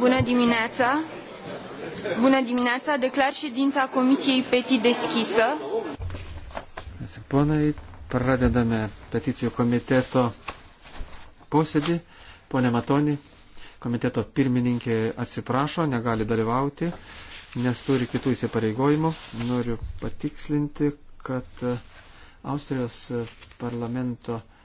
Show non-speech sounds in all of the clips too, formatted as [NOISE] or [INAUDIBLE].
Bună dimineața! Bună dimineața! Declar ședința Comisiei PETI deschisă. Ponai, pradedame peticijų komiteto posėdį. Pone Matoni, komiteto pirmininkė atsiprašo, negali dalyvauti, nes turi kitų įsipareigojimų. Noriu patikslinti, kad Austrijos parlamento uh,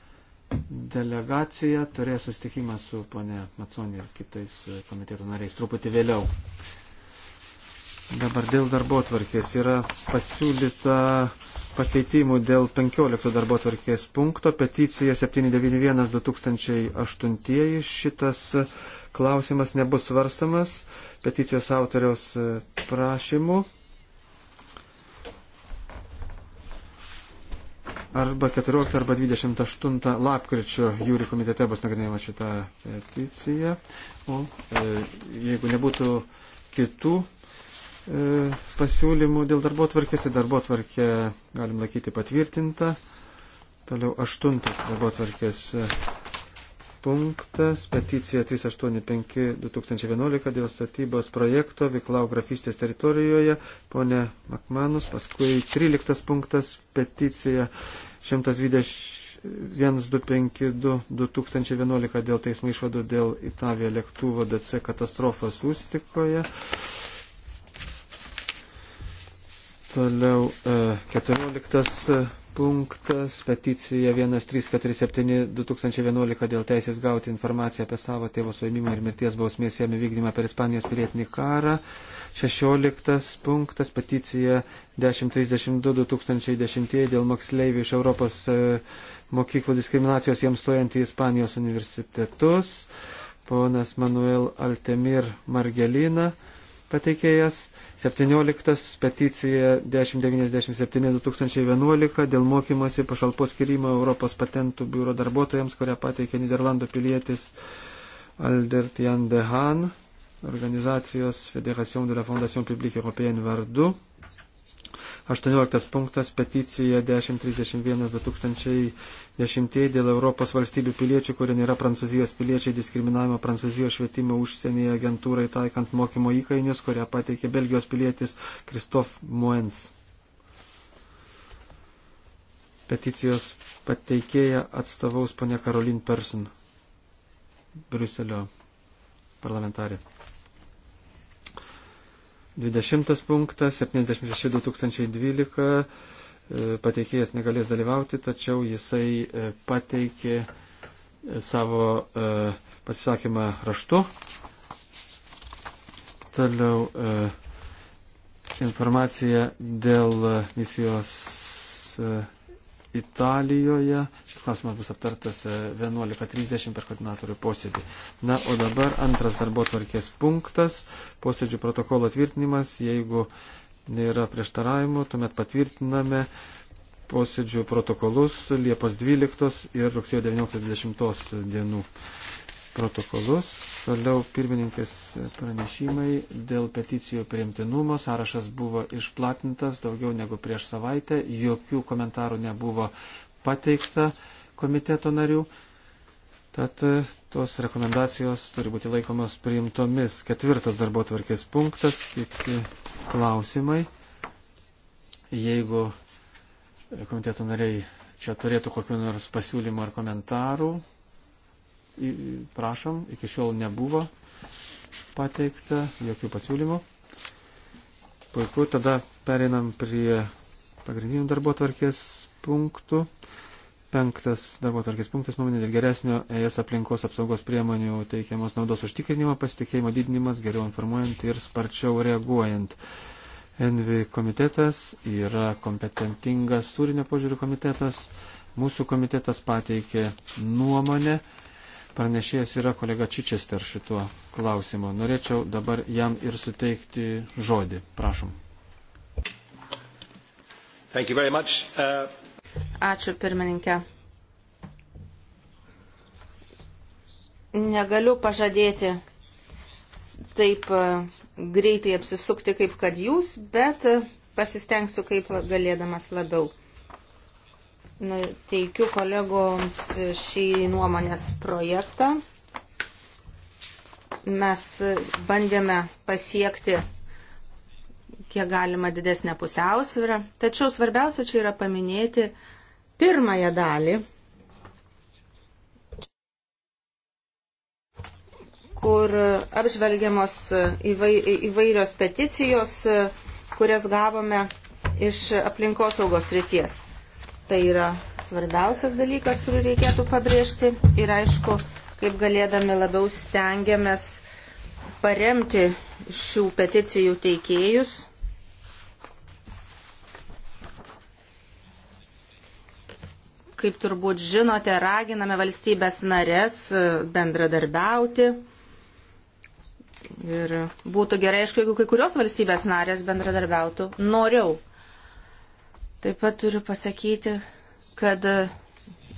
delegacija turės sustikimą su ponė Matsonė ir kitais e, komiteto nariais truputį vėliau. Dabar dėl darbo tvarkės yra pasiūlyta pakeitimų dėl 15 darbo tvarkės punkto, peticija 791-2008. Šitas klausimas nebus svarstamas peticijos autoriaus e, prašymu. arba 14 arba 28 lapkričio jūrių komitete bus nagrinėjama šita peticija. O e, jeigu nebūtų kitų e, pasiūlymų dėl darbo tvarkės, tai darbo tvarkė galim laikyti patvirtintą. Toliau aštuntas darbo tvarkės e, punktas, peticija 385-2011 dėl statybos projekto Viklau grafystės teritorijoje, ponė Makmanus, paskui 13 punktas, peticija 125-2011 dėl teismo išvadų dėl Itavija lėktuvo DC katastrofos Ustikoje. Toliau 14 e, punktas, peticija 1347-2011 dėl teisės gauti informaciją apie savo tėvo suėmimą ir mirties bausmės jame vykdymą per Ispanijos pilietinį karą. 16 punktas, peticija 1032-2010 dėl moksleivių iš Europos e, mokyklų diskriminacijos jiems stojant į Ispanijos universitetus. Ponas Manuel Altemir Margelina pateikėjas, 17 peticija 1097-2011 dėl mokymosi pašalpos skirimo Europos patentų biuro darbuotojams, kurią pateikė Niderlandų pilietis Aldertian Dehan, organizacijos Federation de la Fondation Publique Européenne vardu. 18 punktas peticija 1031-2010 dėl Europos valstybių piliečių, kurie nėra Prancūzijos piliečiai, diskriminavimo Prancūzijos švietimo užsienyje agentūrai taikant mokymo įkainius, kurią pateikė Belgijos pilietis Kristof Moens. Peticijos pateikėja atstovaus ponia Karolin Persson, Briuselio parlamentarė. 20 punktas 76-2012 e, pateikėjas negalės dalyvauti, tačiau jisai e, pateikė e, savo pasisakymą raštu. Toliau informacija dėl misijos Italijoje. Šis klausimas bus aptartas 11.30 e, per koordinatorių posėdį. Na, o dabar antras darbo tvarkės punktas - posėdžių protokolo tvirtinimas. Jeigu nėra prieštaravimų, tuomet patvirtiname posėdžių protokolus Liepos 12 ir rugsėjo 19.20 dienų protokolus. Toliau pirmininkės pranešimai dėl peticijų priimtinumo. Sąrašas buvo išplatintas daugiau negu prieš savaitę. Jokių komentarų nebuvo pateikta komiteto narių. Tad e, tos rekomendacijos turi būti laikomos priimtomis. Ketvirtas darbo tvarkės punktas, kiti klausimai. Jeigu komiteto nariai čia turėtų kokiu nors pasiūlymu ar komentaru, prašom, iki šiol nebuvo pateikta jokių pasiūlymų. Puiku, tada pereinam prie pagrindinių darbo tvarkės punktų. Penktas darbo tvarkės punktas nuomonė dėl geresnio ES aplinkos apsaugos priemonių teikiamos naudos užtikrinimo, pasitikėjimo didinimas, geriau informuojant ir sparčiau reaguojant. Envi komitetas yra kompetentingas turinio požiūrių komitetas. Mūsų komitetas pateikė nuomonę Pranešėjas yra kolega Čičester šituo klausimu. Norėčiau dabar jam ir suteikti žodį. Prašom. Uh... Ačiū pirmininkė. Negaliu pažadėti taip uh, greitai apsisukti kaip kad jūs, bet pasistengsiu kaip galėdamas labiau teikiu kolegoms šį nuomonės projektą. Mes bandėme pasiekti kiek galima didesnę pusiausvyrą, tačiau svarbiausia čia yra paminėti pirmąją dalį, kur apžvelgiamos įvairios peticijos, kurias gavome iš aplinkosaugos ryties. Tai yra svarbiausias dalykas, kurį reikėtų pabrėžti. Ir aišku, kaip galėdami labiau stengiamės paremti šių peticijų teikėjus. Kaip turbūt žinote, raginame valstybės narės e, bendradarbiauti. Ir būtų gerai, aišku, jeigu kai kurios valstybės narės bendradarbiautų noriau. Taip pat turiu pasakyti, kad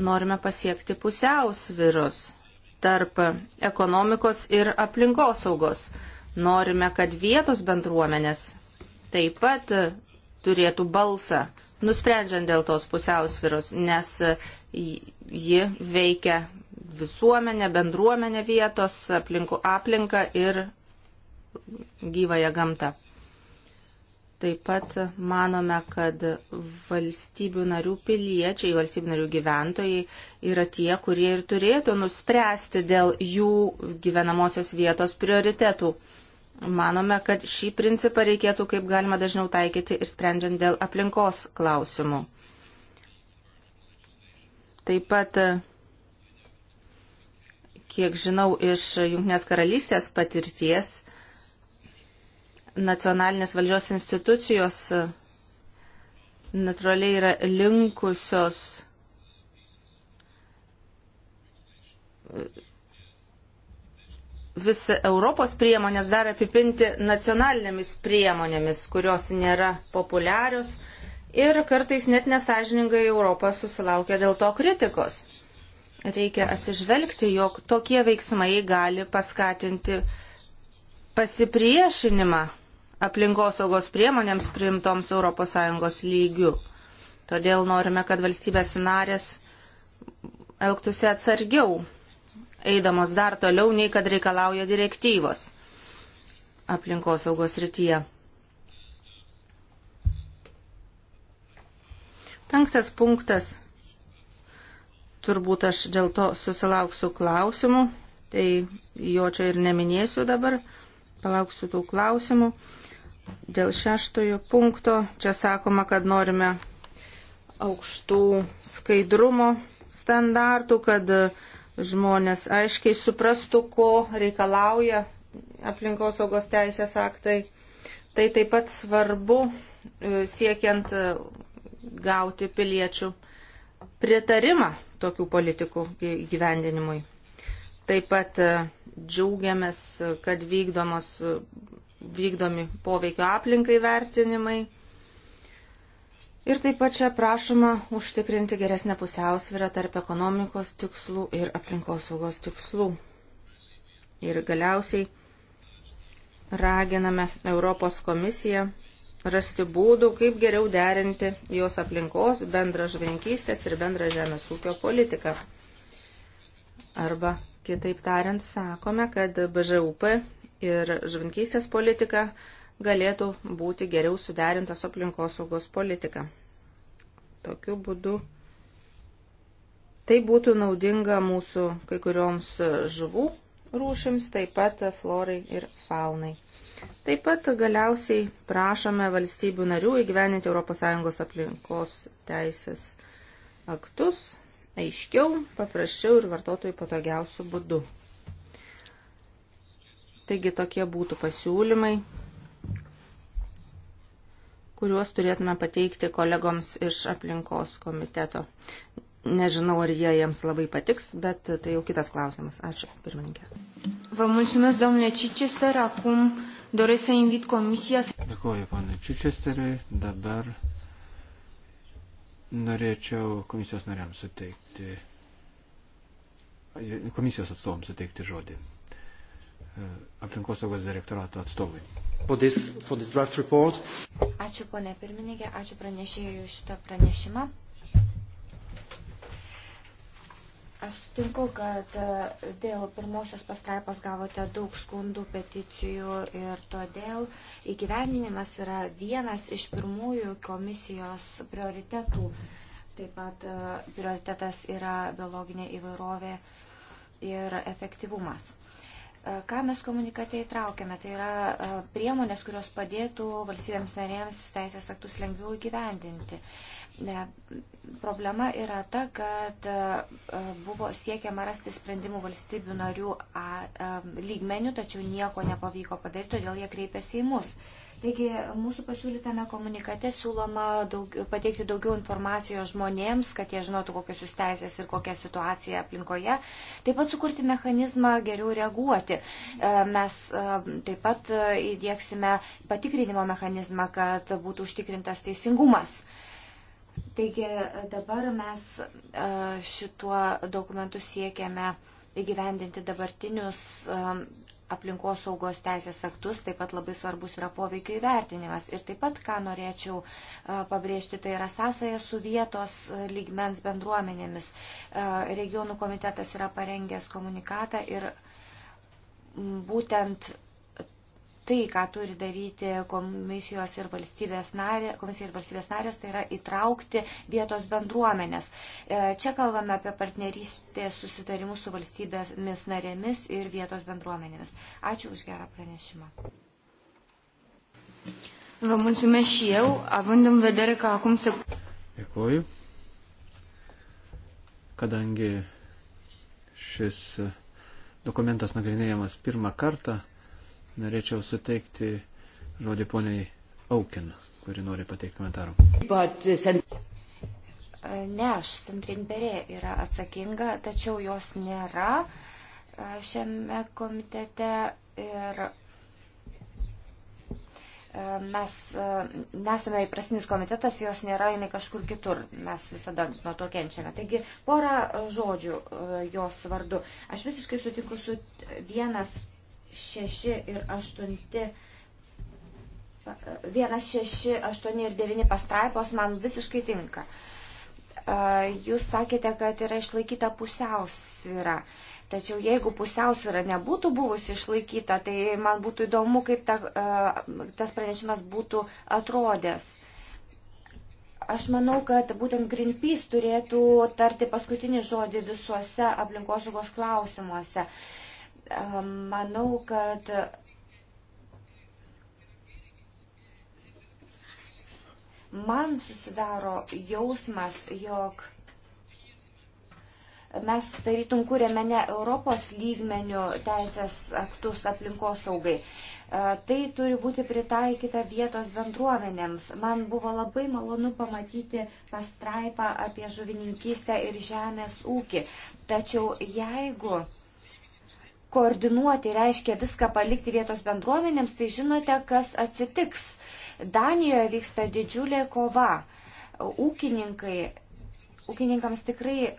norime pasiekti pusiausvirus tarp ekonomikos ir aplinkosaugos. Norime, kad vietos bendruomenės taip pat turėtų balsą, nusprendžiant dėl tos pusiausviros, nes ji veikia visuomenę, bendruomenę vietos, aplinkų aplinką ir gyvąją gamtą. Taip pat manome, kad valstybių narių piliečiai, valstybių narių gyventojai yra tie, kurie ir turėtų nuspręsti dėl jų gyvenamosios vietos prioritetų. Manome, kad šį principą reikėtų kaip galima dažniau taikyti ir sprendžiant dėl aplinkos klausimų. Taip pat, kiek žinau iš Junknės karalystės patirties, nacionalinės valdžios institucijos e, natūraliai yra linkusios e, visą Europos priemonės dar apipinti nacionalinėmis priemonėmis, kurios nėra populiarios ir kartais net nesažiningai Europą susilaukia dėl to kritikos. Reikia atsižvelgti, jog tokie veiksmai gali paskatinti pasipriešinimą aplinkosaugos priemonėms priimtoms ES lygių. Todėl norime, kad valstybės narės elgtųsi atsargiau, eidamos dar toliau, nei kad reikalauja direktyvos aplinkosaugos rytyje. Penktas punktas. Turbūt aš dėl to susilauksiu klausimų, tai jo čia ir neminėsiu dabar palauksiu tų klausimų. Dėl šeštojo punkto čia sakoma, kad norime aukštų skaidrumo standartų, kad žmonės aiškiai suprastų, ko reikalauja aplinkosaugos teisės aktai. Tai taip pat svarbu e, siekiant e, gauti piliečių pritarimą tokių politikų gyvendinimui. Taip pat e, džiaugiamės, kad vykdomos, vykdomi poveikio aplinkai vertinimai. Ir taip pat čia prašoma užtikrinti geresnę pusiausvyrą tarp ekonomikos tikslų ir aplinkosaugos tikslų. Ir galiausiai raginame Europos komisiją rasti būdų, kaip geriau derinti jos aplinkos bendrą žvinkystės ir bendrą žemės ūkio politiką arba Kitaip tariant, sakome, kad BŽUP ir žuvinkystės politika galėtų būti geriau suderinta su aplinkosaugos politika. Tokiu būdu tai būtų naudinga mūsų kai kurioms žuvų rūšims, taip pat florai ir faunai. Taip pat galiausiai prašome valstybių narių įgyveninti ES aplinkos teisės aktus, aiškiau, paprasčiau ir vartotojų patogiausių būdų. Taigi tokie būtų pasiūlymai, kuriuos turėtume pateikti kolegoms iš aplinkos komiteto. Nežinau, ar jie jiems labai patiks, bet tai jau kitas klausimas. Ačiū, pirmininkė. Vă mulțumesc, domnule Chichester. Acum doresc să invit comisia. Dėkuoju, pane Chichesteriui. Dabar Norėčiau komisijos nariams suteikti, komisijos atstovams suteikti žodį. E, aplinkosaugos direktorato atstovai. For this, for this Ačiū ponė pirmininkė, ačiū pranešėjų šitą pranešimą. Aš sutinku, kad e, dėl pirmosios pastraipos gavote daug skundų, peticijų ir todėl įgyvendinimas yra vienas iš pirmųjų komisijos prioritetų. Taip pat e, prioritetas yra biologinė įvairovė ir efektyvumas. E, ką mes komunikate įtraukiame? Tai yra e, priemonės, kurios padėtų valstybėms narėms teisės aktus lengviau įgyvendinti. Ne, problema yra ta, kad e, buvo siekiama rasti sprendimų valstybių narių a, a, lygmenių, tačiau nieko nepavyko padaryti, todėl jie kreipėsi į mus. A, Taigi mūsų pasiūlytame komunikate siūloma daug, pateikti daugiau informacijos žmonėms, kad jie žinotų, kokios jūs teisės ir kokia situacija aplinkoje. Taip pat sukurti mechanizmą geriau reaguoti. E, mes e, taip pat e, įdėksime patikrinimo mechanizmą, kad būtų užtikrintas teisingumas. Taigi dabar mes šituo dokumentu siekiame įgyvendinti dabartinius aplinkosaugos teisės aktus, taip pat labai svarbus yra poveikio įvertinimas. Ir taip pat, ką norėčiau e, pabrėžti, tai yra sąsaja su vietos e, lygmens bendruomenėmis. E, regionų komitetas yra parengęs komunikatą ir būtent tai, ką turi daryti komisijos ir valstybės narė, komisija ir valstybės narės, tai yra įtraukti vietos bendruomenės. E, čia kalbame apie partnerystę susitarimus su valstybėmis narėmis ir vietos bendruomenėmis. Ačiū už gerą pranešimą. Vă mulțumesc și eu, având în vedere că acum se... Dėkuoju. Kadangi šis dokumentas nagrinėjamas pirmą kartą, norėčiau suteikti žodį poniai Aukin, kuri nori pateikti komentarų. Uh, ne, aš Sandrin Berė yra atsakinga, tačiau jos nėra uh, šiame komitete ir uh, mes nesame įprasinis komitetas, jos nėra, jinai kažkur kitur, mes visada nuo to kenčiame. Taigi, porą žodžių jos vardu. Aš visiškai sutinku su vienas 6 ir 8. 1, 6, 8 ir 9 pastraipos man visiškai tinka. Jūs sakėte, kad yra išlaikyta pusiausvyra. Tačiau jeigu pusiausvyra nebūtų buvusi išlaikyta, tai man būtų įdomu, kaip ta, tas pranešimas būtų atrodęs. Aš manau, kad būtent Greenpeace turėtų tarti paskutinį žodį visuose aplinkosaugos klausimuose. Uh, Manau, kad man susidaro jausmas, jog mes tarytum kūrėme ne Europos lygmenių teisės aktus aplinkosaugai. E, tai turi būti pritaikyta vietos bendruomenėms. Man buvo labai malonu pamatyti pastraipą apie žuvininkystę ir žemės ūkį. Tačiau jeigu uh, koordinuoti reiškia viską palikti vietos bendruomenėms, tai žinote, kas atsitiks. Danijoje vyksta didžiulė kova. Ūkininkai, ūkininkams tikrai e,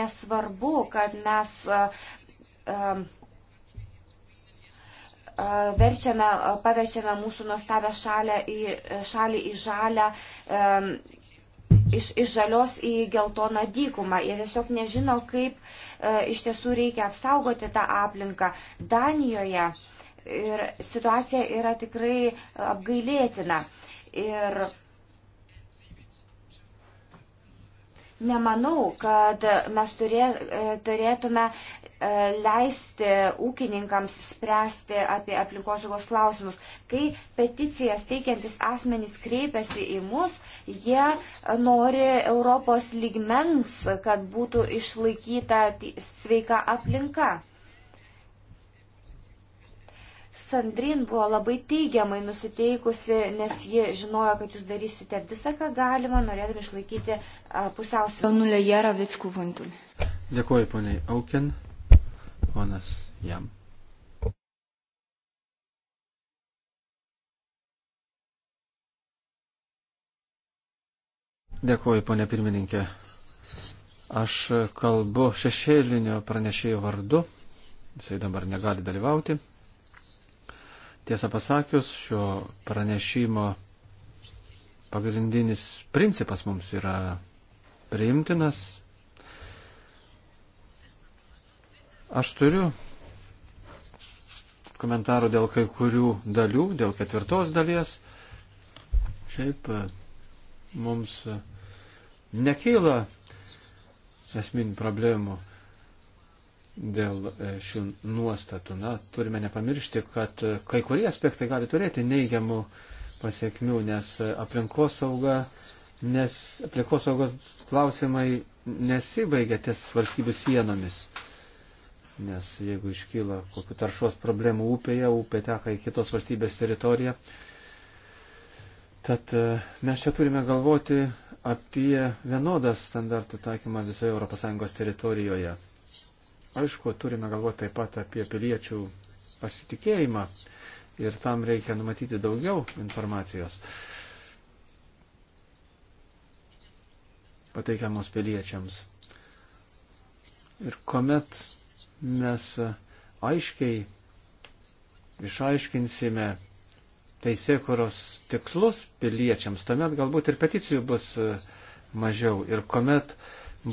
nesvarbu, kad mes e, e, e verčiame, paverčiame mūsų nuostabę šalį į, šalį į žalę. E, iš, iš žalios į geltoną dykumą. Jie tiesiog nežino, kaip e, iš tiesų reikia apsaugoti tą aplinką. Danijoje ir situacija yra tikrai e, apgailėtina. Ir nemanau, kad mes turė, e, turėtume e, leisti ūkininkams spręsti apie aplinkosaugos klausimus. Kai peticijas teikiantis asmenys kreipiasi į mus, jie nori Europos lygmens, kad būtų išlaikyta sveika aplinka. Sandrin buvo labai teigiamai nusiteikusi, nes ji žinojo, kad jūs darysite visą, ką galima, norėdami išlaikyti pusiausvyrą. Ponulė Jera Vitskuvantulė. Dėkuoju, poniai Auken. Ponas jam. Dėkuoju, ponė pirmininkė. Aš kalbu šešėlinio pranešėjo vardu. Jisai dabar negali dalyvauti. Tiesą pasakius, šio pranešimo pagrindinis principas mums yra priimtinas. Aš turiu komentarų dėl kai kurių dalių, dėl ketvirtos dalies. Šiaip e, mums nekyla esminių problemų dėl e, šių nuostatų. Na, turime nepamiršti, kad e, kai kurie aspektai gali turėti neigiamų pasiekmių, nes e, aplinkosauga, nes aplinkosaugos klausimai nesibaigia ties valstybių sienomis. Nes jeigu iškyla kokiu taršos problemų upėje, upė teka į kitos valstybės teritoriją. Tad mes čia turime galvoti apie vienodą standartų taikymą visoje ES teritorijoje. Aišku, turime galvoti taip pat apie piliečių pasitikėjimą ir tam reikia numatyti daugiau informacijos pateikiamos piliečiams. Ir kuomet mes aiškiai išaiškinsime teisėkuros tikslus piliečiams, tuomet galbūt ir peticijų bus mažiau ir kuomet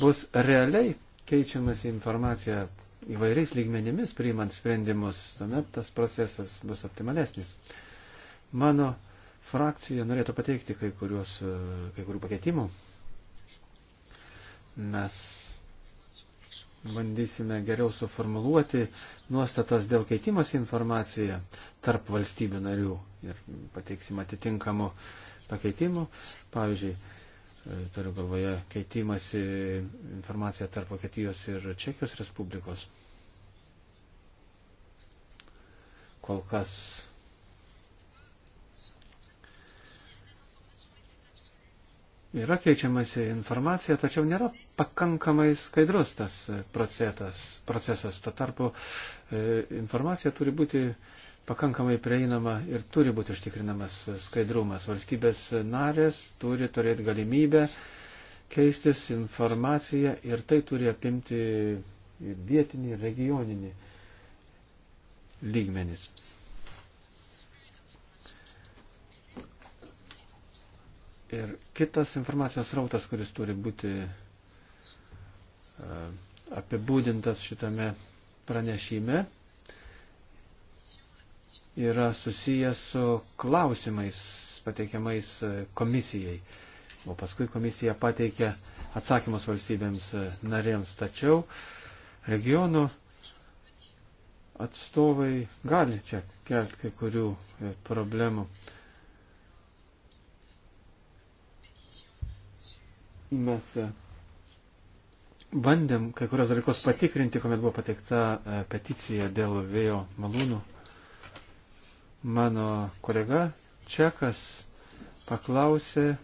bus realiai keičiamas informacija įvairiais lygmenimis priimant sprendimus, tuomet tas procesas bus optimalesnis. Mano frakcija norėtų pateikti kai, kuriuos, e, kai kurių pakeitimų. Mes bandysime geriau suformuluoti nuostatas dėl keitimas informaciją tarp valstybių narių ir pateiksim atitinkamų pakeitimų. Pavyzdžiui, turiu galvoje keitimasi informacija tarp Vokietijos ir Čekijos Respublikos. Kol kas yra keičiamasi informacija, tačiau nėra pakankamai skaidrus tas procesas. procesas. Tuo tarpu e, informacija turi būti e, pakankamai prieinama ir turi būti užtikrinamas skaidrumas. Valstybės narės turi turėti galimybę keistis informaciją ir tai turi apimti ir vietinį, ir regioninį lygmenis. Ir kitas informacijos rautas, kuris turi būti e, apibūdintas šitame pranešime, yra susijęs su klausimais pateikiamais e, komisijai. O paskui komisija pateikia atsakymus valstybėms e, narėms. Tačiau regionų atstovai gali čia kelti kai kurių e, problemų. Mes bandėm kai kurios dalykus patikrinti, kuomet buvo pateikta peticija dėl vėjo malūnų Mano kolega Čekas paklausė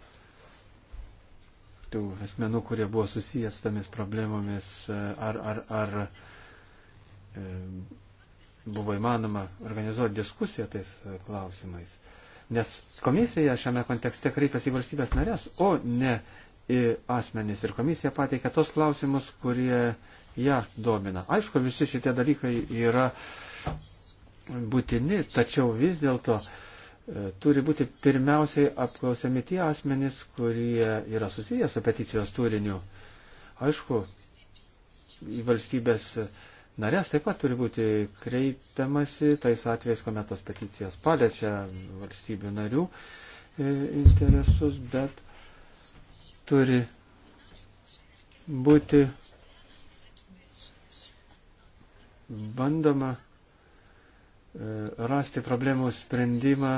tų asmenų, kurie buvo susijęs su tomis problemomis, e, ar, ar, ar e, buvo įmanoma organizuoti diskusiją tais e, klausimais. Nes komisija šiame kontekste kreipiasi į valstybės narės, o ne į asmenys. Ir komisija pateikia tos klausimus, kurie ją domina. Aišku, visi šitie dalykai yra būtini, tačiau vis dėlto e, turi būti pirmiausiai apklausiami tie asmenys, kurie yra susiję su peticijos turiniu. Aišku, į valstybės narės taip pat turi būti kreipiamasi tais atvejais, kuomet tos peticijos paliečia valstybių narių e, interesus, bet turi būti bandoma E, rasti problemų sprendimą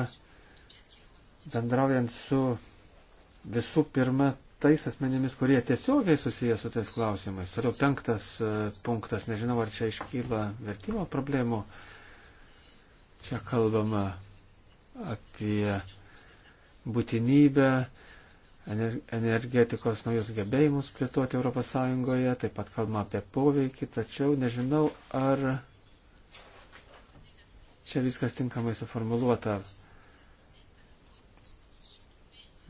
bendraujant su visų pirma tais asmenėmis, kurie tiesiogiai susiję su tais klausimais. Toliau penktas e, punktas, nežinau, ar čia iškyla vertimo problemų. Čia kalbama apie būtinybę energetikos naujus gebėjimus plėtoti ES, taip pat kalbama apie poveikį, tačiau nežinau, ar čia viskas tinkamai suformuluota.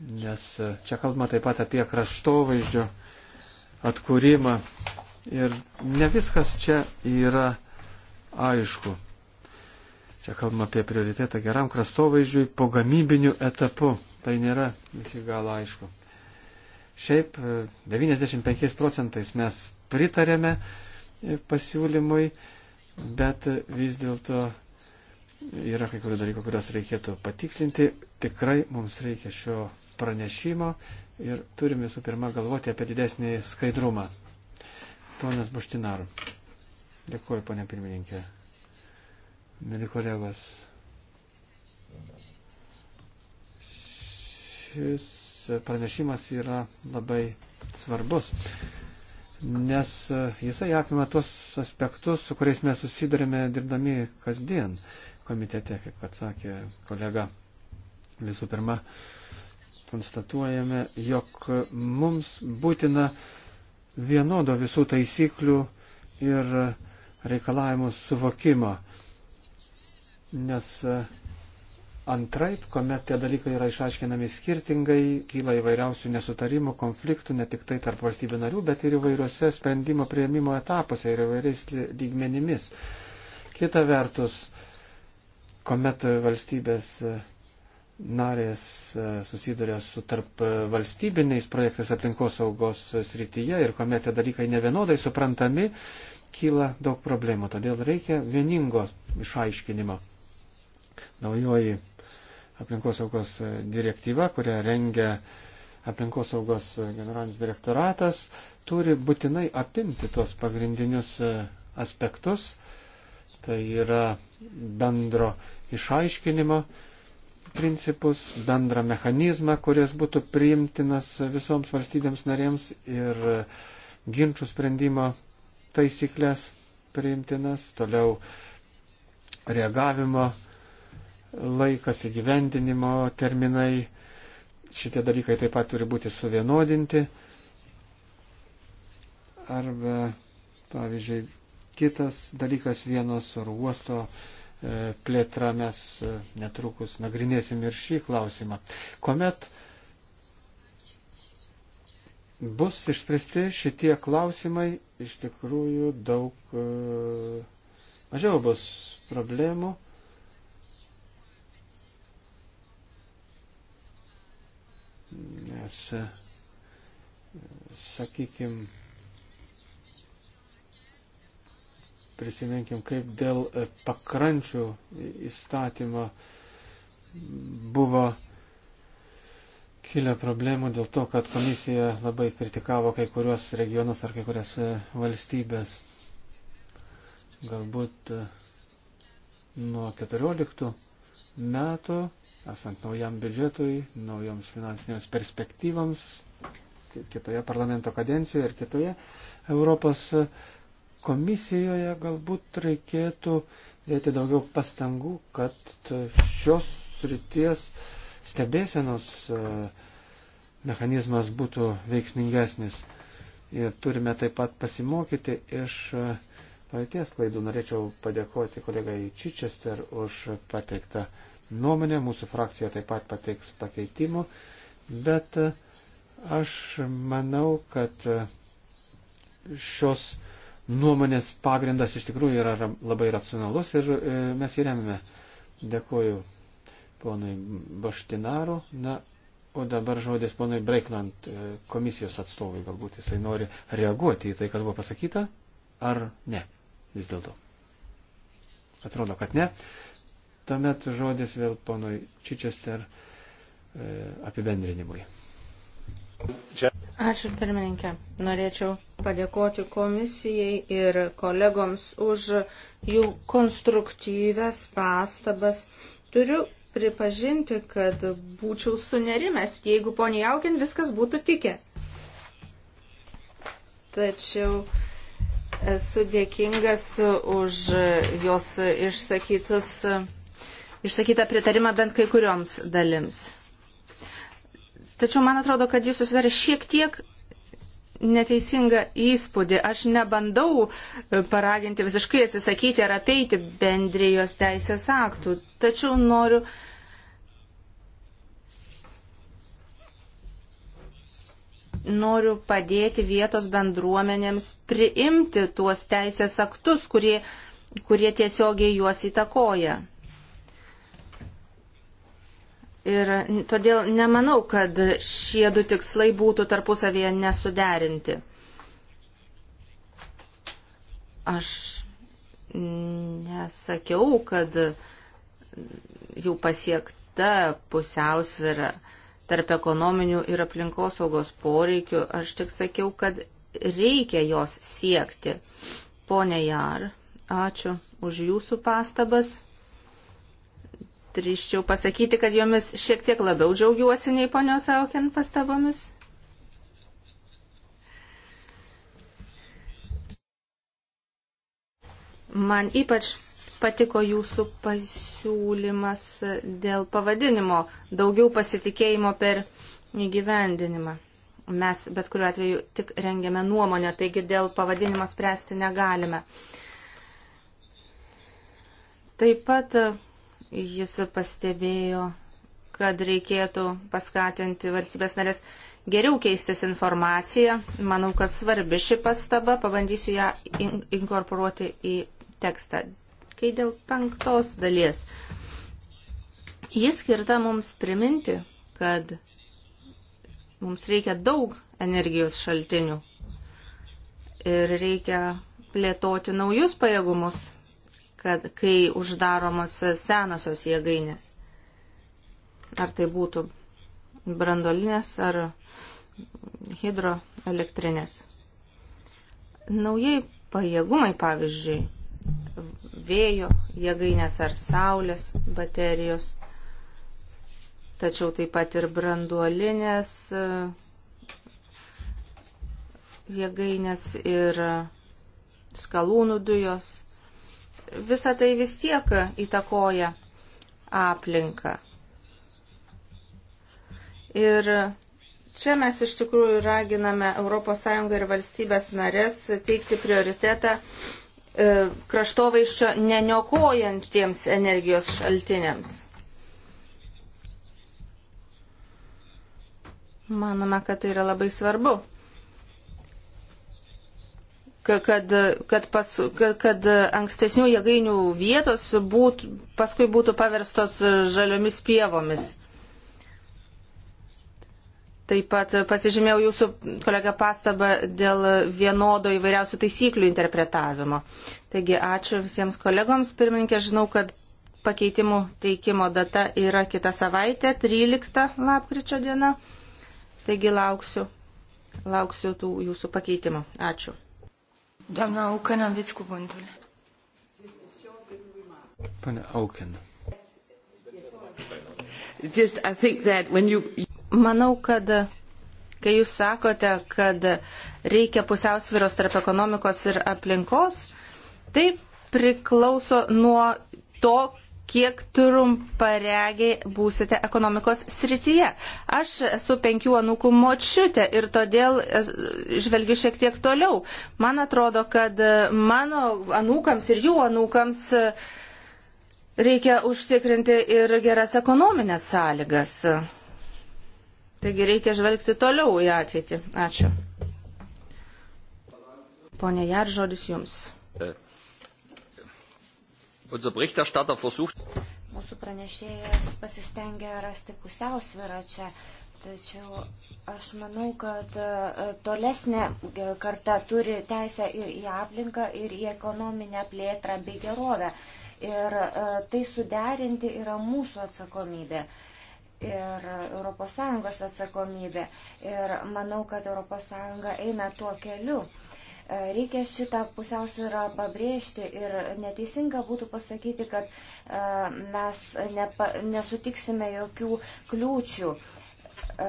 Nes e, čia kalbama taip pat apie kraštovaizdžio atkūrimą ir ne viskas čia yra aišku. Čia kalbama apie prioritetą geram kraštovaizdžiui po gamybiniu etapu. Tai nėra iki galo aišku. Šiaip 95 e, procentais mes pritarėme e, pasiūlymui, bet vis dėlto Yra kai kurių dalykų, kuriuos reikėtų patikslinti. Tikrai mums reikia šio pranešimo ir turim visų pirma galvoti apie didesnį skaidrumą. Ponas Buštinaru. Dėkuoju, ponė pirmininkė. Mili kolegos. Šis pranešimas yra labai svarbus, nes jisai apima tuos aspektus, su kuriais mes susidurime dirbdami kasdien komitete, kaip kad sakė kolega. Visų pirma, konstatuojame, jog mums būtina vienodo visų taisyklių ir reikalavimų suvokimo, nes antraip, kuomet tie dalykai yra išaiškinami skirtingai, kyla įvairiausių nesutarimų, konfliktų, ne tik tai tarp valstybių narių, bet ir įvairiuose sprendimo prieimimo etapuose ir įvairiais lygmenimis. Kita vertus, kuomet valstybės e, narės e, susiduria su tarp e, valstybiniais projektais aplinkosaugos srityje ir kuomet tie dalykai nevienodai suprantami, kyla daug problemų. Todėl reikia vieningo išaiškinimo. Naujoji aplinkosaugos direktyva, kurią rengia aplinkosaugos generalinis direktoratas, turi būtinai apimti tuos pagrindinius aspektus. Tai yra bendro išaiškinimo principus, bendrą mechanizmą, kuris būtų priimtinas visoms valstybėms narėms ir ginčių sprendimo taisyklės priimtinas, toliau reagavimo laikas įgyvendinimo terminai, šitie dalykai taip pat turi būti suvienodinti. Arba, pavyzdžiui, kitas dalykas vienos oro uosto E, plėtra, mes e, netrukus nagrinėsim ir šį klausimą. Komet bus išspręsti šitie klausimai, iš tikrųjų daug e, mažiau bus problemų. Nes, sakykime, prisiminkim, kaip dėl e, pakrančių įstatymo buvo kilę problemų dėl to, kad komisija labai kritikavo kai kurios regionus ar kai kurias e, valstybės. Galbūt e, nuo 14 metų, esant naujam biudžetui, naujoms finansinėms perspektyvams, kitoje parlamento kadencijoje ir kitoje Europos komisijoje galbūt reikėtų dėti daugiau pastangų, kad šios srities stebėsenos e, mechanizmas būtų veiksmingesnis. Ir turime taip pat pasimokyti iš e, praeities klaidų. Norėčiau padėkoti kolegai Čičester už pateiktą nuomonę. Mūsų frakcija taip pat pateiks pakeitimų. Bet e, aš manau, kad šios nuomonės pagrindas iš tikrųjų yra labai racionalus ir e, mes jį remiame. Dėkuoju ponui Baštinaru. Na, o dabar žodis ponui Breikland e, komisijos atstovui. Galbūt jisai nori reaguoti į tai, kas buvo pasakyta, ar ne vis dėlto. Atrodo, kad ne. Tuomet žodis vėl ponui Čičester e, apibendrinimui. Čia. Ačiū pirmininkė. Norėčiau padėkoti komisijai ir kolegoms už jų konstruktyves pastabas. Turiu pripažinti, kad būčiau sunerimęs, jeigu poniai Aukin viskas būtų tikę. Tačiau esu dėkingas už jos išsakytus, išsakytą pritarimą bent kai kurioms dalims. Tačiau man atrodo, kad jis susidarė šiek tiek neteisingą įspūdį. Aš nebandau e, paraginti visiškai atsisakyti ar apeiti bendrijos teisės aktų, tačiau noriu noriu padėti vietos bendruomenėms priimti tuos teisės aktus, kurie, kurie tiesiogiai juos įtakoja. Ir todėl nemanau, kad šie du tikslai būtų tarpusavėje nesuderinti. Aš nesakiau, kad jau pasiekta pusiausvėra tarp ekonominių ir aplinkosaugos poreikių. Aš tik sakiau, kad reikia jos siekti. Pone Jar, ačiū už jūsų pastabas drįščiau pasakyti, kad jomis šiek tiek labiau džiaugiuosi nei ponios Aukin pastabomis. Man ypač patiko jūsų pasiūlymas dėl pavadinimo - daugiau pasitikėjimo per įgyvendinimą. Mes bet kuriuo atveju tik rengiame nuomonę, taigi dėl pavadinimo spręsti negalime. Taip pat Jis pastebėjo, kad reikėtų paskatinti valstybės narės geriau keistis informaciją. Manau, kad svarbi ši pastaba, pabandysiu ją in inkorporuoti į tekstą. Kai dėl penktos dalies, jis skirta mums priminti, kad mums reikia daug energijos šaltinių ir reikia plėtoti naujus pajėgumus kad kai uždaromos senosios jėgainės, ar tai būtų brandolinės ar hidroelektrinės. Naujai pajėgumai, pavyzdžiui, vėjo jėgainės ar saulės baterijos, tačiau taip pat ir branduolinės e, jėgainės ir e, skalūnų dujos visa tai vis tiek įtakoja aplinką. Ir čia mes iš tikrųjų raginame ES ir valstybės narės teikti prioritetą e, kraštovaiščio neniokojant tiems energijos šaltiniams. Manome, kad tai yra labai svarbu kad, kad, pas, kad, kad ankstesnių jėgainių vietos būt, paskui būtų paverstos žaliomis pievomis. Taip pat pasižymėjau jūsų kolega pastabą dėl vienodo įvairiausių taisyklių interpretavimo. Taigi ačiū visiems kolegoms. Pirmininkė, žinau, kad pakeitimų teikimo data yra kita savaitė, 13 lapkričio diena. Taigi lauksiu, lauksiu tų jūsų pakeitimų. Ačiū. Doamna Auken, aveți cuvântul. Pane Auken. Just, I think that when you... Manau, kad kai jūs sakote, kad reikia pusiausvyros tarp ekonomikos ir aplinkos, tai priklauso nuo to, kiek trumparegiai būsite ekonomikos srityje. Aš esu penkių anūkų močiutė ir todėl e, žvelgiu šiek tiek toliau. Man atrodo, kad mano anūkams ir jų anūkams e, reikia užtikrinti ir geras ekonominės sąlygas. Taigi reikia žvelgti toliau į ateitį. Ačiū. Pone Jar, žodis jums. Unser Berichterstatter versucht. Mūsų pranešėjas pasistengia rasti pusiausvyrą čia, tačiau aš manau, kad e, tolesnė e, karta turi teisę ir į aplinką, ir į ekonominę plėtrą bei gerovę. Ir e, tai suderinti yra mūsų atsakomybė ir ES atsakomybė. Ir manau, kad ES eina tuo keliu. Reikia šitą pusiausvyrą pabrėžti ir neteisinga būtų pasakyti, kad e, mes nepa, nesutiksime jokių kliūčių. E,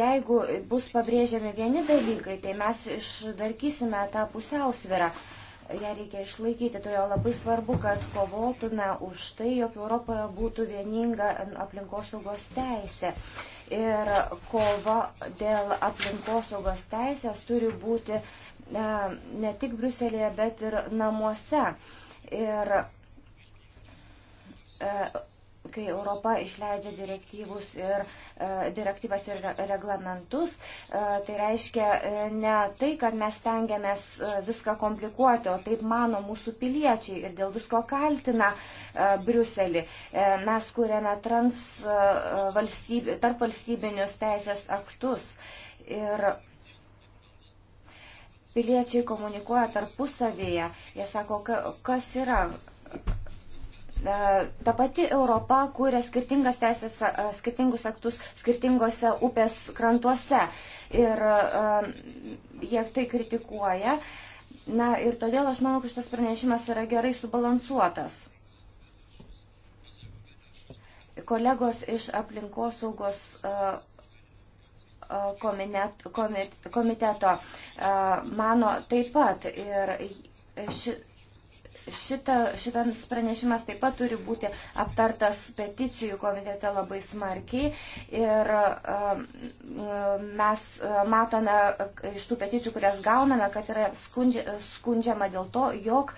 jeigu bus pabrėžiami vieni dalykai, tai mes išdarkysime tą pusiausvyrą. Ja reikia išlaikyti, todėl labai svarbu, kad kovotume už tai, jog Europoje būtų vieninga aplinkosaugos teisė ir kova dėl aplinkosaugos teisės turi būti E, ne tik Bruselėje, bet ir namuose. Ir e, kai Europa išleidžia direktyvus ir e, direktyvas ir reglamentus, tai reiškia ne tai, kad mes tengiamės viską komplikuoti, o taip mano mūsų piliečiai ir dėl visko kaltina Briuselį. Mes kūrėme trans valstyb, tarp valstybinius teisės aktus. Ir piliečiai komunikuoja tarpusavėje. Jie sako, kas yra. E, ta pati Europa kūrė skirtingas teisės, e, skirtingus aktus skirtingose upės krantuose ir e, jie tai kritikuoja. Na ir todėl aš manau, kad šitas pranešimas yra gerai subalansuotas. Kolegos iš aplinkosaugos uh, komiteto mano taip pat. Ir ši, šita, šitas pranešimas taip pat turi būti aptartas peticijų komitete labai smarkiai. Ir mes matome iš tų peticijų, kurias gauname, kad yra skundžia, skundžiama dėl to, jog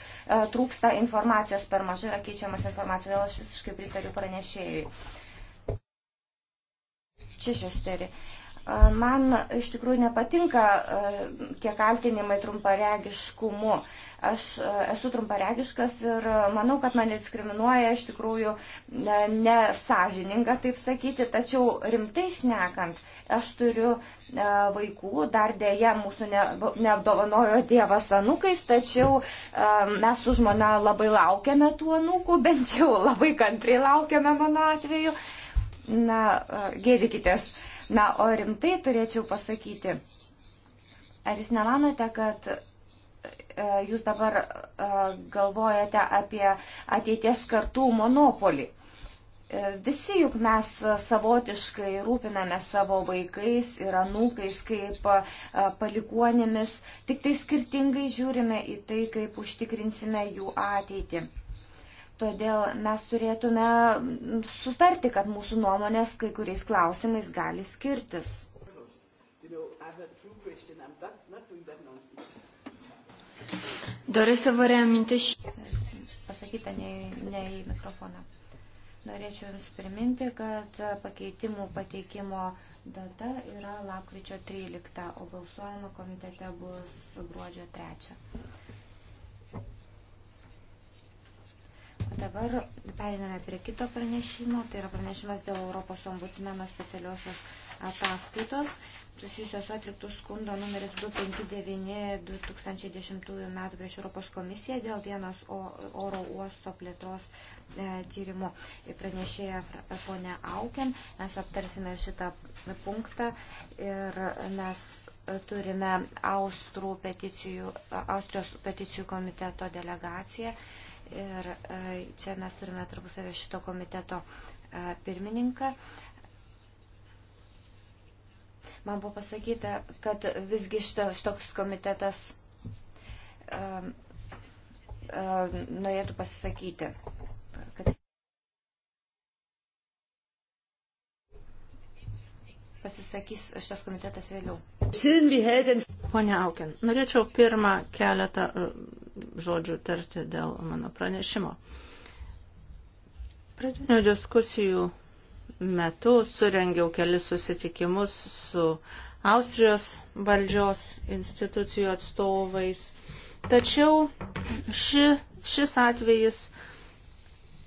trūksta informacijos per mažai yra keičiamas informacija. Todėl aš visiškai pritariu pranešėjui. Čia šesterį. Uh, Man iš tikrųjų nepatinka tie kaltinimai trumparegiškumu. Aš esu trumparegiškas ir manau, kad mane diskriminuoja iš tikrųjų nesažininga, taip sakyti, tačiau rimtai šnekant, aš turiu vaikų, dar dėja mūsų ne, neapdovanojo Dievas anukais, tačiau mes su žmona labai laukiame tų anukų, [LAUGHS] bent jau labai kantriai laukiame mano atveju. Na, gėdikitės. Uh, Na, o rimtai turėčiau pasakyti, ar jūs nemanote, kad e, jūs dabar e, galvojate apie ateities kartų monopolį? E, visi juk mes savotiškai rūpiname savo vaikais ir anūkais kaip palikuonėmis, tik tai skirtingai žiūrime į tai, kaip užtikrinsime jų ateitį. Todėl mes turėtume sutarti, kad mūsų nuomonės kai kuriais klausimais gali skirtis. Doresc să vă reamintesc și... Pasakyta ne, ne į mikrofoną. Norėčiau Jums priminti, kad pakeitimų pateikimo data yra lapkričio 13, o balsuojama komitete bus gruodžio 3. Dabar periname prie kito pranešimo, tai yra pranešimas dėl Europos ombudsmeno specialiosios ataskaitos, susijusios su atliktų skundo numeris 259-2010 metų prieš Europos komisiją dėl vienos oro uosto plėtros e, tyrimų. Pranešėja e, ponė Auken, mes aptarsime šitą punktą ir mes e, turime Austrų peticijų, Austrijos peticijų komiteto delegaciją. E, Ir e, čia mes turime tarpusavę šito komiteto e, pirmininką. Man buvo pasakyta, kad visgi šitas toks komitetas um, um, norėtų pasisakyti. Kad pasisakys šitas komitetas vėliau. Pone Auken, norėčiau pirmą keletą žodžių tarti dėl mano pranešimo. Pradinių diskusijų metu surengiau kelis susitikimus su Austrijos valdžios institucijų atstovais. Tačiau ši, šis atvejis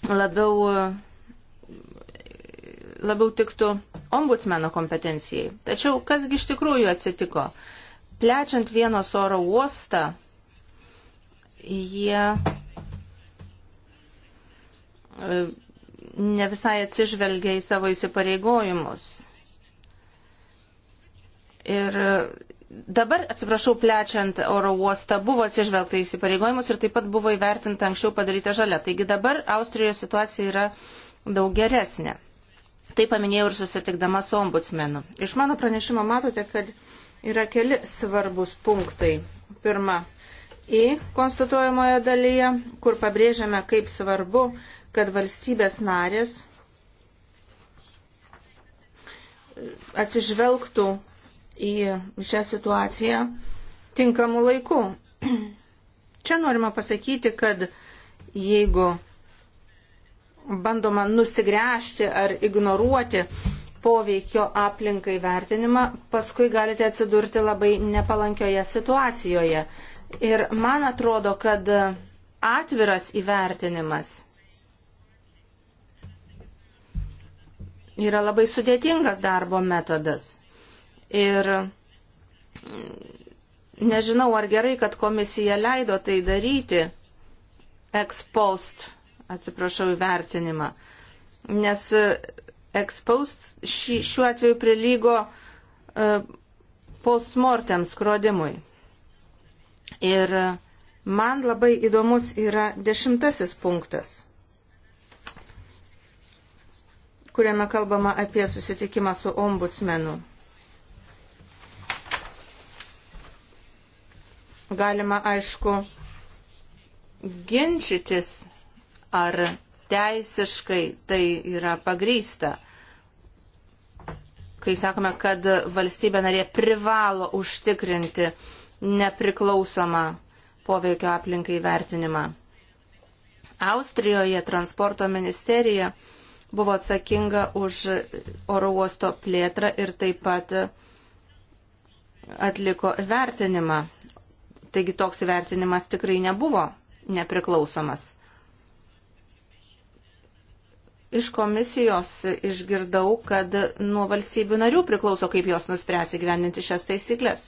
labiau labiau tiktų ombudsmeno kompetencijai. Tačiau kasgi iš tikrųjų atsitiko? Plečiant vienos oro uostą, jie e, ne visai atsižvelgia į savo įsipareigojimus. Ir dabar, atsiprašau, plečiant oro uostą buvo atsižvelgta į įsipareigojimus ir taip pat buvo įvertinta anksčiau padaryta žalia. Taigi dabar Austrijoje situacija yra daug geresnė. Tai paminėjau ir susitikdama su ombudsmenu. Iš mano pranešimo matote, kad yra keli svarbus punktai. Pirma, į konstatuojamoje dalyje, kur pabrėžiame, kaip svarbu, kad valstybės narės atsižvelgtų į šią situaciją tinkamų laikų. Čia norima pasakyti, kad jeigu bandoma nusigręžti ar ignoruoti poveikio aplinkai vertinimą, paskui galite atsidurti labai nepalankioje situacijoje. Ir man atrodo, kad atviras įvertinimas yra labai sudėtingas darbo metodas. Ir nežinau, ar gerai, kad komisija leido tai daryti ekspost, atsiprašau, įvertinimą. Nes ekspost šiuo atveju prilygo e, postmortem skrodimui. Ir man labai įdomus yra dešimtasis punktas, kuriame kalbama apie susitikimą su ombudsmenu. Galima, aišku, ginčytis, ar teisiškai tai yra pagrysta kai sakome, kad valstybė narė privalo užtikrinti nepriklausomą poveikio aplinkai vertinimą. Austrijoje transporto ministerija buvo atsakinga už oro uosto plėtrą ir taip pat atliko vertinimą. Taigi toks vertinimas tikrai nebuvo nepriklausomas. Iš komisijos išgirdau, kad nuo valstybių narių priklauso, kaip jos nuspręs įgyvendinti šias taisyklės.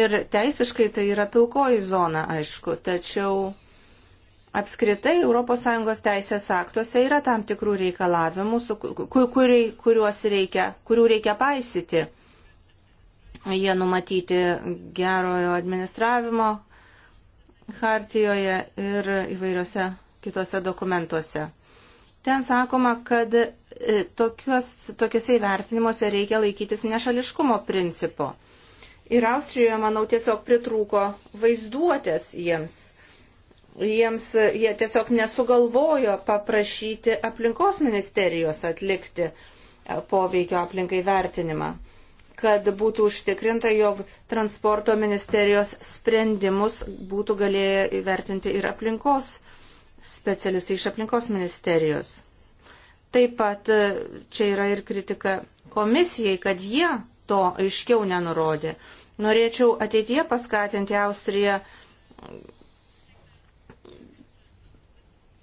Ir teisiškai tai yra pilkoji zona, aišku, tačiau apskritai ES teisės aktuose yra tam tikrų reikalavimų, kur, kur, kuriuos reikia, kurių reikia paisyti. Jie numatyti gerojo administravimo hartijoje ir įvairiose kitose dokumentuose. Ten sakoma, kad e, tokios, tokiuose įvertinimuose reikia laikytis nešališkumo principo ir Austrijoje, manau, tiesiog pritrūko vaizduotės jiems. Jiems jie tiesiog nesugalvojo paprašyti aplinkos ministerijos atlikti e, poveikio aplinkai vertinimą, kad būtų užtikrinta, jog transporto ministerijos sprendimus būtų galėję įvertinti ir aplinkos specialistai iš aplinkos ministerijos. Taip pat e, čia yra ir kritika komisijai, kad jie to aiškiau nenurodė. Norėčiau ateityje paskatinti Austriją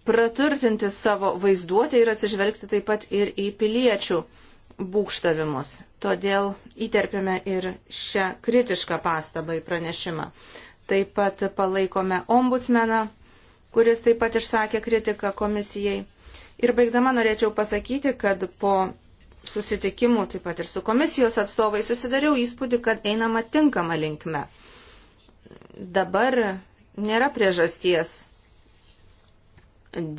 praturtinti savo vaizduotę ir atsižvelgti taip pat ir į piliečių būkštavimus. Todėl įterpėme ir šią kritišką pastabą į pranešimą. Taip pat palaikome ombudsmeną, kuris taip pat išsakė kritiką komisijai. Ir baigdama norėčiau pasakyti, kad po susitikimų, taip pat ir su komisijos atstovai, susidariau įspūdį, kad einama tinkama linkme. Dabar nėra priežasties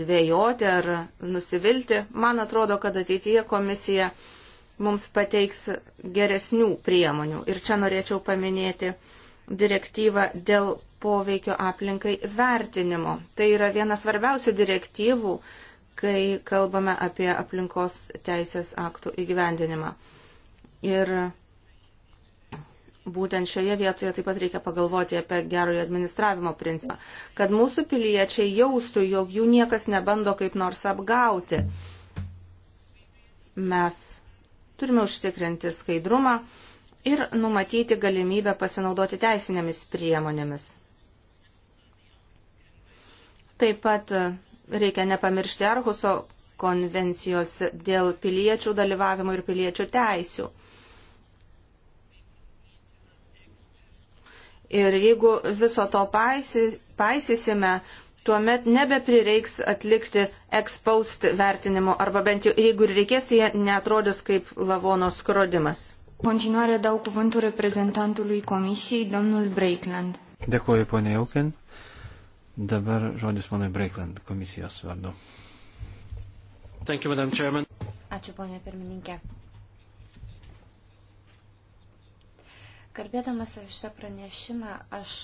dvėjoti ar nusivilti. Man atrodo, kad ateityje komisija mums pateiks geresnių priemonių. Ir čia norėčiau paminėti direktyvą dėl poveikio aplinkai vertinimo. Tai yra viena svarbiausių direktyvų, kai kalbame apie aplinkos teisės aktų įgyvendinimą. Ir būtent šioje vietoje taip pat reikia pagalvoti apie gerojo administravimo principą, kad mūsų piliečiai jaustų, jog jų niekas nebando kaip nors apgauti. Mes turime užtikrinti skaidrumą ir numatyti galimybę pasinaudoti teisinėmis priemonėmis. Taip pat Reikia nepamiršti Arhuso konvencijos dėl piliečių dalyvavimo ir piliečių teisių. Ir jeigu viso to paisysime, tuomet nebeprireiks atlikti ekspaust vertinimo, arba bent jau jeigu ir reikės, tai jie netrodys kaip lavono skrodimas. Continuare dau cuvântul reprezentantului Comisiei, domnul Breitland. Dėkuoju, ponia Jaukin. Dabar žodis ponui Breikland komisijos vardu. Thank you, Madam Chairman. Ačiū, ponė pirmininkė. Kalbėdamas apie šią pranešimą, aš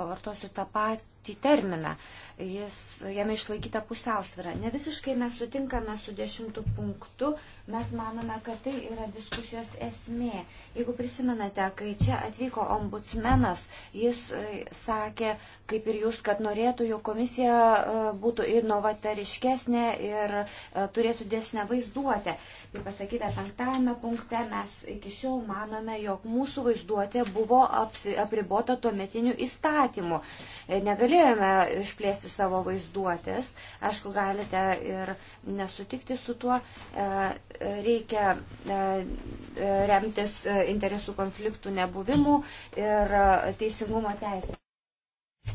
pavartosiu tą patį numatyti terminą. Jis, jame išlaikyta pusiausvyrą. Ne visiškai mes sutinkame su dešimtu punktu, mes manome, kad tai yra diskusijos esmė. Jeigu prisimenate, kai čia atvyko ombudsmenas, jis e, sakė, kaip ir jūs, kad norėtų, jog komisija e, būtų inovatariškesnė ir e, turėtų desnę vaizduotę. Kaip pasakyta, penktame punkte mes iki šiol manome, jog mūsų vaizduotė buvo apsi, apribota tuo metiniu įstatymu. Negali galėjome išplėsti savo vaizduotės. Aišku, galite ir nesutikti su tuo. E, e, reikia e, remtis interesų konfliktų nebuvimų ir teisingumo teisė.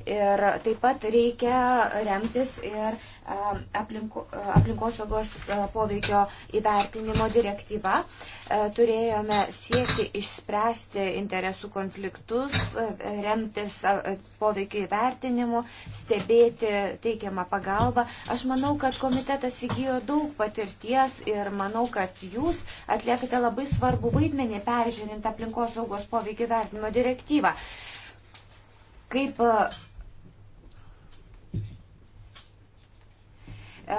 Ir taip pat reikia remtis ir e, aplinko, e, aplinkosaugos e, poveikio įvertinimo direktyva. Turėjome siekti išspręsti interesų konfliktus, remtis poveikio įvertinimu, stebėti teikiamą pagalbą. Aš manau, kad komitetas įgyjo daug patirties ir manau, kad jūs atliekate labai svarbu vaidmenį peržiūrint aplinkosaugos poveikio įvertinimo direktyvą. Kaip E,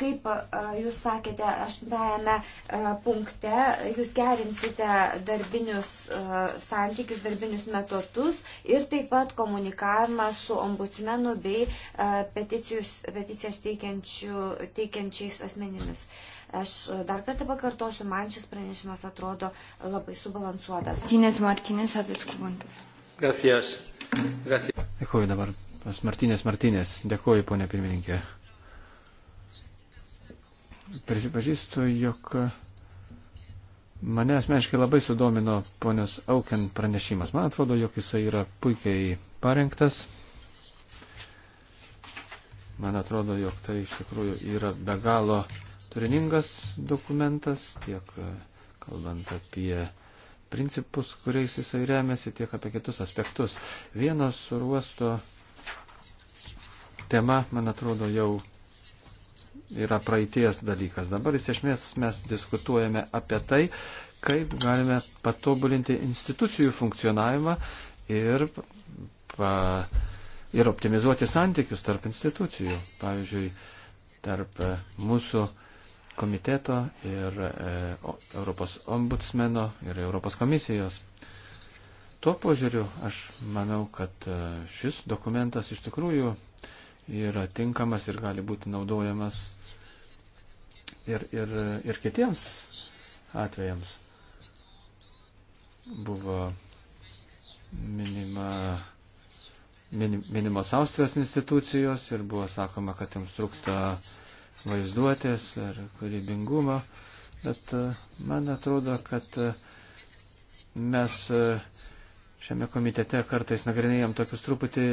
kaip e, jūs sakėte, aštuntajame e, punkte, jūs gerinsite darbinius santykius, darbinius metodus ir taip pat komunikavimą su ombudsmenu bei peticijas teikiančiais asmenimis. Aš dar kartą pakartosiu, man šis pranešimas atrodo labai subalansuotas. Martinės Martinės apie skubantą. Gracias. Gracias. Dėkuoju dabar. Pas Martinės Martinės. Dėkuoju, ponė pirmininkė prisipažįstu, jog mane asmeniškai labai sudomino ponios Auken pranešimas. Man atrodo, jog jisai yra puikiai parengtas. Man atrodo, jog tai iš tikrųjų yra be galo turiningas dokumentas, tiek e, kalbant apie principus, kuriais jisai remiasi, tiek apie kitus aspektus. Vienas ruosto tema, man atrodo, jau yra praeities dalykas. Dabar iš esmės mes diskutuojame apie tai, kaip galime patobulinti institucijų funkcionavimą ir, pa, ir optimizuoti santykius tarp institucijų. Pavyzdžiui, tarp e, mūsų komiteto ir e, Europos ombudsmeno ir Europos komisijos. Tuo požiūriu aš manau, kad e, šis dokumentas iš tikrųjų yra tinkamas ir gali būti naudojamas ir, ir, ir kitiems atvejams. Buvo minima, minim, minimos Austrijos institucijos ir buvo sakoma, kad jums trūksta vaizduotės ir kūrybingumo, bet e, man atrodo, kad e, mes e, šiame komitete kartais nagrinėjom tokius truputį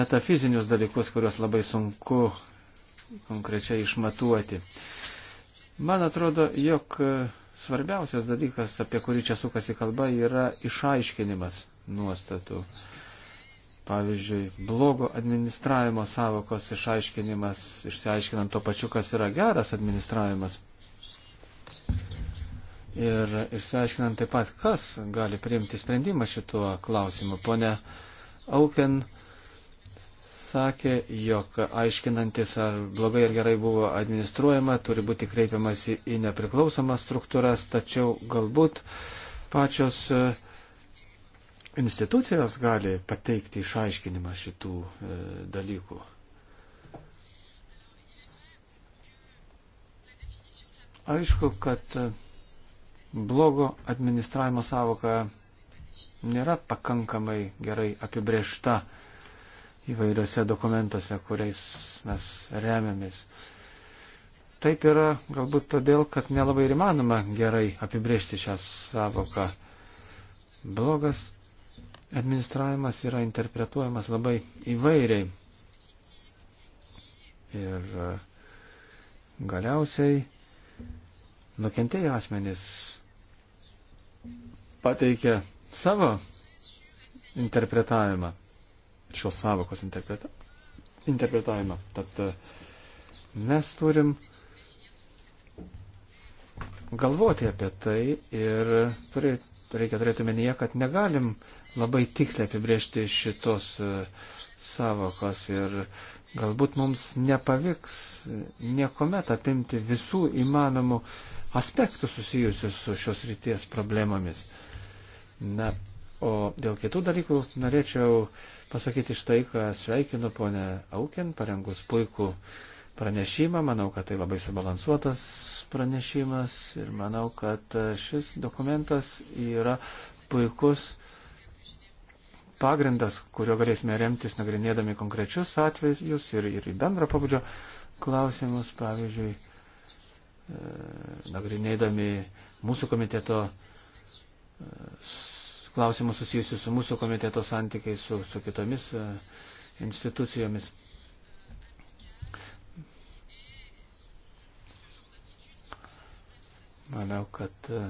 metafizinius dalykus, kuriuos labai sunku konkrečiai išmatuoti. Man atrodo, jog e, svarbiausias dalykas, apie kurį čia sukasi kalba, yra išaiškinimas nuostatų. Pavyzdžiui, blogo administravimo savokos išaiškinimas, išsiaiškinant to pačiu, kas yra geras administravimas. Ir išsiaiškinant taip pat, kas gali priimti sprendimą šituo klausimu. Pone Auken, uh, sakė, jog aiškinantis, ar blogai ar gerai buvo administruojama, turi būti kreipiamasi į nepriklausomas struktūras, tačiau galbūt pačios e, institucijos gali pateikti išaiškinimą šitų e, dalykų. Aišku, kad e, blogo administravimo savoka nėra pakankamai gerai apibriešta. E, įvairiose dokumentuose, kuriais mes remiamės. Taip yra galbūt todėl, kad nelabai ir įmanoma gerai apibriežti šią savoką. Blogas administravimas yra interpretuojamas labai įvairiai. Ir e, galiausiai nukentėję asmenys pateikia savo interpretavimą šios savokos interpreta, interpretavimą. Tad e, mes turim galvoti apie tai ir turi, reikia turėti menyje, kad negalim labai tiksliai apibriežti šitos e, savokos ir galbūt mums nepavyks e, niekuomet apimti visų įmanomų aspektų susijusių su šios ryties problemomis. Na, O dėl kitų dalykų norėčiau pasakyti štai, ką sveikinu ponę Aukin, parengus puikų pranešimą. Manau, kad tai labai subalansuotas pranešimas ir manau, kad e, šis dokumentas yra puikus pagrindas, kurio galėsime remtis nagrinėdami konkrečius atvejus ir, ir į bendrą pabudžio klausimus, pavyzdžiui, e, nagrinėdami mūsų komiteto e, klausimus susijusius su mūsų komiteto santykiais, su, su kitomis e, institucijomis. Manau, kad e,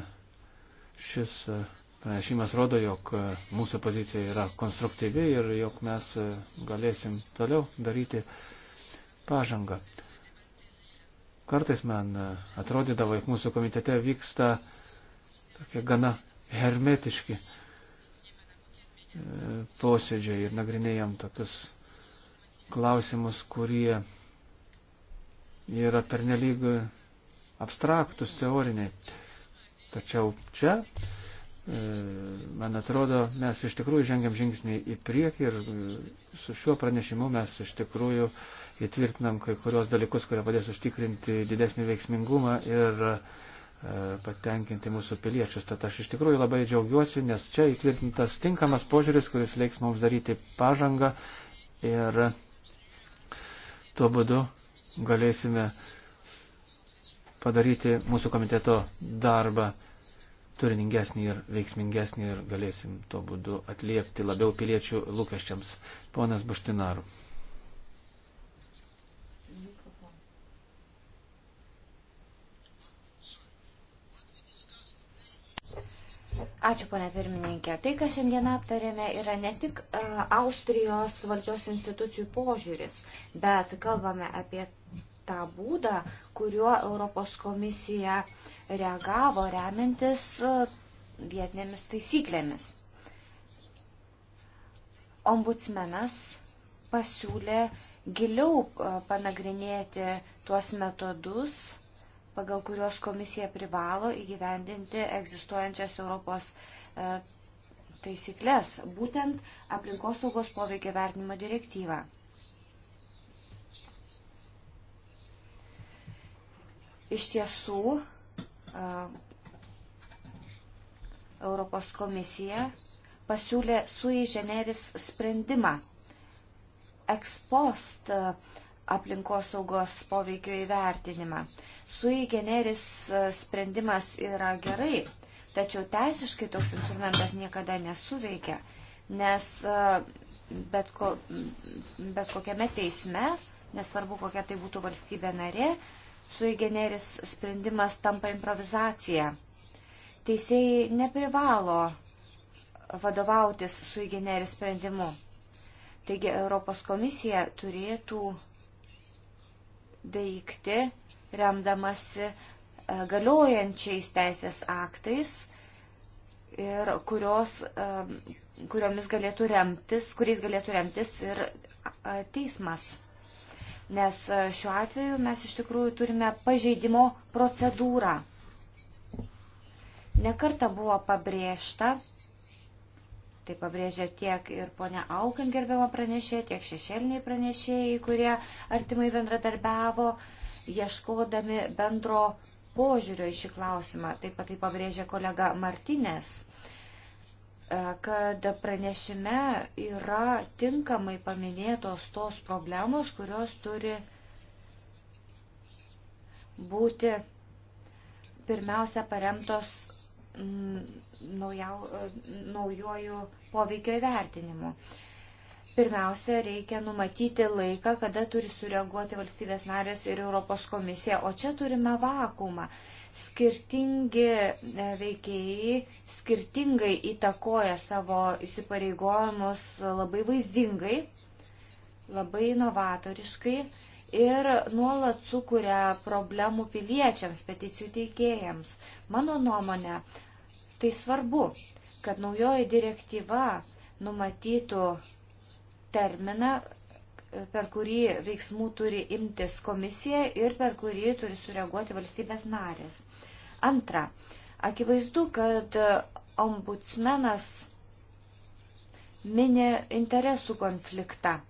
šis e, pranešimas rodo, jog mūsų pozicija yra konstruktyvi ir jog mes galėsim toliau daryti pažangą. Kartais man atrodydavo, jog mūsų komitete vyksta tokie gana hermetiški uh, posėdžiai ir nagrinėjom tokius klausimus, kurie yra pernelyg abstraktus, teoriniai. Tačiau čia, e, man atrodo, mes iš tikrųjų žengiam žingsnį į priekį ir e, su šiuo pranešimu mes iš tikrųjų įtvirtinam kai kurios dalykus, kurie padės užtikrinti didesnį veiksmingumą ir uh, E, patenkinti mūsų piliečius. Tad aš iš tikrųjų labai džiaugiuosi, nes čia įtvirtintas tinkamas požiūris, kuris leiks mums daryti pažangą ir tuo būdu galėsime padaryti mūsų komiteto darbą turiningesnį ir veiksmingesnį ir galėsim tuo būdu atliepti labiau piliečių lūkesčiams. Ponas Buštinaru. Ačiū, ponė pirmininkė. Tai, ką šiandieną aptarėme, yra ne tik e, Austrijos valdžios institucijų požiūris, bet kalbame apie tą būdą, kuriuo Europos komisija reagavo remiantis e, vietinėmis taisyklėmis. Ombudsmenas pasiūlė giliau e, panagrinėti tuos metodus, pagal kuriuos komisija privalo įgyvendinti egzistuojančias Europos e, taisyklės, būtent aplinkosaugos poveikio vertinimo direktyvą. Iš tiesų, e, Europos komisija pasiūlė sui generis sprendimą. Ekspost uh, aplinkosaugos poveikio įvertinimą. Sui generis e, sprendimas yra gerai, tačiau teisiškai toks instrumentas niekada nesuveikia, nes e, bet, ko, bet kokiame teisme, nesvarbu kokia tai būtų valstybė narė, sui generis sprendimas tampa improvizacija. Teisėjai neprivalo vadovautis sui generis sprendimu. Taigi Europos komisija turėtų veikti remdamasi e, galiojančiais teisės aktais ir kurios, e, kuriomis galėtų remtis, kuriais galėtų remtis ir teismas. Nes e, šiuo atveju mes iš tikrųjų turime pažeidimo procedūrą. Nekarta buvo pabrėžta, Tai pabrėžia tiek ir ponia Aukan gerbiamo pranešėjai, tiek šešėliniai pranešėjai, kurie artimai bendradarbiavo, ieškodami bendro požiūrio į šį klausimą. Taip pat tai pabrėžia kolega Martinės e, kad pranešime yra tinkamai paminėtos tos problemos, kurios turi būti pirmiausia paremtos naujau, naujojų poveikio įvertinimu. Pirmiausia, reikia numatyti laiką, kada turi sureaguoti valstybės narės ir Europos komisija, o čia turime vakumą. Skirtingi e, veikėjai skirtingai įtakoja savo įsipareigojimus labai vaizdingai, labai inovatoriškai ir nuolat sukuria problemų piliečiams, peticijų teikėjams. Mano nuomonė, tai svarbu, kad naujoji direktyva numatytų terminą, per kurį veiksmų turi imtis komisija ir per kurį turi sureaguoti valstybės narės. Antra, akivaizdu, kad ombudsmenas mini interesų konfliktą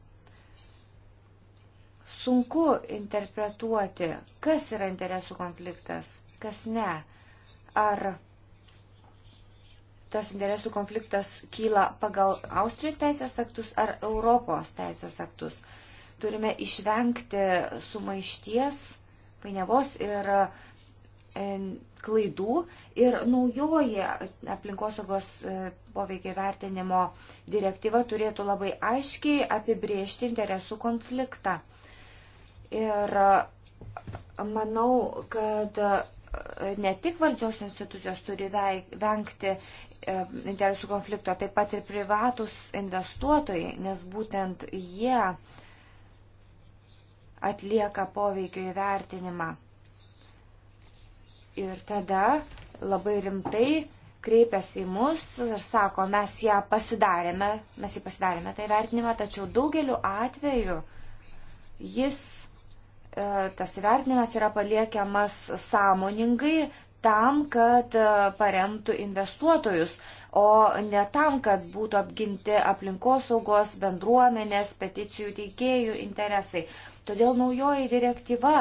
sunku interpretuoti, kas yra interesų konfliktas, kas ne. Ar tas interesų konfliktas kyla pagal Austrijos teisės aktus ar Europos teisės aktus. Turime išvengti sumaišties, painiavos ir e, klaidų ir naujoji aplinkosaugos e, poveikio vertinimo direktyva turėtų labai aiškiai apibriežti interesų konfliktą. Ir manau, kad ne tik valdžios institucijos turi vengti interesų konflikto, taip pat ir privatus investuotojai, nes būtent jie atlieka poveikio įvertinimą. Ir tada labai rimtai kreipiasi į mus ir sako, mes ją pasidarėme, mes jį pasidarėme tą įvertinimą, tačiau daugeliu atveju jis E, tas įvertinimas yra paliekiamas sąmoningai tam, kad e, paremtų investuotojus, o ne tam, kad būtų apginti aplinkosaugos, bendruomenės, peticijų teikėjų interesai. Todėl naujoji direktyva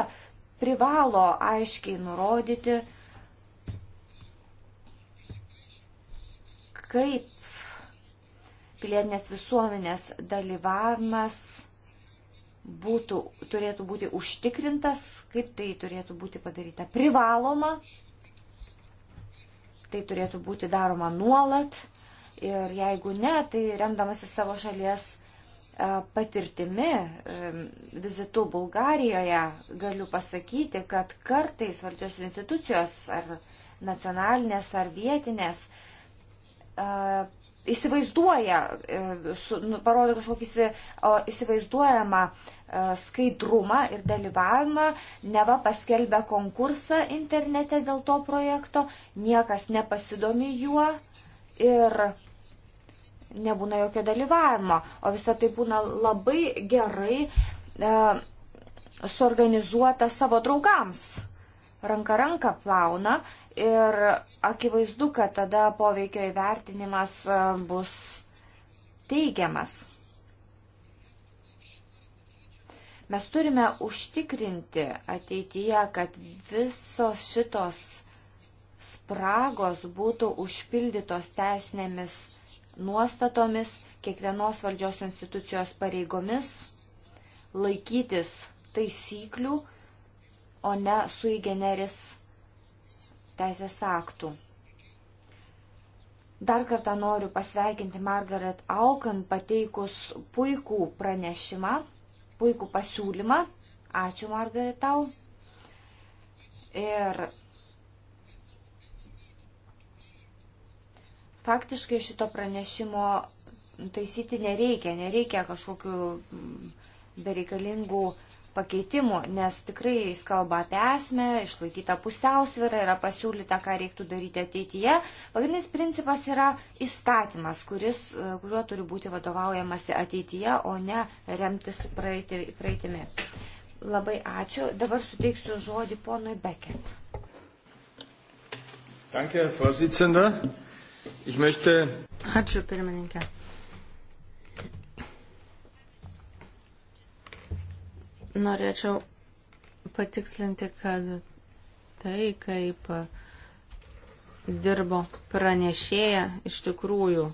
privalo aiškiai nurodyti, kaip pilietinės visuomenės dalyvavimas būtų, turėtų būti užtikrintas, kaip tai turėtų būti padaryta privaloma, tai turėtų būti daroma nuolat ir jeigu ne, tai remdamasi savo šalies e, patirtimi e, vizitu Bulgarijoje galiu pasakyti, kad kartais valdžios institucijos ar nacionalinės ar vietinės e, įsivaizduoja, e, nu, parodo kažkokį įsivaizduojamą e, skaidrumą ir dalyvavimą, neva paskelbia konkursą internete dėl to projekto, niekas nepasidomi juo ir nebūna jokio dalyvavimo, o visa tai būna labai gerai e, suorganizuota savo draugams ranka ranką plauna ir akivaizdu, kad tada poveikio įvertinimas e, bus teigiamas. Mes turime užtikrinti ateityje, kad visos šitos spragos būtų užpildytos teisinėmis nuostatomis, kiekvienos valdžios institucijos pareigomis, laikytis taisyklių, o ne sui generis teisės aktų. Dar kartą noriu pasveikinti Margaret Aukan pateikus puikų pranešimą, puikų pasiūlymą. Ačiū, Margaret, tau. Ir faktiškai šito pranešimo taisyti nereikia, nereikia kažkokiu mm, bereikalingų uh, pakeitimų, nes tikrai jis kalba apie esmę, išlaikyta pusiausvyrą, yra pasiūlyta, ką reiktų daryti ateityje. Pagrindinis principas yra įstatymas, kuris, e, kuriuo turi būti vadovaujamasi ateityje, o ne remtis praeitį, praeitimi. Labai ačiū. Dabar suteiksiu žodį ponui Beket. Danke, Vorsitzender. Ich möchte... Ačiū, pirmininkė. Norėčiau patikslinti, kad tai, kaip dirbo pranešėja, iš tikrųjų,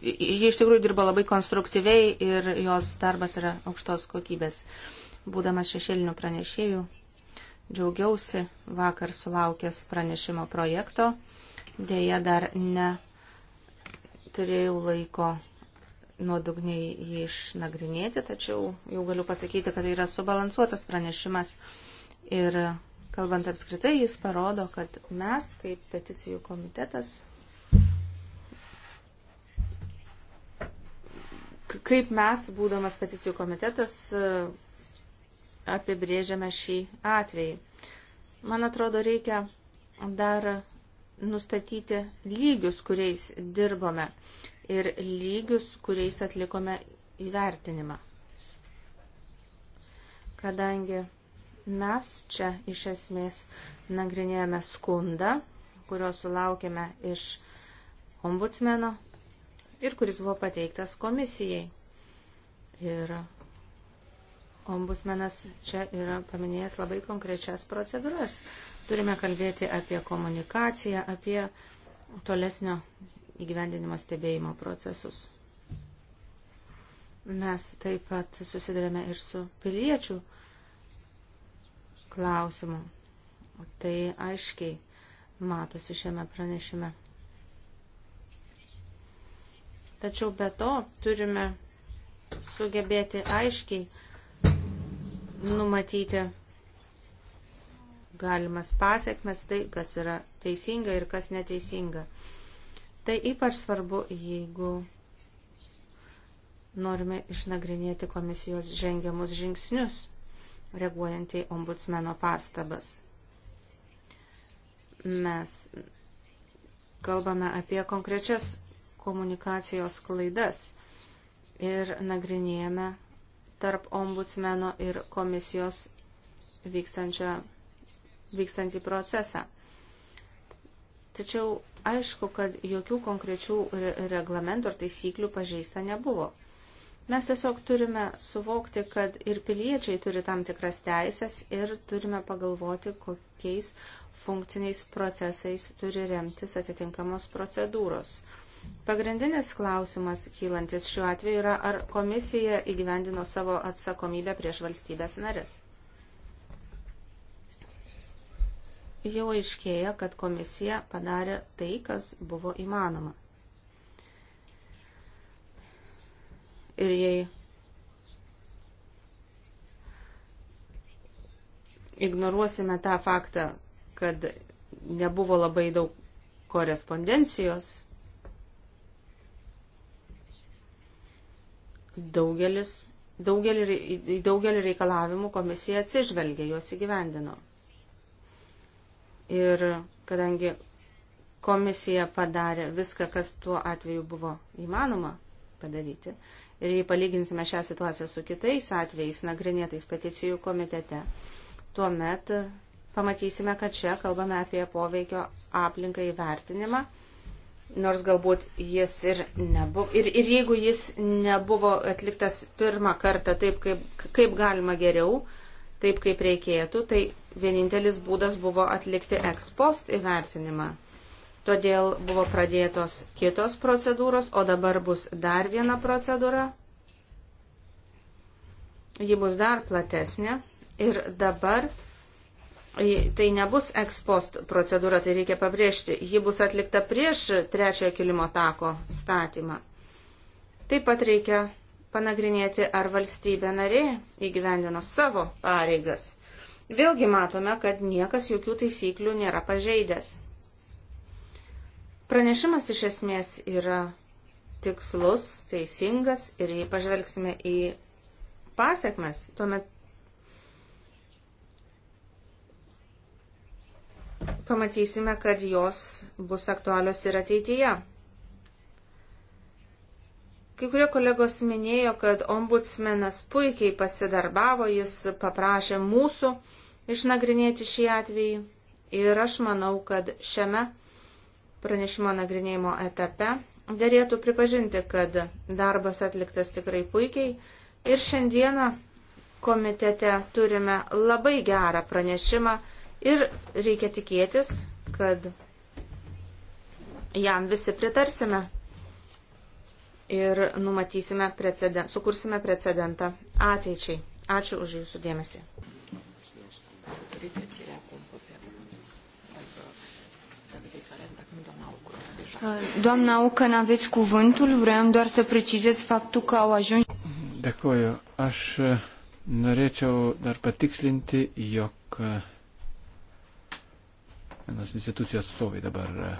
ji iš tikrųjų dirba labai konstruktyviai ir jos darbas yra aukštos kokybės. Būdamas šešėlinių pranešėjų, džiaugiausi vakar sulaukęs pranešimo projekto, dėja dar ne turėjau laiko nuodugniai jį išnagrinėti, tačiau jau galiu pasakyti, kad tai yra subalansuotas pranešimas. Ir kalbant apskritai, jis parodo, kad mes, kaip peticijų komitetas, kaip mes, būdamas peticijų komitetas, apibrėžiame šį atvejį. Man atrodo, reikia dar nustatyti lygius, kuriais dirbome ir lygius, kuriais atlikome įvertinimą. Kadangi mes čia iš esmės nagrinėjame skundą, kurio sulaukėme iš ombudsmeno ir kuris buvo pateiktas komisijai. Ir ombudsmenas čia yra paminėjęs labai konkrečias procedūras. Turime kalbėti apie komunikaciją, apie tolesnio įgyvendinimo stebėjimo procesus. Mes taip pat susidurėme ir su piliečių klausimu. Tai aiškiai matosi šiame pranešime. Tačiau be to turime sugebėti aiškiai numatyti galimas pasiekmes, tai kas yra teisinga ir kas neteisinga. Tai ypač svarbu, jeigu norime išnagrinėti komisijos žengiamus žingsnius, reaguojant į ombudsmeno pastabas. Mes kalbame apie konkrečias komunikacijos klaidas ir nagrinėjame tarp ombudsmeno ir komisijos vykstantį procesą. Tačiau Aišku, kad jokių konkrečių reglamentų ar taisyklių pažeista nebuvo. Mes tiesiog turime suvokti, kad ir piliečiai turi tam tikras teisės ir turime pagalvoti, kokiais funkciniais procesais turi remtis atitinkamos procedūros. Pagrindinis klausimas kylantis šiuo atveju yra, ar komisija įgyvendino savo atsakomybę prieš valstybės narės. jau aiškėja, kad komisija padarė tai, kas buvo įmanoma. Ir jei ignoruosime tą faktą, kad nebuvo labai daug korespondencijos, daugelis, daugelį, daugelį reikalavimų komisija atsižvelgė, juos įgyvendino. Ir kadangi komisija padarė viską, kas tuo atveju buvo įmanoma padaryti, ir jei palyginsime šią situaciją su kitais atvejais nagrinėtais peticijų komitete, tuomet pamatysime, kad čia kalbame apie poveikio aplinką įvertinimą, nors galbūt jis ir nebuvo. Ir, ir jeigu jis nebuvo atliktas pirmą kartą taip, kaip, kaip galima geriau, taip kaip reikėtų, tai vienintelis būdas buvo atlikti ekspost įvertinimą. Todėl buvo pradėtos kitos procedūros, o dabar bus dar viena procedūra. Ji bus dar platesnė ir dabar tai nebus ekspost procedūra, tai reikia pabrėžti. Ji bus atlikta prieš trečiojo kilimo tako statymą. Taip pat reikia panagrinėti, ar valstybė narė įgyvendino savo pareigas Vėlgi matome, kad niekas jokių taisyklių nėra pažeidęs. Pranešimas iš esmės yra tikslus, teisingas ir jei pažvelgsime į pasiekmes, tuomet pamatysime, kad jos bus aktualios ir ateityje. Kai kurie kolegos minėjo, kad ombudsmenas puikiai pasidarbavo, jis paprašė mūsų išnagrinėti šį atvejį. Ir aš manau, kad šiame pranešimo nagrinėjimo etape dėrėtų pripažinti, kad darbas atliktas tikrai puikiai. Ir šiandieną komitete turime labai gerą pranešimą ir reikia tikėtis, kad jam visi pritarsime ir numatysime precedent, sukursime precedentą ateičiai. Ačiū už Jūsų dėmesį. Doamna Ocan, aveți cuvântul. Vreau doar să precizez faptul că au ajuns. Dėkuoju. Aš norėčiau dar patikslinti, jog vienos institucijos atstovai dabar uh,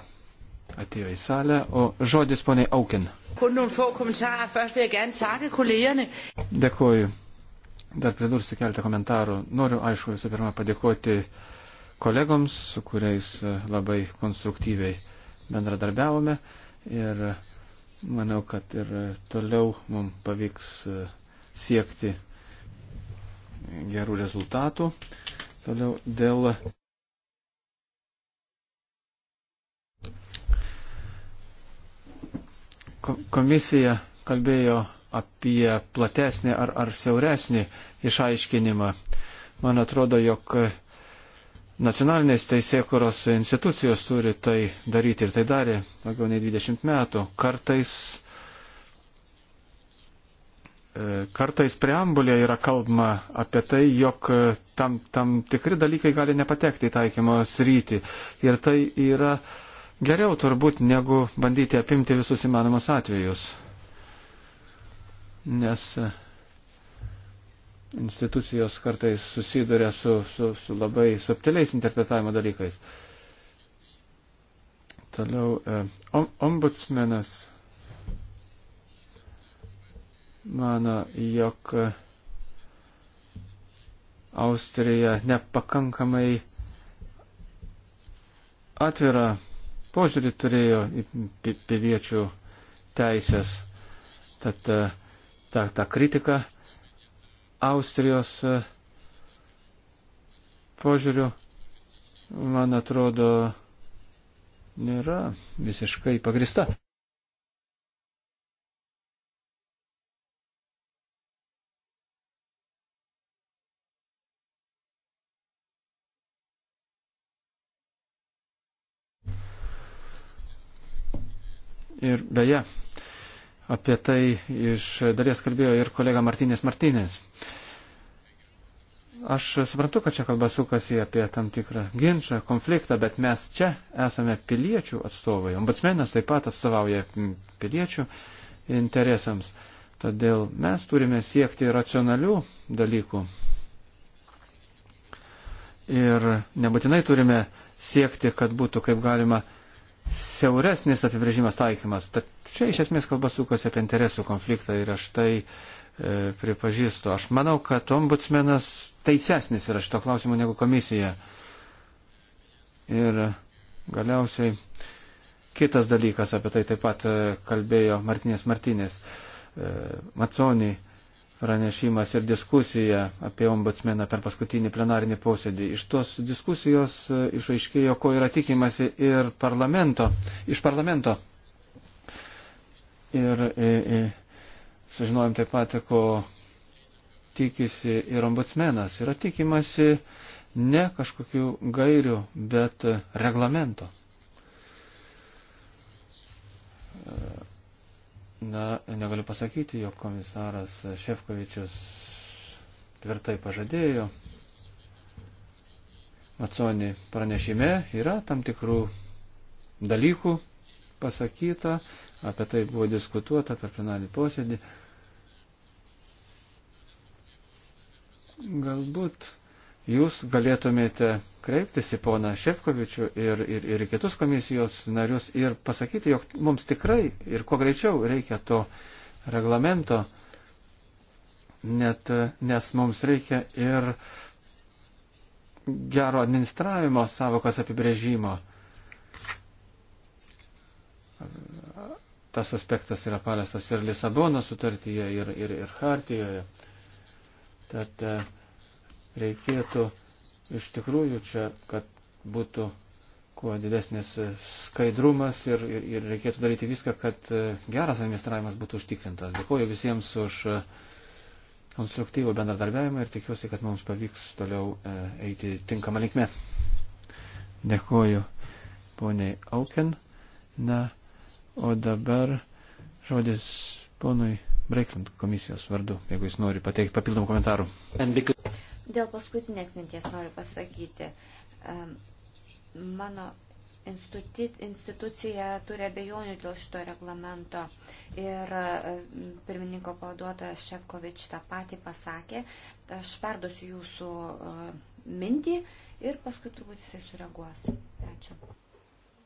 atėjo į salę, o žodis poniai Aukin. Dėkuoju. Dar pridursiu keletą komentarų. Noriu, aišku, visų pirma padėkoti kolegoms, su kuriais uh, labai konstruktyviai bendradarbiavome ir manau, kad ir toliau mums pavyks e, siekti gerų rezultatų. Toliau dėl komisija kalbėjo apie platesnį ar, ar siauresnį išaiškinimą. Man atrodo, jog Nacionalinės teisėkuros institucijos turi tai daryti ir tai darė daugiau nei 20 metų. Kartais, e, kartais preambulė yra kalbama apie tai, jog tam, tam tikri dalykai gali nepatekti į taikymo sritį. Ir tai yra geriau turbūt, negu bandyti apimti visus įmanomus atvejus. Nes institucijos kartais susiduria su, su, su labai subtiliais interpretavimo dalykais. Toliau, e, om, ombudsmenas mano, jog e, Austrija nepakankamai atvirą požiūrį turėjo į piliečių teisės. Tad e, ta, ta kritika Austrijos e, požiūriu, man atrodo, nėra visiškai pagrista. Ir beje, Apie tai iš dalies kalbėjo ir kolega Martinės Martinės. Aš suprantu, kad čia kalba sukasi apie tam tikrą ginčą, konfliktą, bet mes čia esame piliečių atstovai. Ombudsmenas taip pat atstovauja piliečių interesams. Todėl mes turime siekti racionalių dalykų. Ir nebūtinai turime siekti, kad būtų kaip galima siauresnis apibrėžimas taikymas. Tad čia iš esmės kalba sukosi apie interesų konfliktą ir aš tai e, pripažįstu. Aš manau, kad ombudsmenas teisesnis yra šito klausimu negu komisija. Ir galiausiai kitas dalykas, apie tai taip pat e, kalbėjo Martinės Martinės, e, Maconiai pranešimas ir diskusija apie ombudsmeną per paskutinį plenarinį posėdį. Iš tos diskusijos e, išaiškėjo, ko yra tikimasi ir parlamento, iš parlamento. Ir e, e, sužinojom taip pat, ko tikisi ir ombudsmenas. Yra tikimasi ne kažkokių gairių, bet e, reglamento. E, Na, negaliu pasakyti, jog komisaras Šefkovičius tvirtai pažadėjo. Matsoni pranešime yra tam tikrų dalykų pasakyta, apie tai buvo diskutuota per plenarinį posėdį. Galbūt jūs galėtumėte kreiptis į poną Šefkovičių ir, ir, ir kitus komisijos narius ir pasakyti, jog mums tikrai ir kuo greičiau reikia to reglamento, net, nes mums reikia ir gero administravimo savokos apibrėžimo. Tas aspektas yra paliestas ir Lisabono sutartyje, ir, ir, ir Hartijoje. Tad, uh, reikėtų iš tikrųjų čia, kad būtų kuo didesnis skaidrumas ir, ir, ir reikėtų daryti viską, kad e, geras administravimas būtų užtikrintas. Dėkuoju visiems už e, konstruktyvų bendradarbiavimą ir tikiuosi, kad mums pavyks toliau e, eiti tinkamą linkmę. Dėkuoju poniai Auken. Na, o dabar žodis ponui Breikland komisijos vardu, jeigu jis nori pateikti papildomų komentarų. Dėl paskutinės minties noriu pasakyti. Mano institucija turi abejonių dėl šito reglamento ir pirmininko pavaduotojas Šefkovič tą patį pasakė. Aš perduosiu jūsų mintį ir paskui turbūt jisai sureaguos. Ačiū.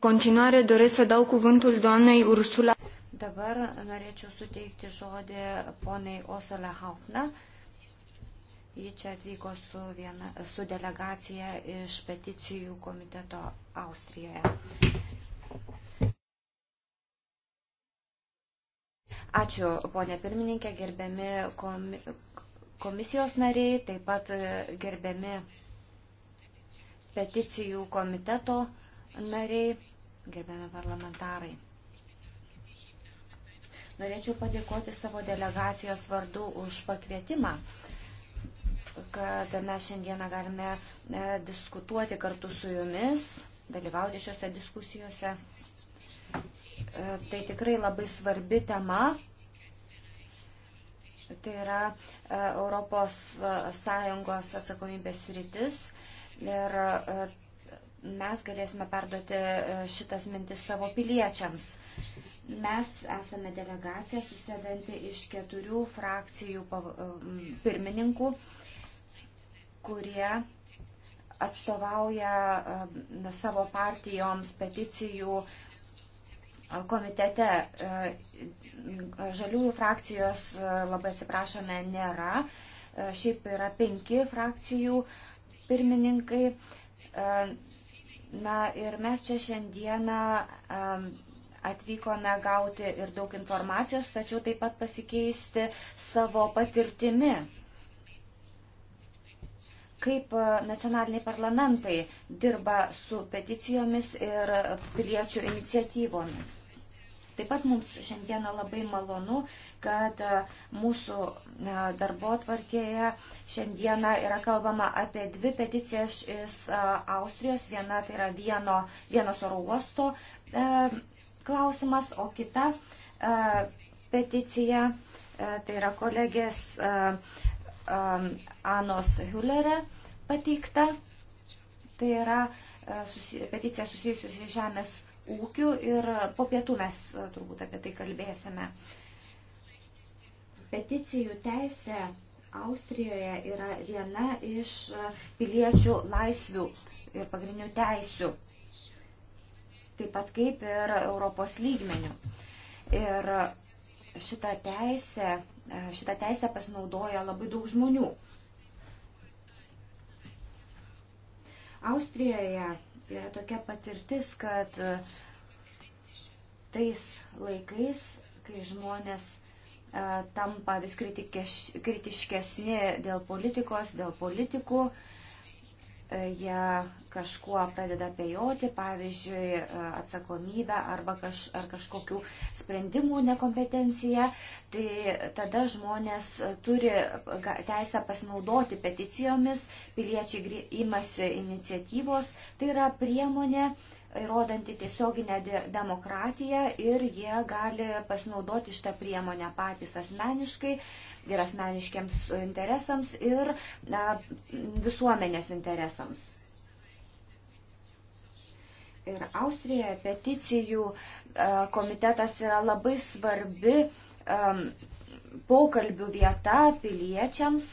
Continuare doresc să dau cuvântul doamnei Ursula. Dabar norėčiau suteikti žodį poniai Osale Haufna. Ji čia atvyko su, viena, su delegacija iš peticijų komiteto Austrijoje. Ačiū, ponė pirmininkė, gerbiami komi komisijos nariai, taip pat e, gerbiami peticijų komiteto nariai, gerbiami parlamentarai. Norėčiau padėkoti savo delegacijos vardu už pakvietimą kad mes šiandieną galime e, diskutuoti kartu su jumis, dalyvauti šiuose diskusijose. E, tai tikrai labai svarbi tema. Tai yra e, Europos Sąjungos atsakomybės rytis. Ir mes galėsime perduoti šitas mintis savo piliečiams. Mes esame delegacija susėdanti iš keturių frakcijų pirmininkų kurie atstovauja e, savo partijoms peticijų e, komitete. E, žaliųjų frakcijos, labai atsiprašome, nėra. Šiaip yra penki frakcijų pirmininkai. Na ir mes čia šiandieną atvykome gauti ir daug informacijos, tačiau taip pat pasikeisti savo patirtimi kaip e, nacionaliniai parlamentai dirba su peticijomis ir piliečių iniciatyvomis. Taip pat mums šiandieną labai malonu, kad e, mūsų e, darbo atvarkėje šiandieną yra kalbama apie dvi peticijas iš Austrijos. Viena tai yra vieno, vienos oro uosto klausimas, o kita peticija tai yra kolegės um, Anos Hüllerė pateikta. Tai yra e, susi, peticija susijusi su žemės ūkiu ir po pietų mes e, turbūt apie tai kalbėsime. Peticijų teisė Austrijoje yra viena iš e, piliečių laisvių ir pagrindinių teisių, taip pat kaip ir Europos lygmenių. Ir šitą teisę E, šitą teisę pasinaudoja labai daug žmonių. Austrijoje yra tokia patirtis, kad e, tais laikais, kai žmonės e, tampa vis kritiškesni dėl politikos, dėl politikų, uh, E, jie kažkuo pradeda bejoti, pavyzdžiui, e, atsakomybę arba kaž, ar kažkokių sprendimų nekompetenciją, tai tada žmonės turi teisę pasinaudoti peticijomis, piliečiai imasi iniciatyvos, tai yra priemonė įrodanti tiesioginę demokratiją ir jie gali pasinaudoti šitą priemonę patys asmeniškai ir asmeniškiams interesams ir na, visuomenės interesams. Ir Austrijoje peticijų e, komitetas yra labai svarbi um, pokalbių vieta piliečiams.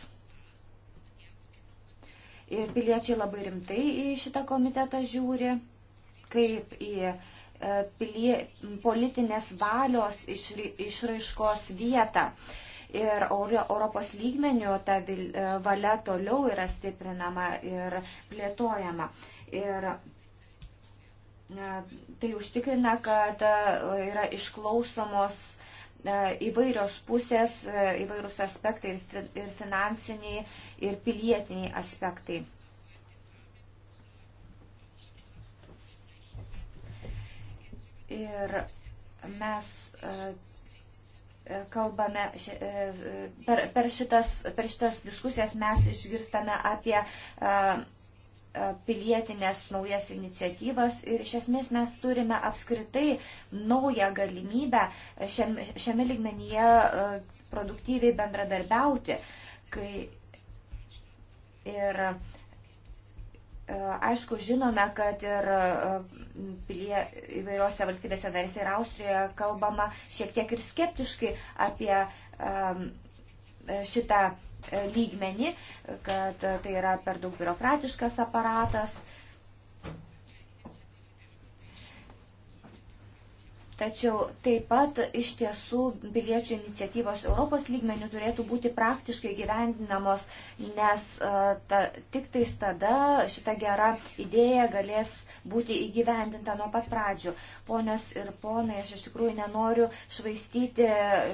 Ir piliečiai labai rimtai į šitą komitetą žiūri, kaip į e, pilie, politinės valios išraiškos vietą. Uh, ir Europos lygmenių ta e, valia toliau yra stiprinama ir plėtojama. Ir e, tai užtikrina, kad e, yra išklausomos įvairios pusės, įvairūs aspektai ir finansiniai, ir pilietiniai aspektai. Ir mes E, kalbame, e, per, per, šitas, per šitas diskusijas mes išgirstame apie e, pilietinės naujas iniciatyvas ir iš esmės mes turime apskritai naują galimybę šiame, šiame ligmenyje produktyviai bendradarbiauti. Kai ir E, aišku, žinome, kad ir e, pilie, įvairiose valstybėse narėse ir Austrijoje kalbama šiek tiek ir skeptiškai apie e, šitą lygmenį, kad tai yra per daug biurokratiškas aparatas, Tačiau taip pat iš tiesų piliečių iniciatyvos Europos lygmenių turėtų būti praktiškai gyvendinamos, nes e, ta, tik tais tada šita gera idėja galės būti įgyvendinta nuo pat pradžių. Ponios ir ponai, aš iš tikrųjų nenoriu švaistyti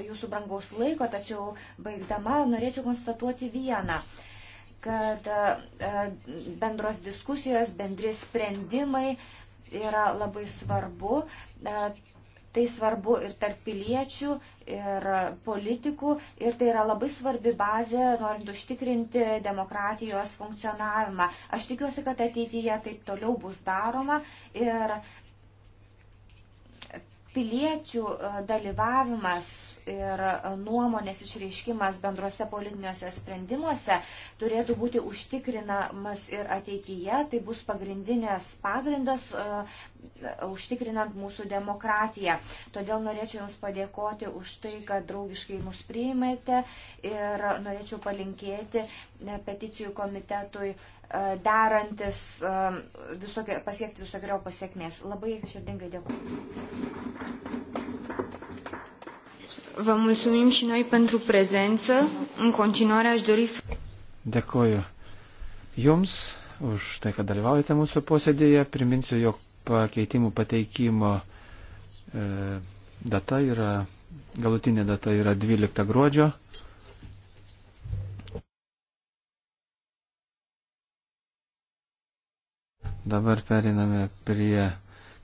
jūsų brangaus laiko, tačiau baigdama norėčiau konstatuoti vieną kad e, bendros diskusijos, bendri sprendimai yra labai svarbu. E, Tai svarbu ir tarp piliečių, ir politikų, ir tai yra labai svarbi bazė, norint užtikrinti demokratijos funkcionavimą. Aš tikiuosi, kad ateityje taip toliau bus daroma ir piliečių e, dalyvavimas ir e, nuomonės išreiškimas bendrose politiniuose sprendimuose turėtų būti užtikrinamas ir ateityje. Tai bus pagrindinės pagrindas uh, užtikrinant mūsų demokratiją. Todėl norėčiau Jums padėkoti už tai, kad draugiškai mus priimėte ir norėčiau palinkėti peticijų komitetui uh, E, darantis e, visokio, pasiekti visokio pasiekmės. Labai širdingai dėkuoju. Vă mulțumim și noi pentru prezență. În continuare aș dori să... Dėkuoju Jums už tai, kad dalyvaujate mūsų posėdėje. Priminsiu, jog pakeitimų pateikimo e, data yra, galutinė data yra 12 gruodžio. Dabar periname prie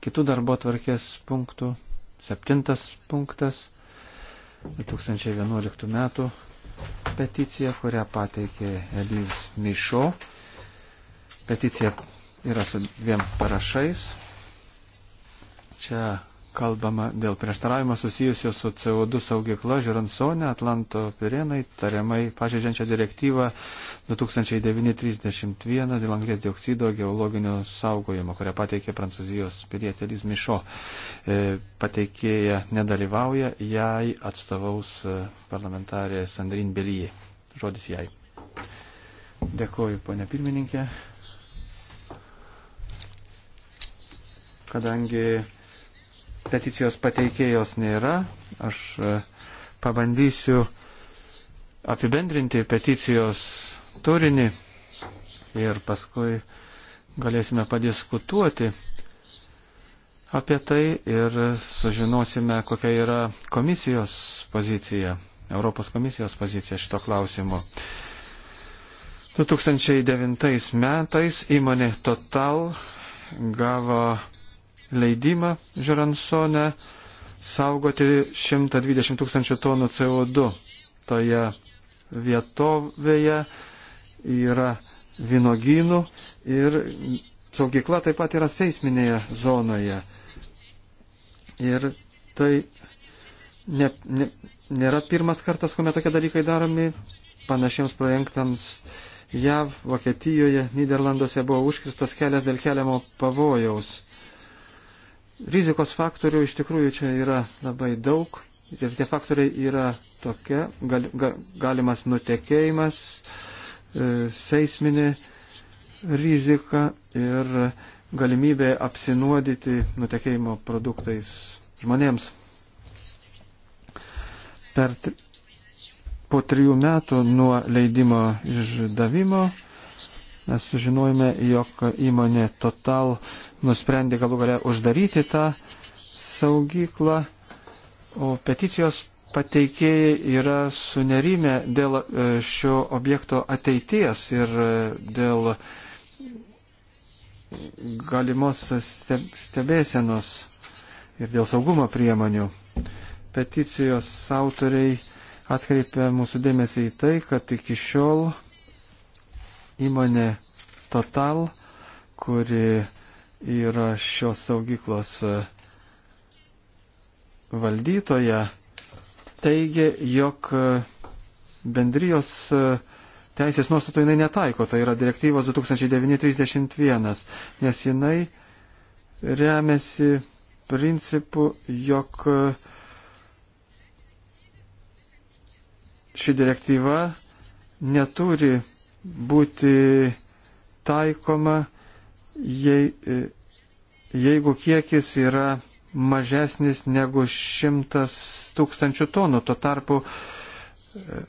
kitų darbo tvarkės punktų. Septintas punktas 2011 metų peticija, kurią pateikė Eliz Mišo. Peticija yra su dviem parašais. Čia kalbama dėl prieštaravimo susijusio su CO2 saugykla Žiransonė, Atlanto Pirenai, tariamai pažeidžiančią direktyvą 2931 dėl anglės dioksido geologinio saugojimo, kurią pateikė prancūzijos pilietė Liz Mišo. E, pateikėja nedalyvauja, jai atstovaus e, parlamentarė Sandrin Belyje. Žodis jai. Dėkuoju, ponia pirmininkė. Kadangi peticijos pateikėjos nėra. Aš e, pabandysiu apibendrinti peticijos turinį ir paskui galėsime padiskutuoti apie tai ir sužinosime, kokia yra komisijos pozicija, Europos komisijos pozicija šito klausimu. 2009 metais įmonė Total gavo leidimą Žeransone saugoti 120 tūkstančių tonų CO2 toje vietovėje yra vynogynų ir saugykla taip pat yra seisminėje zonoje. Ir tai ne, ne, nėra pirmas kartas, kuomet tokie dalykai daromi. Panašiems projektams JAV, Vokietijoje, Niderlanduose buvo užkristas kelias dėl keliamo pavojaus. Rizikos faktorių iš tikrųjų čia yra labai daug ir tie faktoriai yra tokie, gal, ga, galimas nutekėjimas, e, seisminė rizika ir galimybė apsinuodyti nutekėjimo produktais žmonėms. Per, po trijų metų nuo leidimo išdavimo Mes sužinojome, jog įmonė Total nusprendė galų galę uždaryti tą saugyklą, o peticijos pateikėjai yra sunerimę dėl e, šio objekto ateities ir e, dėl galimos stebėsenos ir dėl saugumo priemonių. Peticijos autoriai atkreipia mūsų dėmesį į tai, kad iki šiol įmonė Total, kuri yra šios saugyklos e, valdytoja, teigia, jog e, bendrijos e, teisės nuostatų jinai netaiko, tai yra direktyvos 2931, nes jinai remiasi principu, jog ši direktyva neturi būti taikoma, jei, jeigu kiekis yra mažesnis negu 100 tūkstančių tonų. Tuo tarpu e,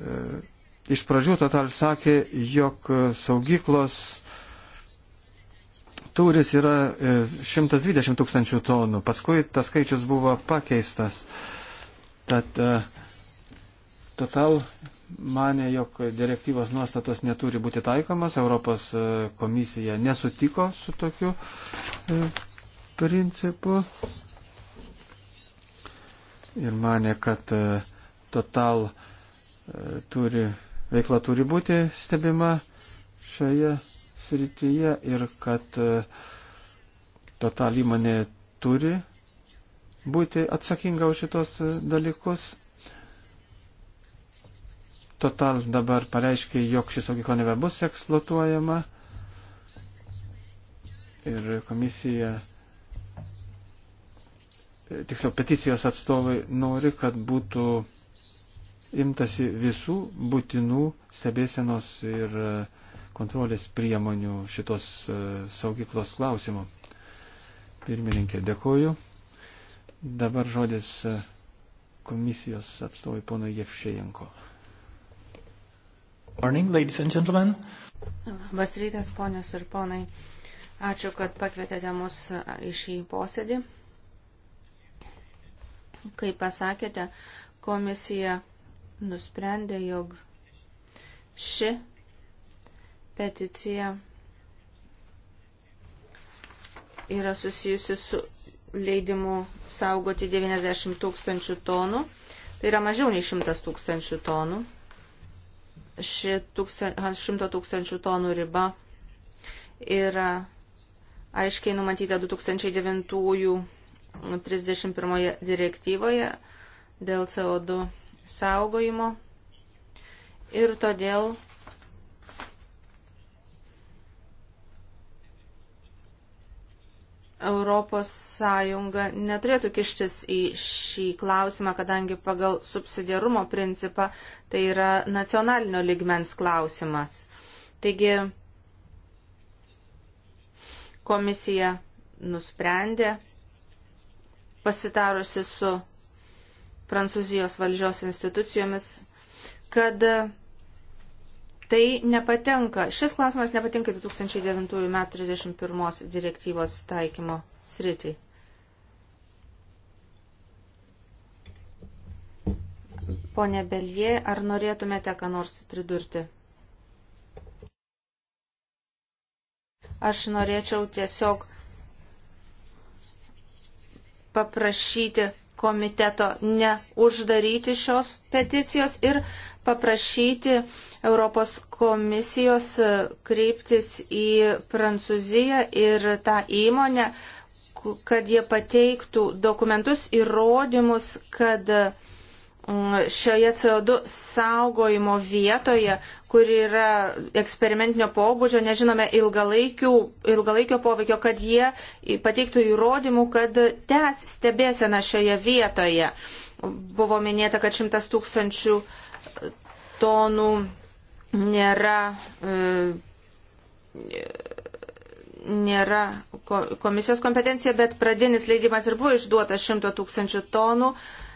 iš pradžių Total sakė, jog saugyklos tūris yra 120 e, tūkstančių tonų. Paskui tas skaičius buvo pakeistas. Tad e, Total mane, jog direktyvos nuostatos neturi būti taikomas. Europos e, komisija nesutiko su tokiu e, principu ir mane, kad e, total turi, veikla turi būti stebima šioje srityje ir kad total įmonė turi būti atsakinga už šitos dalykus Total dabar pareiškia, jog ši saugykla nebebus eksploatuojama ir komisija, tiksliau peticijos atstovai nori, kad būtų imtasi visų būtinų stebėsenos ir e, kontrolės priemonių šitos e, saugyklos klausimų. Pirmininkė, dėkoju. Dabar žodis e, komisijos atstovai pono Jevšėjenko. Morning, ladies and gentlemen. Labas rytas, ponios ir ponai. Ačiū, kad pakvietėte mus į šį posėdį. Kaip pasakėte, komisija nusprendė, jog ši peticija yra susijusi su leidimu saugoti 90 tūkstančių tonų. Tai yra mažiau nei 100 tūkstančių tonų 100 tūkstančių tonų riba yra aiškiai numatyta 2009-31 direktyvoje dėl CO2 saugojimo ir todėl Europos Sąjunga neturėtų kištis į šį klausimą, kadangi pagal subsidiarumo principą tai yra nacionalinio ligmens klausimas. Taigi komisija nusprendė, pasitarusi su Prancūzijos valdžios institucijomis, kad Tai nepatenka, šis klausimas nepatenka 2009 m. 31 direktyvos taikymo sritį. Pone Belie, ar norėtumėte ką nors pridurti? Aš norėčiau tiesiog paprašyti komiteto neuždaryti šios peticijos ir paprašyti Europos komisijos kreiptis į Prancūziją ir tą įmonę, kad jie pateiktų dokumentus, įrodymus, kad mm, šioje CO2 saugojimo vietoje kuri yra eksperimentinio pobūdžio, nežinome ilgalaikio poveikio, kad jie pateiktų įrodymų, kad tęs stebėsena šioje vietoje. Buvo minėta, kad šimtas tūkstančių tonų nėra. E, nėra komisijos kompetencija, bet pradinis leidimas ir buvo išduotas 100 tūkstančių tonų. E,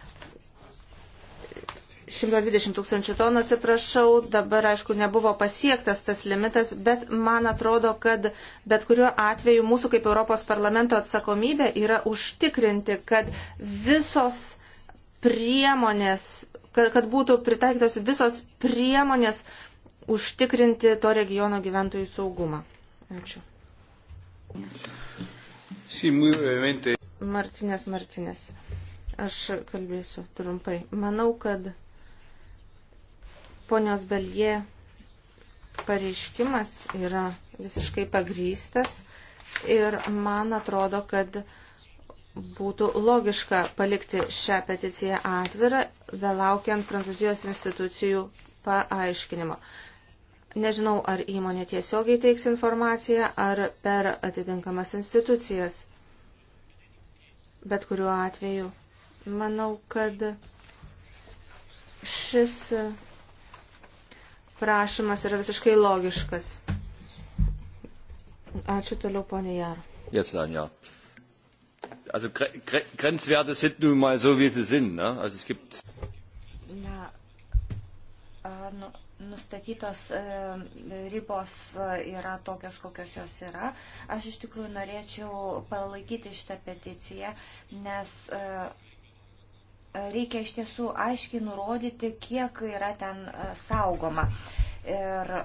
120 tūkstančių tonų, atsiprašau, dabar aišku nebuvo pasiektas tas limitas, bet man atrodo, kad bet kuriuo atveju mūsų kaip Europos parlamento atsakomybė yra užtikrinti, kad visos priemonės, kad, kad būtų pritaikytos visos priemonės užtikrinti to regiono gyventojų saugumą. Ačiū. Sí, muy brevemente. Martinės, Martinės. Aš kalbėsiu trumpai. Manau, kad ponios Belie pareiškimas yra visiškai pagrystas ir man atrodo, kad būtų logiška palikti šią peticiją atvirą, vėlaukiant prancūzijos institucijų paaiškinimo. Nežinau, ar įmonė tiesiogiai teiks informaciją, ar per atitinkamas institucijas. Bet kuriuo atveju, manau, kad šis prašymas yra visiškai logiškas. Ačiū toliau, ponė Jar. Yes, Anja. Also Grenzwerte sind nun mal so, wie sie sind. Ne? Also es gibt. Na, äh, nu, nustatytos e, ribos e, yra tokios, kokios jos yra. Aš iš tikrųjų norėčiau palaikyti šitą peticiją, nes e, reikia iš tiesų aiškiai nurodyti, kiek yra ten e, saugoma. Ir e,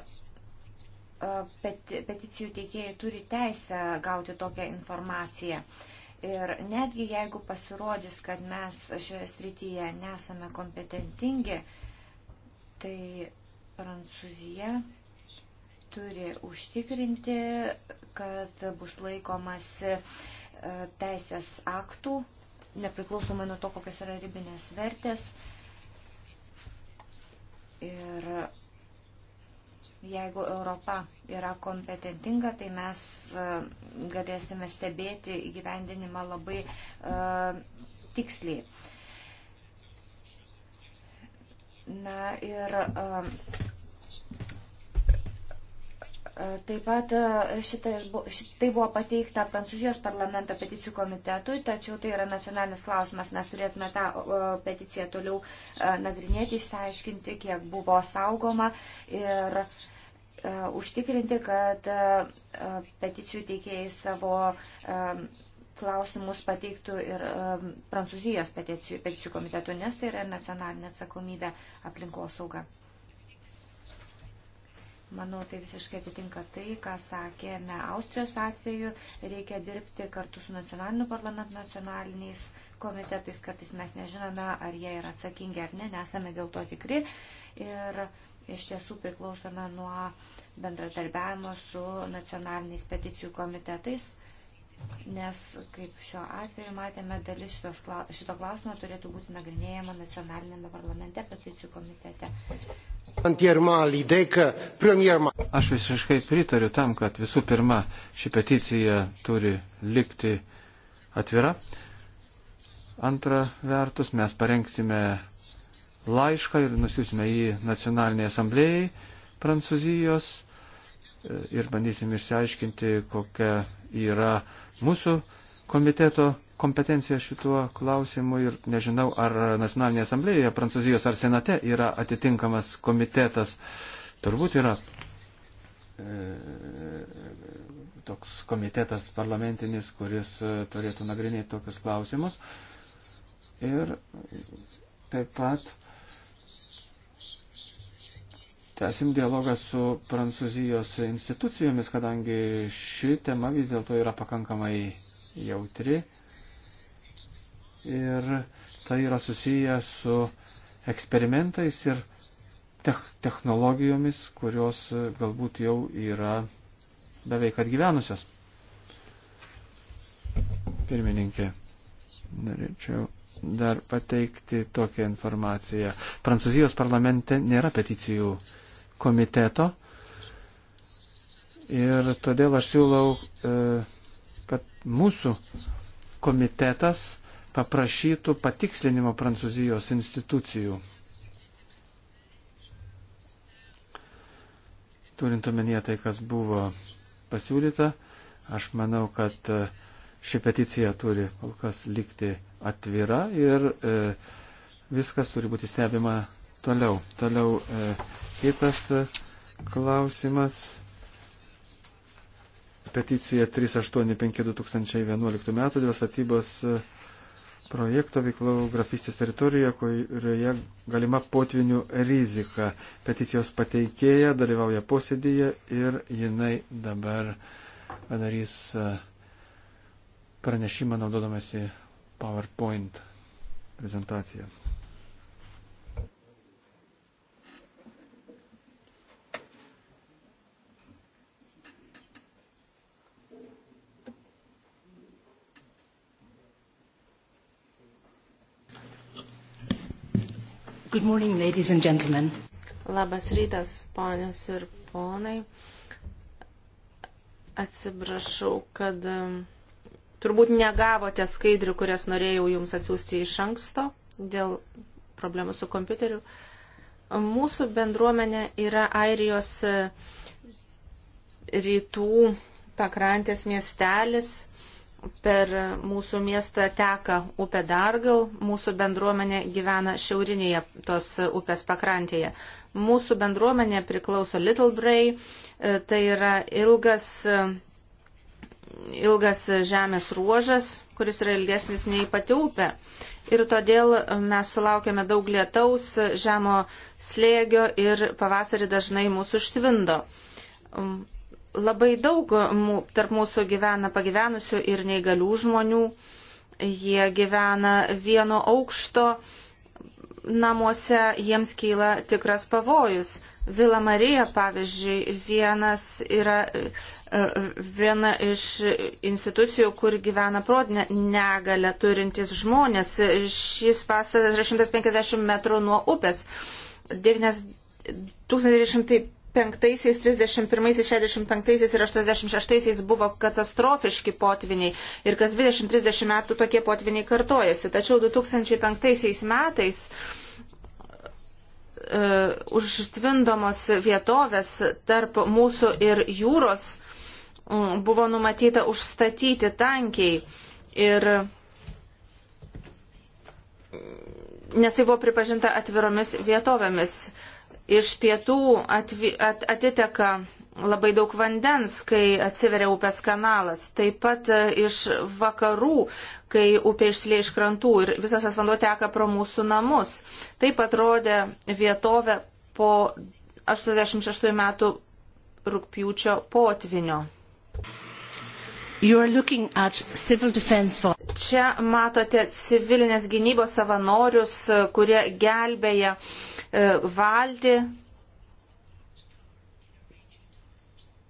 peticijų teikėjai turi teisę gauti tokią informaciją. Ir netgi jeigu pasirodys, kad mes šioje srityje nesame kompetentingi, tai Prancūzija turi užtikrinti, kad bus laikomasi e, teisės aktų nepriklausomai nuo to, kokios yra ribinės vertės. Ir jeigu Europa yra kompetentinga, tai mes e, galėsime stebėti įgyvendinimą labai uh, tiksliai. Na ir uh, Taip pat e, šita, tai buvo pateikta Prancūzijos parlamento peticijų komitetui, tačiau tai yra nacionalinis klausimas. Mes turėtume tą peticiją toliau e, nagrinėti, išsiaiškinti, kiek buvo saugoma ir e, užtikrinti, kad peticijų teikėjai savo klausimus pateiktų ir Prancūzijos peticijų, peticijų komitetų, nes tai yra nacionalinė atsakomybė aplinkosauga. Manau, tai visiškai atitinka tai, ką sakėme Austrijos atveju. Reikia dirbti kartu su nacionaliniu parlamentu, nacionaliniais komitetais. Kartais mes nežinome, ar jie yra atsakingi ar ne, nesame dėl to tikri. Ir iš tiesų priklausome nuo bendradarbiavimo su nacionaliniais peticijų komitetais nes, kaip šiuo atveju matėme, dalis šitos, šito klausimo turėtų būti nagrinėjama nacionalinėme parlamente, peticijų komitete. Aš visiškai pritariu tam, kad visų pirma ši peticija turi likti atvira. Antra vertus, mes parengsime laišką ir nusiusime jį nacionaliniai asamblėjai Prancūzijos e, ir bandysim išsiaiškinti, kokia yra uh, mūsų komiteto kompetencija šituo klausimu ir nežinau, ar Nacionalinėje asamblėje, Prancūzijos ar Senate yra atitinkamas komitetas. Turbūt yra e, toks komitetas parlamentinis, kuris e, turėtų nagrinėti tokius klausimus. Ir taip pat Tęsim dialogą su prancūzijos institucijomis, kadangi ši tema vis dėlto yra pakankamai jautri. Ir tai yra susiję su eksperimentais ir technologijomis, kurios galbūt jau yra beveik atgyvenusios. Pirmininkė, norėčiau dar pateikti tokią informaciją. Prancūzijos parlamente nėra peticijų komiteto. Ir todėl aš siūlau, e, kad mūsų komitetas paprašytų patikslinimo Prancūzijos institucijų. Turint omenyje tai, kas buvo pasiūlyta, aš manau, kad e, ši peticija turi kol kas likti atvira ir e, viskas turi būti stebima toliau. Toliau e, Kitas e, klausimas. Peticija 385-2011 metų dėl statybos e, projekto veiklų grafistės teritorijoje, kurioje galima potvinių rizika. Peticijos pateikėja dalyvauja posėdėje ir jinai dabar padarys e, pranešimą naudodamasi PowerPoint prezentaciją. Good morning, ladies and gentlemen. Labas rytas, ponios ir ponai. Atsiprašau, kad um, turbūt negavote skaidrių, kurias norėjau jums atsiųsti iš anksto dėl problemų su kompiuteriu. Mūsų bendruomenė yra Airijos e, rytų pakrantės miestelis per mūsų miestą teka upė Dargal, mūsų bendruomenė gyvena šiaurinėje tos upės pakrantėje. Mūsų bendruomenė priklauso Little Bray, e, tai yra ilgas, e, ilgas žemės ruožas, kuris yra ilgesnis nei pati upė. Ir todėl mes sulaukėme daug lietaus, žemo slėgio ir pavasarį dažnai mūsų štvindo Labai daug tarp mūsų gyvena pagyvenusių ir neįgalių žmonių. Jie gyvena vieno aukšto namuose, jiems kyla tikras pavojus. Vila Marija, pavyzdžiui, vienas yra e, viena iš institucijų, kur gyvena protinę negalę turintys žmonės. Šis pastatas yra 150 metrų nuo upės. 1900 35, 31, 65 ir 86 buvo katastrofiški potviniai ir kas 20-30 metų tokie potviniai kartojasi. Tačiau 2005 metais uh, e, užtvindomos vietovės tarp mūsų ir jūros um, buvo numatyta užstatyti tankiai ir nes tai buvo pripažinta atviromis vietovėmis. Uh, iš pietų atvi, at, atiteka labai daug vandens, kai atsiveria upės kanalas, taip pat e, iš vakarų, kai upė išsilė iš krantų ir visas tas vanduo teka pro mūsų namus. Taip atrodė vietovė po 86 metų rūpjūčio potvinio. Čia matote civilinės gynybos savanorius, kurie gelbėja e, valdį,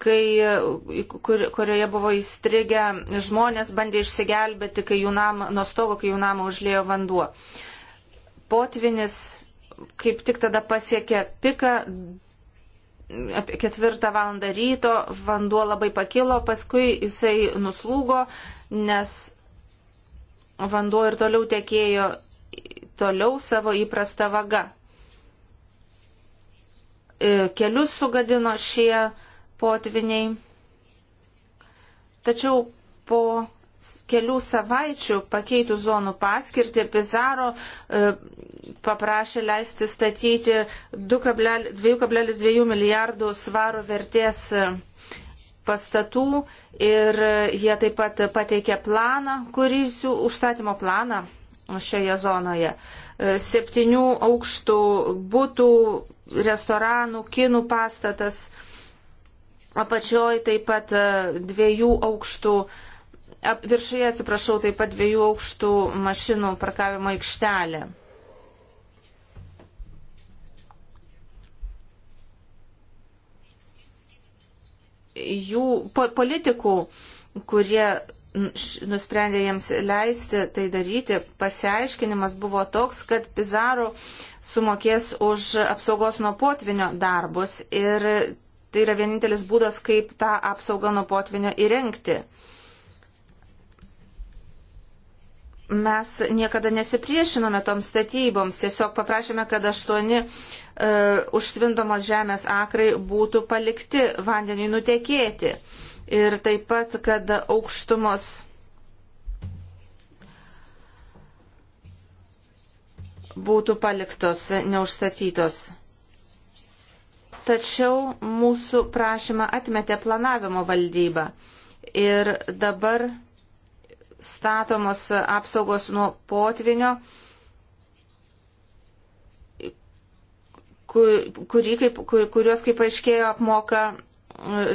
kai, e, kur, kurioje buvo įstrigę žmonės, bandė išsigelbėti, kai jų namą, nuo stogo, kai jų namą užlėjo vanduo. Potvinis kaip tik tada pasiekė piką, apie ketvirtą valandą ryto vanduo labai pakilo, paskui jisai nuslūgo, nes vanduo ir toliau tekėjo toliau savo įprastą vagą. E, kelius sugadino šie potviniai. Tačiau po kelių savaičių pakeitų zonų paskirtį, Pizarro e, paprašė leisti statyti 2,2 milijardų svarų vertės e, pastatų ir e, jie taip pat pateikė planą, kurį jų užstatymo planą šioje zonoje. E, septynių aukštų būtų restoranų, kinų pastatas, apačioj taip pat e, dviejų aukštų uh, Ap, viršuje, atsiprašau, taip pat dviejų aukštų mašinų parkavimo aikštelė. Jų po, politikų, kurie nusprendė jiems leisti tai daryti, pasiaiškinimas buvo toks, kad Pizarro sumokės už apsaugos nuo potvinio darbus ir tai yra vienintelis būdas, kaip tą apsaugą nuo potvinio įrengti. mes niekada nesipriešinome toms statyboms, tiesiog paprašėme, kad aštuoni e, užtvindomos žemės akrai būtų palikti vandeniui nutekėti. Ir taip pat, kad aukštumos būtų paliktos neužstatytos. Tačiau mūsų prašymą atmetė planavimo valdyba. Ir dabar statomos apsaugos nuo potvinio, kurį, kaip, kur, kuriuos, kaip aiškėjo, apmoka e,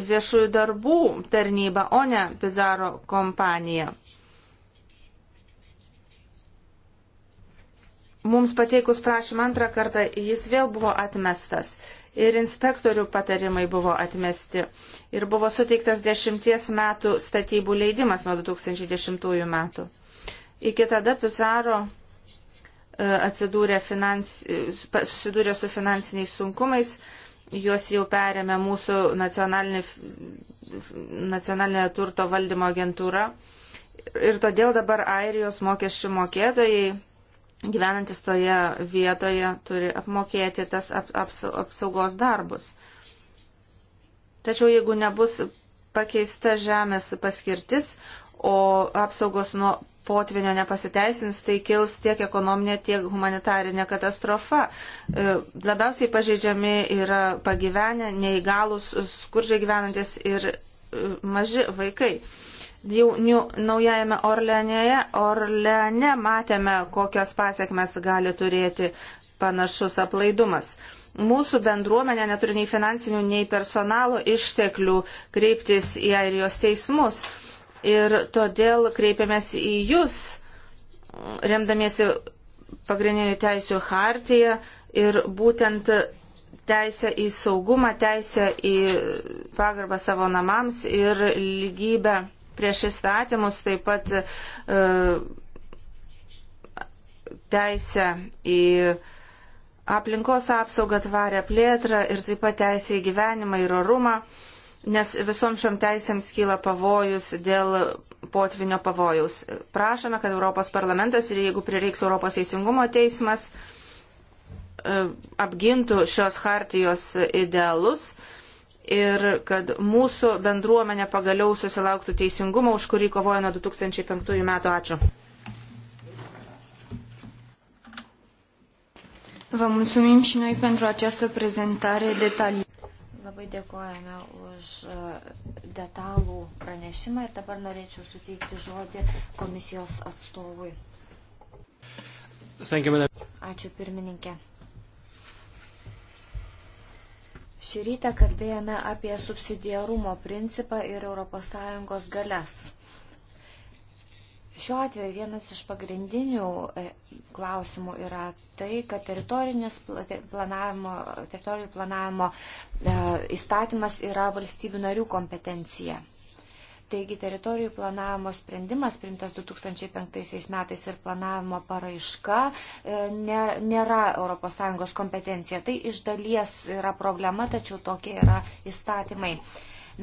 viešųjų darbų tarnyba, o ne Pizarro kompanija. Mums pateikus prašymą antrą kartą jis vėl buvo atmestas ir inspektorių patarimai buvo atmesti ir buvo suteiktas dešimties metų statybų leidimas nuo 2010 metų. Iki tada Pizarro e, atsidūrė, finans, susidūrė su finansiniais sunkumais, juos jau perėmė mūsų nacionalinė, nacionalinė turto valdymo agentūra ir todėl dabar Airijos mokesčių mokėtojai gyvenantis toje vietoje turi apmokėti tas ap, aps, apsaugos darbus. Tačiau jeigu nebus pakeista žemės paskirtis, o apsaugos nuo potvinio nepasiteisins, tai kils tiek ekonominė, tiek humanitarinė katastrofa. E, labiausiai pažeidžiami yra pagyvenę, neįgalus, skurdžiai gyvenantis ir e, maži vaikai. Jau New, naujajame Orleanėje, Orleane matėme, kokios pasiekmes gali turėti panašus aplaidumas. Mūsų bendruomenė neturi nei finansinių, nei personalo išteklių kreiptis į airijos teismus. Ir todėl kreipiamės į jūs, remdamiesi pagrindinių teisių hartiją ir būtent teisę į saugumą, teisę į pagarbą savo namams ir lygybę prieš įstatymus, taip pat e, teisę į aplinkos apsaugą, tvarę plėtrą ir taip pat teisę į gyvenimą ir orumą, nes visom šiom teisėms kyla pavojus dėl potvinio pavojaus. Prašome, kad Europos parlamentas ir jeigu prireiks Europos teisingumo teismas e, apgintų šios hartijos idealus ir kad mūsų bendruomenė pagaliau susilauktų teisingumo, už kurį kovoja nuo 2005 metų. Ačiū. Vă mulțumim și noi pentru această prezentare detaliată. Labai dėkojame už uh, detalų pranešimą ir dabar norėčiau suteikti žodį komisijos atstovui. Ačiū pirmininkė. Šį rytą kalbėjome apie subsidiarumo principą ir ES galias. Šiuo atveju vienas iš pagrindinių e, klausimų yra tai, kad teritorinis planavimo, teritorijų planavimo e, įstatymas yra valstybių narių kompetencija. Taigi teritorijų planavimo sprendimas primtas 2005 metais ir planavimo paraiška e, nėra ES kompetencija. Tai iš dalies yra problema, tačiau tokie yra įstatymai.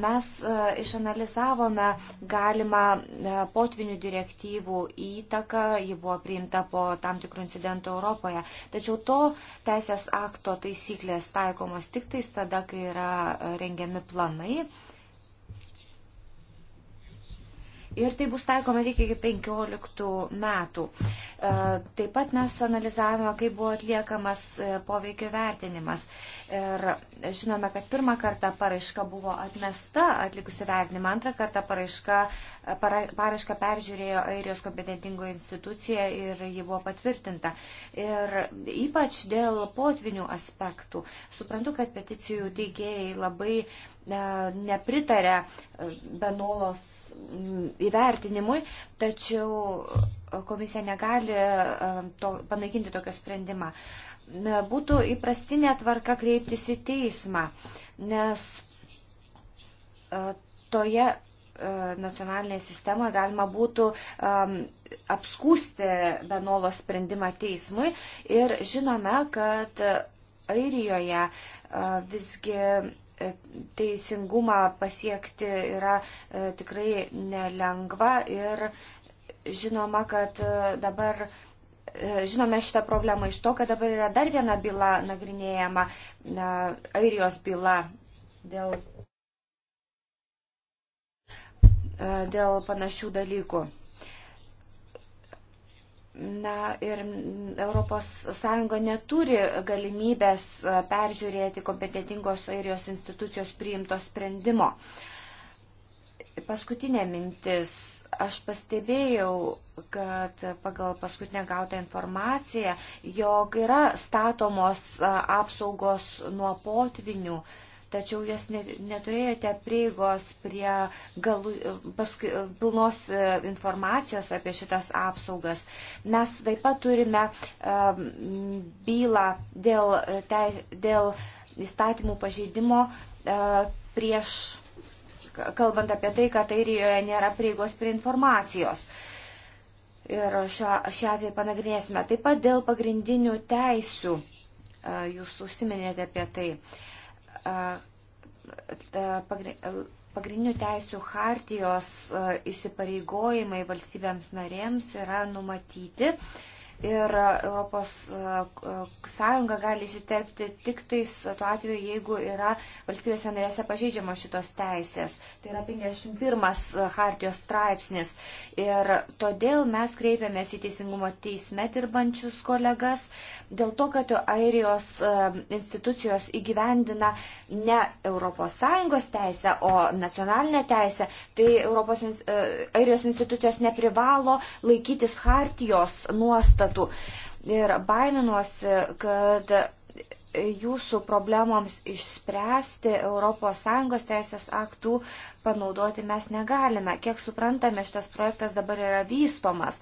Mes e, išanalizavome galimą e, potvinių direktyvų įtaką, ji buvo priimta po tam tikrų incidentų Europoje. Tačiau to teisės akto taisyklės taikomos tik tais tada, kai yra rengiami planai ir tai bus taikoma tik iki 15 metų. E, taip pat mes analizavome, kaip buvo atliekamas e, poveikio vertinimas. Ir žinome, kad pirmą kartą paraiška buvo atmesta atlikusi vertinimą, antrą kartą paraiška, para, paraiška peržiūrėjo Airijos kompetentingo institucija ir ji buvo patvirtinta. Ir ypač dėl potvinių aspektų. Suprantu, kad peticijų teikėjai labai nepritarė e, Benolos įvertinimui, tačiau e, komisija negali e, to, panaikinti tokio sprendimą. Būtų įprastinė tvarka kreiptis į teismą, nes toje nacionalinėje sistemoje galima būtų um, apskūsti Benolo sprendimą teismui ir žinome, kad Airijoje uh, visgi teisingumą pasiekti yra e, tikrai nelengva ir žinoma, kad e, dabar e, žinome šitą problemą iš to, kad dabar yra dar viena byla nagrinėjama, Airijos byla dėl, dėl panašių dalykų. Na ir ES neturi galimybės e, peržiūrėti kompetentingos airijos institucijos priimto sprendimo. Paskutinė mintis. Aš pastebėjau, kad pagal paskutinę gautą informaciją, jog yra statomos e, apsaugos nuo potvinių tačiau jūs neturėjote prieigos prie galu, pask, pilnos e, informacijos apie šitas apsaugas. Mes taip pat turime um, bylą dėl, e, te, dėl įstatymų pažeidimo uh, prieš, kalbant apie tai, kad Airijoje nėra prieigos prie informacijos. Ir šią atveju panagrinėsime. Taip pat dėl pagrindinių teisių jūs užsiminėte apie tai. Uh, pagrindinių teisių hartijos įsipareigojimai valstybėms narėms yra numatyti. Uh, ir ES e, e, gali įsiterpti tik tais tuo atveju, jeigu yra valstybėse narėse pažeidžiamos šitos teisės. Tai yra 51 e, hartijos straipsnis. Ir todėl mes kreipiamės į Teisingumo teisme dirbančius kolegas, dėl to, kad Airijos institucijos įgyvendina ne ES teisę, o nacionalinę teisę, tai Europos, Airijos institucijos neprivalo laikytis hartijos nuostatų nuostatų. Ir baiminuosi, kad jūsų problemoms išspręsti ES teisės aktų panaudoti mes negalime. Kiek suprantame, šitas projektas dabar yra vystomas.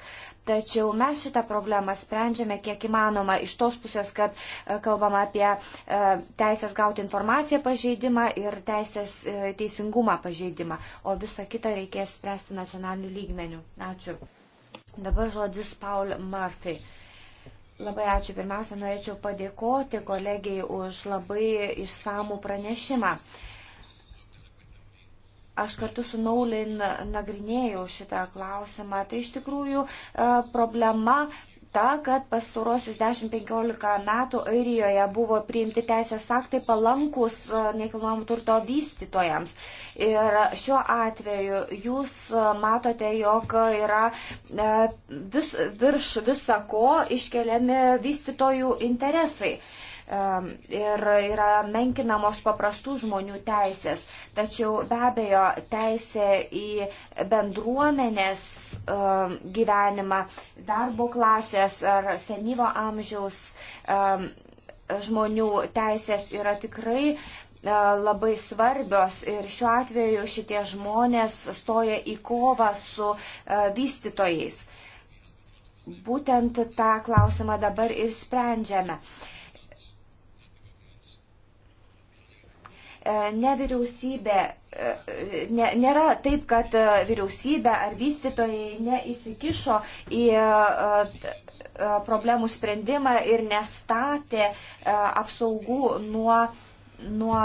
Tačiau mes šitą problemą sprendžiame kiek įmanoma iš tos pusės, kad e, kalbama apie e, teisės gauti informaciją pažeidimą ir teisės e, teisingumą pažeidimą, o visą kitą reikės spręsti nacionaliniu lygmeniu. Ačiū. Dabar žodis Paul Murphy. Labai ačiū. Pirmiausia, norėčiau padėkoti kolegijai už labai išsamų pranešimą. Aš kartu su Naulin nagrinėjau šitą klausimą. Tai iš tikrųjų e, problema ta, kad pastarosius 10-15 metų Airijoje buvo priimti teisės aktai palankus e, nekilnojamo turto vystytojams. Ir šiuo atveju jūs e, matote, jog yra e, vis, virš visako iškeliami vystytojų interesai. Uh, ir yra menkinamos paprastų žmonių teisės. Tačiau be abejo teisė į bendruomenės gyvenimą, darbo klasės ar senyvo amžiaus žmonių teisės yra tikrai e, labai svarbios ir šiuo atveju šitie žmonės stoja į kovą su e, vystytojais. Būtent tą klausimą dabar ir sprendžiame. Uh, E, nevyriausybė, e, ne, nėra taip, kad e, vyriausybė ar vystytojai neįsikišo į problemų sprendimą ir nestatė apsaugų nuo, nuo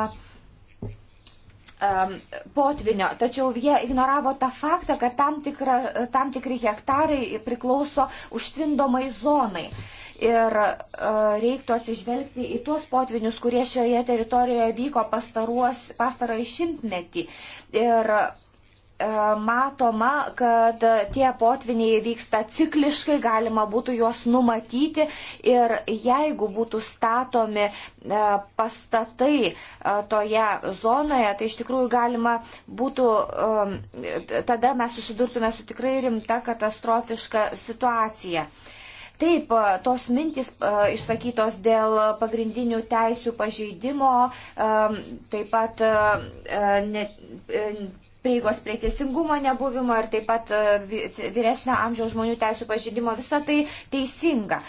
potvinio. Tačiau jie ignoravo tą faktą, kad tam, tikra, tam tikri hektarai priklauso užtvindomai zonai ir e, reiktų atsižvelgti į tuos potvinius, kurie šioje teritorijoje vyko pastarąjį šimtmetį. Ir e, matoma, kad tie potviniai vyksta cikliškai, galima būtų juos numatyti ir jeigu būtų statomi e, pastatai toje zonoje, tai iš tikrųjų galima būtų, tada mes susidurtume su tikrai rimta katastrofiška situacija. Taip, tos mintys išsakytos dėl pagrindinių teisių pažeidimo, taip pat e, prieigos prie teisingumo nebuvimo ir taip pat e, vyresnio amžiaus žmonių teisų pažydimo, visa tai teisinga.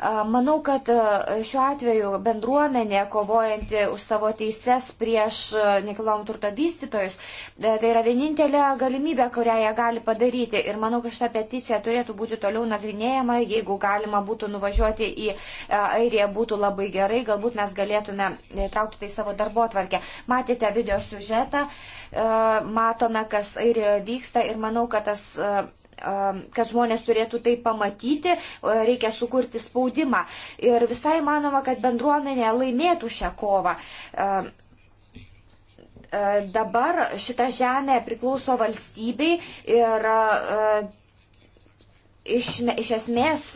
E, manau, kad e, šiuo atveju bendruomenė, kovojanti už savo teises prieš nekilom turto vystytojus, tai yra vienintelė galimybė, kurią jie gali padaryti. Ir manau, kad šita peticija turėtų būti toliau nagrinėjama. Jeigu galima būtų nuvažiuoti į Airiją, būtų labai gerai. Galbūt mes galėtume traukti tai savo darbo atvarkę. Matėte video siužetą. Mat matome, kas Airijoje vyksta ir manau, kad tas kad žmonės turėtų tai pamatyti, reikia sukurti spaudimą. Ir visai manoma, kad bendruomenė laimėtų šią kovą. Dabar šita žemė priklauso valstybei ir iš, iš esmės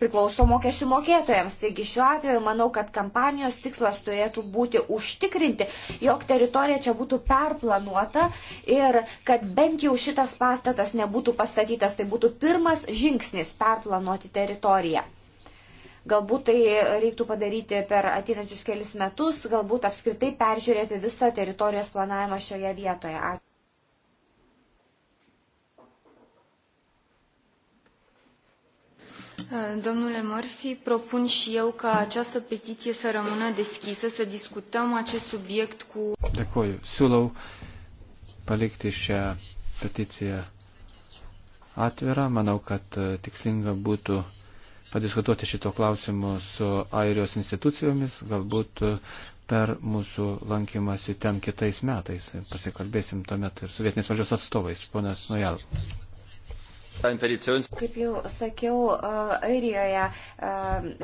priklauso mokesčių mokėtojams. Taigi šiuo atveju manau, kad kampanijos tikslas turėtų būti užtikrinti, jog teritorija čia būtų perplanuota ir kad bent jau šitas pastatas nebūtų pastatytas. Tai būtų pirmas žingsnis perplanuoti teritoriją. Galbūt tai reiktų padaryti per ateinančius kelis metus, galbūt apskritai peržiūrėti visą teritorijos planavimą šioje vietoje. Ačiū. Domnule Murphy, propun și eu ca această petiție să rămână deschisă, să discutăm acest subiect cu... Dėkuoju. Siūlau palikti šią peticiją atvirą. Manau, uh, kad tikslinga būtų padiskutuoti šito klausimu su Airijos institucijomis, galbūt uh, per mūsų lankymasi ten kitais metais. Pasikalbėsim tuomet ir su vietinės valdžios atstovais, ponas Nojal. Kaip jau sakiau, Airijoje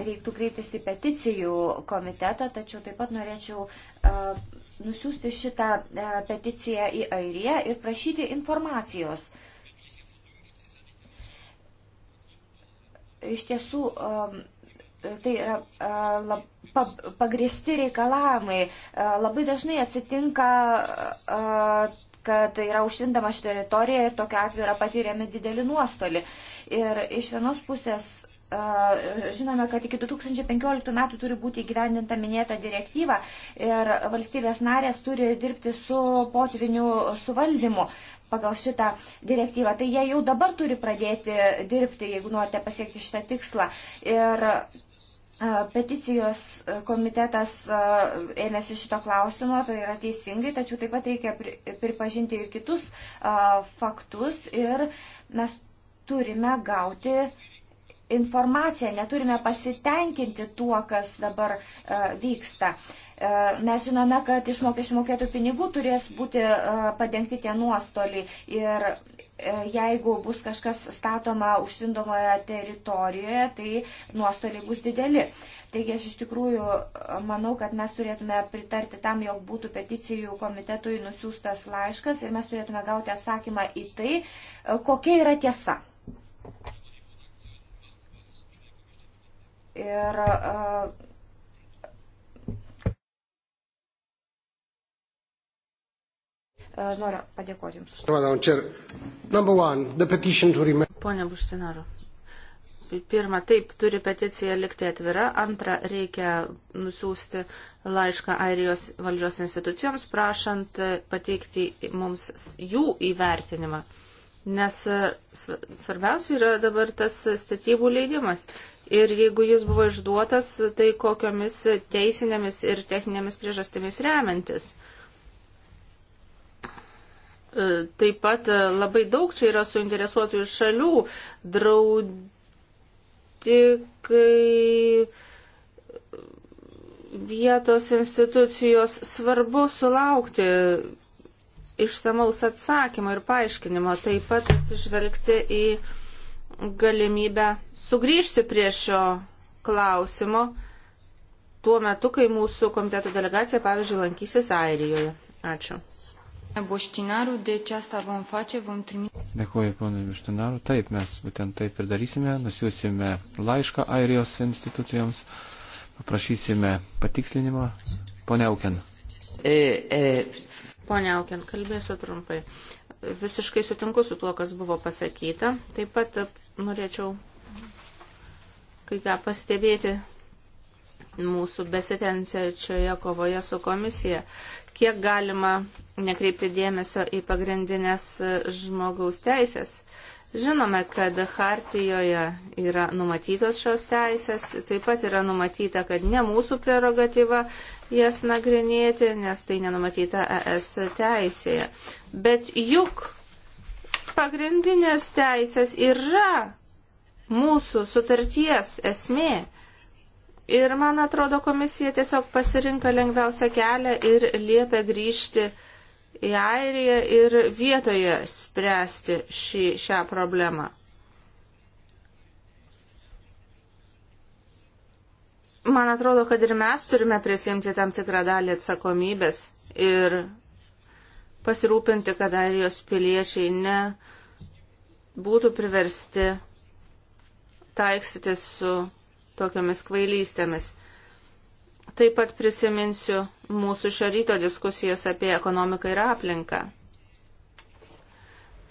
reiktų kreiptis į peticijų komitetą, tačiau taip pat norėčiau nusiųsti šitą peticiją į Airiją ir prašyti informacijos. Iš tiesų, tai yra lab, pagristi reikalavimai. Labai dažnai atsitinka kad yra užtvindama ši teritorija ir tokiu atveju yra patyrėme didelį nuostolį. Ir iš vienos pusės žinome, kad iki 2015 metų turi būti įgyvendinta minėta direktyva ir valstybės narės turi dirbti su potvinių suvaldymu pagal šitą direktyvą. Tai jie jau dabar turi pradėti dirbti, jeigu norite pasiekti šitą tikslą. Ir Peticijos komitetas ėmėsi šito klausimo, tai yra teisingai, tačiau taip pat reikia pripažinti ir kitus faktus ir mes turime gauti informaciją, neturime pasitenkinti tuo, kas dabar e, vyksta. E, mes žinome, kad iš mokesčių mokėtų pinigų turės būti e, padengti tie nuostoliai ir jeigu bus kažkas statoma užtvindomoje teritorijoje, tai nuostoliai bus dideli. Taigi aš iš tikrųjų manau, kad mes turėtume pritarti tam, jog būtų peticijų komitetui nusiųstas laiškas ir mes turėtume gauti atsakymą į tai, kokia yra tiesa. Ir e, e, Noriu padėkoti Jums. Pone Buštinaru, pirma, taip, turi peticija likti atvira, antra, reikia nusiųsti laišką Airijos valdžios institucijoms, prašant pateikti mums jų įvertinimą. Nes e, svarbiausia yra dabar tas statybų leidimas. Ir jeigu jis buvo išduotas, tai kokiomis teisinėmis ir techninėmis priežastimis remiantis. E, taip pat e, labai daug čia yra suinteresuotųjų šalių, draudikai, vietos institucijos. Svarbu sulaukti išsamaus atsakymo ir paaiškinimo, taip pat atsižvelgti į galimybę sugrįžti prie šio klausimo tuo metu, kai mūsų komiteto delegacija, pavyzdžiui, lankysis Airijoje. Ačiū. Boštinaru, dėčia savo face, vom trimite. Dėkuoju, ponui Boštinaru. Taip, mes būtent taip ir darysime. Nusiusime laišką Airijos institucijoms, paprašysime patikslinimo. Pone Auken. E, e, Pone Aukien, kalbėsiu trumpai. Visiškai sutinku su tuo, kas buvo pasakyta. Taip pat norėčiau kai ką pastebėti mūsų besitensiačioje kovoje su komisija, kiek galima nekreipti dėmesio į pagrindinės žmogaus teisės Žinome, kad hartijoje yra numatytos šios teisės, taip pat yra numatyta, kad ne mūsų prerogatyva jas nagrinėti, nes tai nenumatyta ES teisėje. Bet juk pagrindinės teisės yra mūsų sutarties esmė. Ir man atrodo, komisija tiesiog pasirinka lengviausią kelią ir liepia grįžti uh, į Airiją ir vietoje spręsti šį, šią problemą. Man atrodo, kad ir mes turime prisimti tam tikrą dalį atsakomybės ir pasirūpinti, kad Airijos piliečiai ne būtų priversti taikstytis su tokiamis kvailystėmis. Taip pat prisiminsiu mūsų šio ryto diskusijas apie ekonomiką ir aplinką.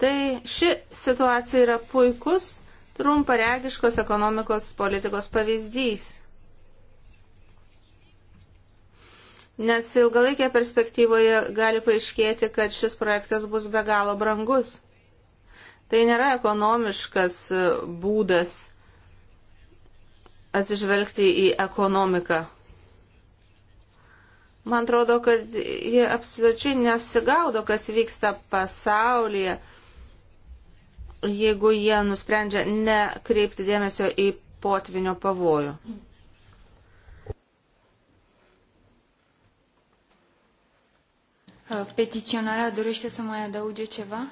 Tai ši situacija yra puikus trumparegiškos ekonomikos politikos pavyzdys. Nes ilgalaikėje perspektyvoje gali paaiškėti, kad šis projektas bus be galo brangus. Tai nėra ekonomiškas e, būdas atsižvelgti į ekonomiką Man atrodo, kad jie absoliučiai nesigaudo, kas vyksta pasaulyje, jeigu jie nusprendžia nekreipti dėmesio į potvinio pavojų. Peticionarea dorește să mai adauge ceva?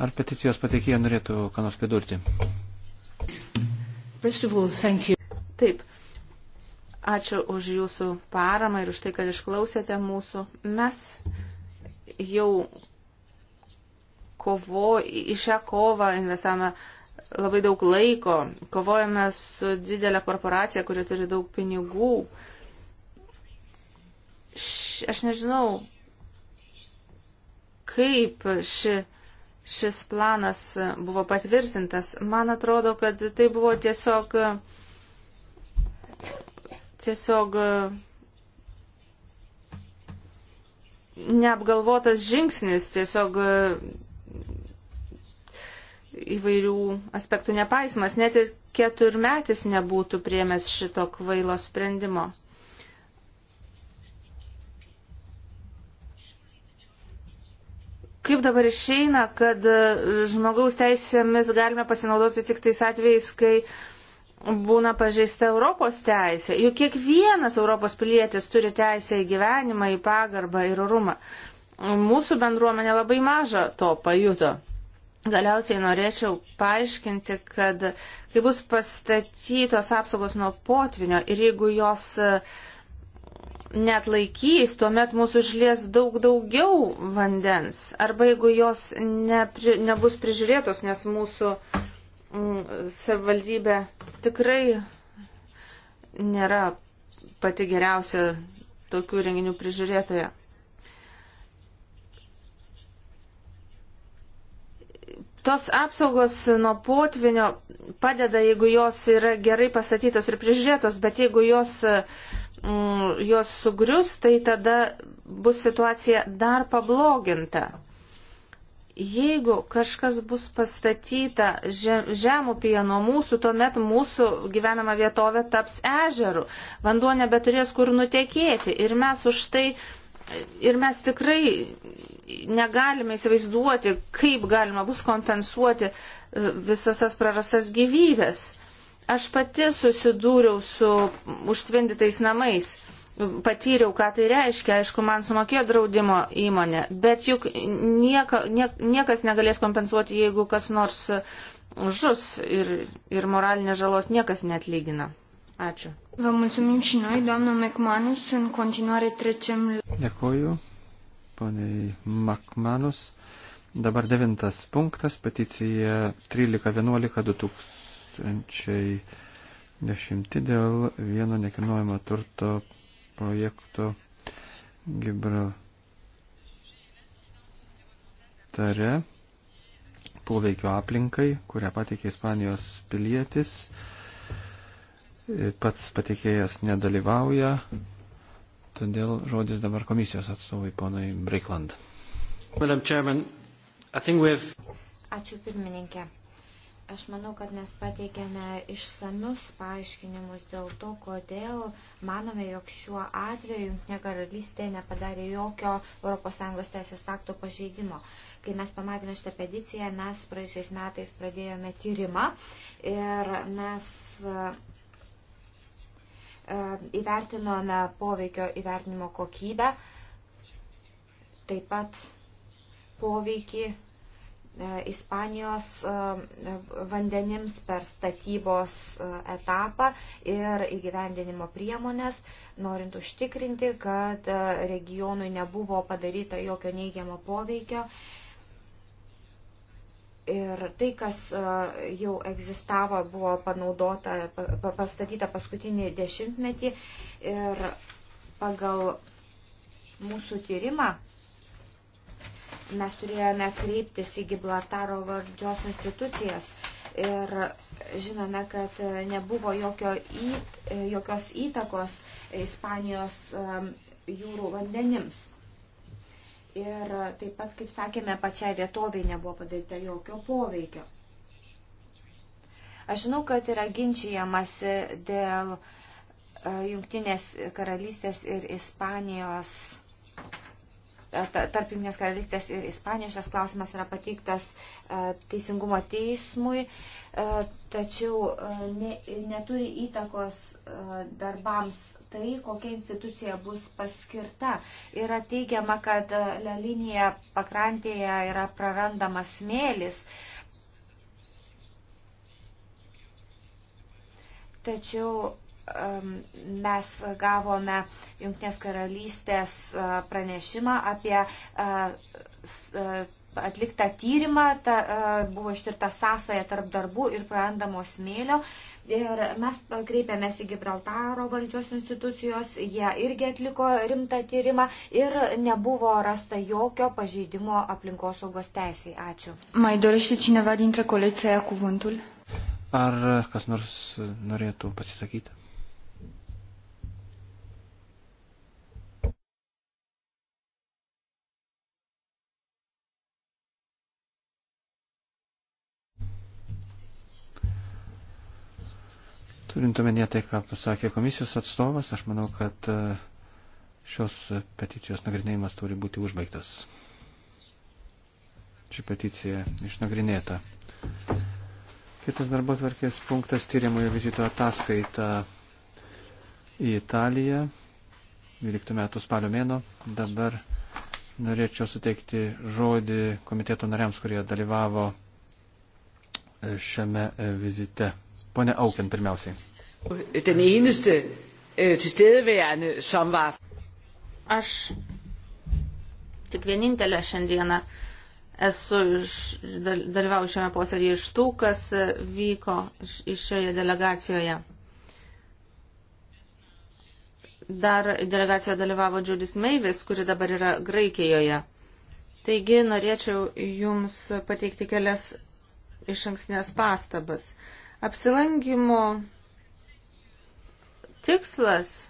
Ar peticijos pateikėja norėtų ką nors pridurti? Taip, Ačiū už jūsų paramą ir už tai, kad išklausėte mūsų. Mes jau kovo, į šią kovą investavome labai daug laiko, kovojame su didelė korporacija, kuri turi daug pinigų. Š, aš nežinau, kaip ši, šis planas buvo patvirtintas. Man atrodo, kad tai buvo tiesiog tiesiog e, neapgalvotas žingsnis, tiesiog e, įvairių aspektų nepaisimas. Net ir keturmetis nebūtų priemęs šito kvailo sprendimo. Kaip dabar išeina, kad e, žmogaus teisėmis galime pasinaudoti tik tais atvejais, kai būna pažeista Europos teisė. Juk kiekvienas Europos pilietis turi teisę į gyvenimą, į pagarbą ir orumą. Mūsų bendruomenė labai maža to pajuto. Galiausiai norėčiau paaiškinti, kad kai bus pastatytos apsaugos nuo potvinio ir jeigu jos e, net laikys, tuomet mūsų užlies daug daugiau vandens. Arba jeigu jos nepri, nebus prižiūrėtos, nes mūsų uh, Mm, savivaldybė tikrai nėra pati geriausia tokių renginių prižiūrėtoja. Tos apsaugos nuo potvinio padeda, jeigu jos yra gerai pastatytos ir prižiūrėtos, bet jeigu jos, mm, jos sugrius, tai tada bus situacija dar pabloginta. Jeigu kažkas bus pastatyta žemupyje nuo mūsų, tuomet mūsų gyvenama vietovė taps ežeru. Vanduo nebeturės kur nutekėti. Ir mes už tai, ir mes tikrai negalime įsivaizduoti, kaip galima bus kompensuoti e, visas tas prarastas gyvybės. Aš pati susidūriau su užtvindytais namais patyriau, ką tai reiškia. Aišku, man sumokėjo draudimo įmonė, bet juk nieka, nie, niekas negalės kompensuoti, jeigu kas nors žus ir, ir moralinės žalos niekas netlygina. Ačiū. Vă mulțumim și noi, doamnă McManus. În continuare trecem... Dėkoju, poniai McManus. Dabar devintas punktas, peticija 13.11.2010 dėl vieno nekinojamo turto projekto Gibraltare poveikio aplinkai, kurią pateikė Ispanijos pilietis. Pats pateikėjas nedalyvauja, todėl žodis dabar komisijos atstovai ponai Breikland. Ačiū pirmininkė. Aš manau, kad mes pateikėme išsamius paaiškinimus dėl to, kodėl manome, jog šiuo atveju Junktinė karalystė nepadarė jokio ES teisės akto pažeidimo. Kai mes pamatėme šitą peticiją, mes praėjusiais metais pradėjome tyrimą ir mes e, įvertinome poveikio įvertinimo kokybę, taip pat poveikį E, Ispanijos e, vandenims per statybos e, etapą ir įgyvendinimo priemonės, norint užtikrinti, kad regionui nebuvo padaryta jokio neigiamo poveikio. Ir tai, kas jau egzistavo, buvo panaudota, pastatyta paskutinį dešimtmetį. Ir pagal mūsų tyrimą mes turėjome kreiptis į Gibraltaro valdžios institucijas ir žinome, kad e, nebuvo jokio į, e, jokios įtakos Ispanijos jūrų vandenims. Ir taip pat, kaip sakėme, pačiai vietoviai nebuvo padaryta jokio poveikio. Aš žinau, kad yra ginčiamasi dėl e, Junktinės karalystės ir Ispanijos tarp Junktinės karalystės ir Ispanijos. Šias klausimas yra pateiktas e, Teisingumo teismui, e, tačiau e, ne, neturi įtakos darbams tai, kokia institucija bus paskirta. Yra teigiama, kad lelinėje pakrantėje yra prarandamas smėlis. Tačiau mes gavome Junktinės karalystės e, pranešimą apie e, e, atliktą tyrimą, ta, buvo ištirta sąsaja tarp darbų ir prarandamo smėlio. Ir mes kreipėmės į Gibraltaro valdžios institucijos, jie irgi atliko rimtą tyrimą ir nebuvo rasta jokio pažeidimo aplinkosaugos teisėjai. Ačiū. Mai dorește cineva dintre coleți să ia cuvântul? Ar kas nors norėtų pasisakyti? Turint omenyje tai, ką pasakė komisijos atstovas, aš manau, kad e, šios peticijos nagrinėjimas turi būti užbaigtas. Ši peticija išnagrinėta. Kitas darbo tvarkės punktas tyriamojo vizito ataskaita į Italiją 12 metų spalio mėno. Dabar norėčiau suteikti žodį komiteto nariams, kurie dalyvavo e, šiame e, vizite. Pone Aukin, pirmiausiai. Den eneste øh, tilstedeværende, som var. Aš tik vienintelė šiandieną esu iš, dalyvau šiame posėdėje iš tų, kas e, vyko iš, iš šioje delegacijoje. Dar delegacijoje dalyvavo Judis Meivis, kuri dabar yra Graikijoje. Taigi norėčiau Jums pateikti kelias iš anksnės pastabas. Uh, Apsilankimo tikslas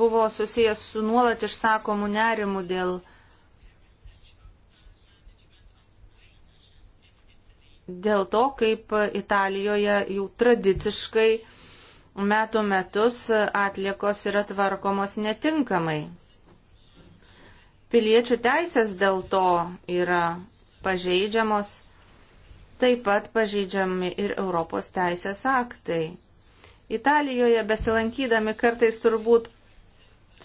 buvo susijęs su nuolat išsakomu nerimu dėl dėl to, kaip Italijoje jau tradiciškai metų metus atliekos yra tvarkomos netinkamai. Piliečių teisės dėl to yra pažeidžiamos taip pat pažeidžiami ir Europos teisės aktai. Italijoje besilankydami kartais turbūt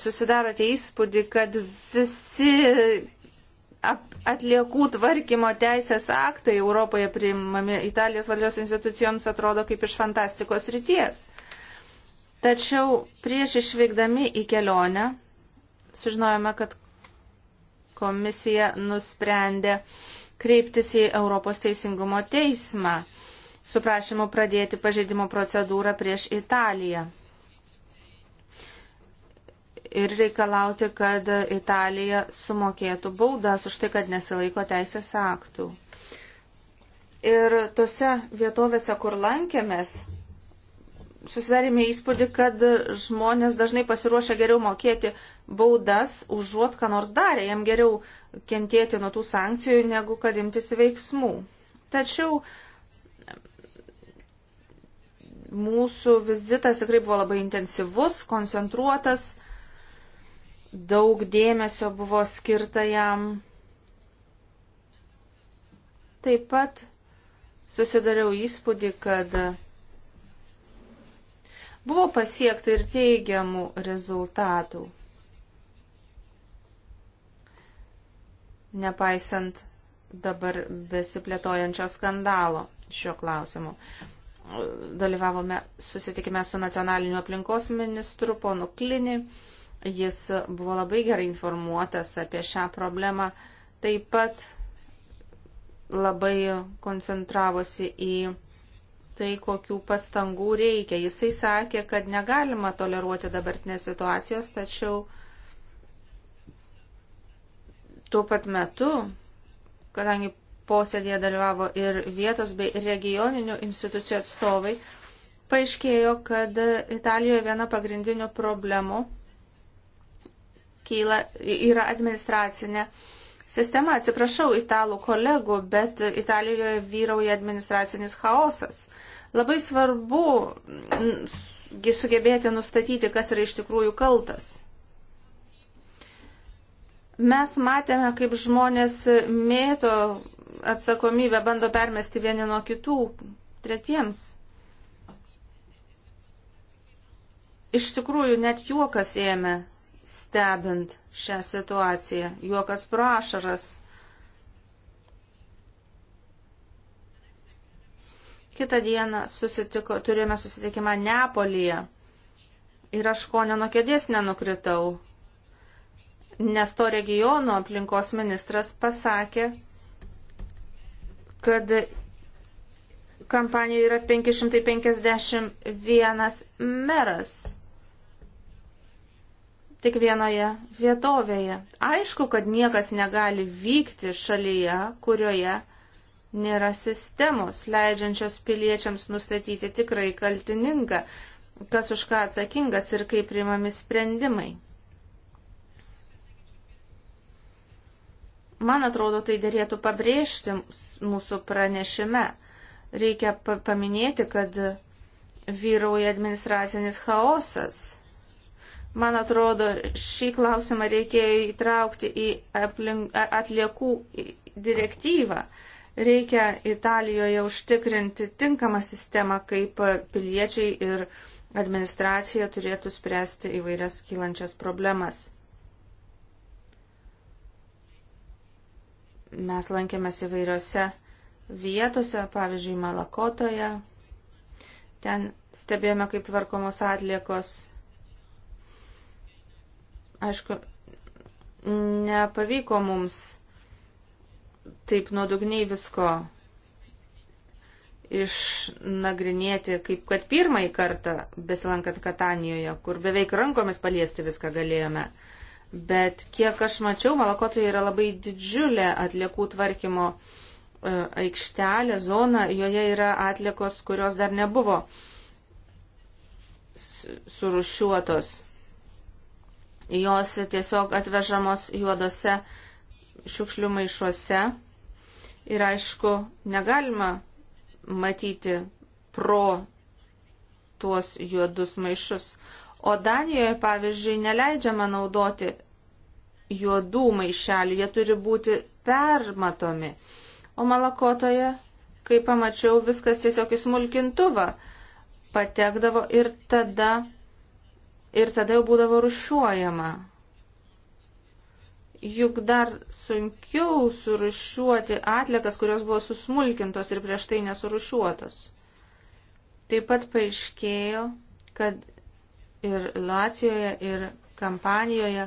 susidarote įspūdį, kad visi atliekų tvarkymo teisės aktai Europoje priimami Italijos valdžios institucijoms atrodo kaip iš fantastikos ryties. Tačiau prieš išvykdami į kelionę sužinojome, kad komisija nusprendė uh, kreiptis į Europos teisingumo teismą su prašymu pradėti pažeidimo procedūrą prieš Italiją. Ir reikalauti, kad Italija sumokėtų baudas už tai, kad nesilaiko teisės aktų. Ir tose vietovėse, kur lankėmės, susidarėme įspūdį, kad žmonės dažnai pasiruošia geriau mokėti baudas, užuot ką nors darę, jam geriau kentėti nuo tų sankcijų, negu kad imtis veiksmų. Tačiau mūsų vizitas tikrai buvo labai intensyvus, koncentruotas, daug dėmesio buvo skirta jam. Taip pat susidariau įspūdį, kad Buvo pasiekta ir teigiamų rezultatų. Nepaisant dabar besiplėtojančio skandalo šiuo klausimu. Dalyvavome susitikime su nacionaliniu aplinkos ministru ponu Klini. Jis buvo labai gerai informuotas apie šią problemą. Taip pat labai koncentravosi į tai, kokių pastangų reikia. Jisai sakė, kad negalima toleruoti dabartinės situacijos, tačiau tuo pat metu, kadangi posėdėje dalyvavo ir vietos bei regioninių institucijų atstovai, paaiškėjo, kad Italijoje viena pagrindinių problemų kyla, yra administracinė sistema. Atsiprašau italų kolegų, bet Italijoje vyrauja administracinis chaosas. Labai svarbu mm, sugebėti nustatyti, kas yra iš tikrųjų kaltas. Mes matėme, kaip žmonės mėto atsakomybę, bando permesti vieni nuo kitų, tretiems. Iš tikrųjų, net juokas ėmė stebint šią situaciją, juokas prašaras. Kita diena susitiko, turėjome susitikimą Neapolyje ir aš ko nenukėdės nenukritau, nes to regiono aplinkos ministras pasakė, kad kampanijoje yra 551 meras. Tik vienoje vietovėje. Aišku, kad niekas negali vykti šalyje, kurioje Nėra sistemos, leidžiančios piliečiams nustatyti tikrai kaltininką, kas už ką atsakingas ir kaip priimami sprendimai. Man atrodo, tai dėlėtų pabrėžti mūsų pranešime. Reikia paminėti, kad vyrauja administracinis chaosas. Man atrodo, šį klausimą reikėjo įtraukti į aplink, atliekų direktyvą. Reikia Italijoje užtikrinti tinkamą sistemą, kaip piliečiai ir administracija turėtų spręsti įvairias kylančias problemas. Mes lankėmės įvairiose vietose, pavyzdžiui, Malakotoje. Ten stebėjome, kaip tvarkomos atliekos. Aišku, nepavyko mums taip nuodugniai visko išnagrinėti, kaip kad pirmąjį kartą besilankant Katanijoje, kur beveik rankomis paliesti viską galėjome. Bet kiek aš mačiau, Malakotoje yra labai didžiulė atliekų tvarkymo e, aikštelė, zona, joje yra atliekos, kurios dar nebuvo surušiuotos. Jos tiesiog atvežamos juodose šiukšlių maišuose ir aišku, negalima matyti pro tuos juodus maišus. O Danijoje, pavyzdžiui, neleidžiama naudoti juodų maišelių, jie turi būti permatomi. O Malakotoje, kai pamačiau, viskas tiesiog į smulkintuvą patekdavo ir tada, ir tada jau būdavo rušiuojama juk dar sunkiau surušiuoti atlikas, kurios buvo susmulkintos ir prieš tai nesurušiuotos. Taip pat paaiškėjo, kad ir Lacijoje, ir kampanijoje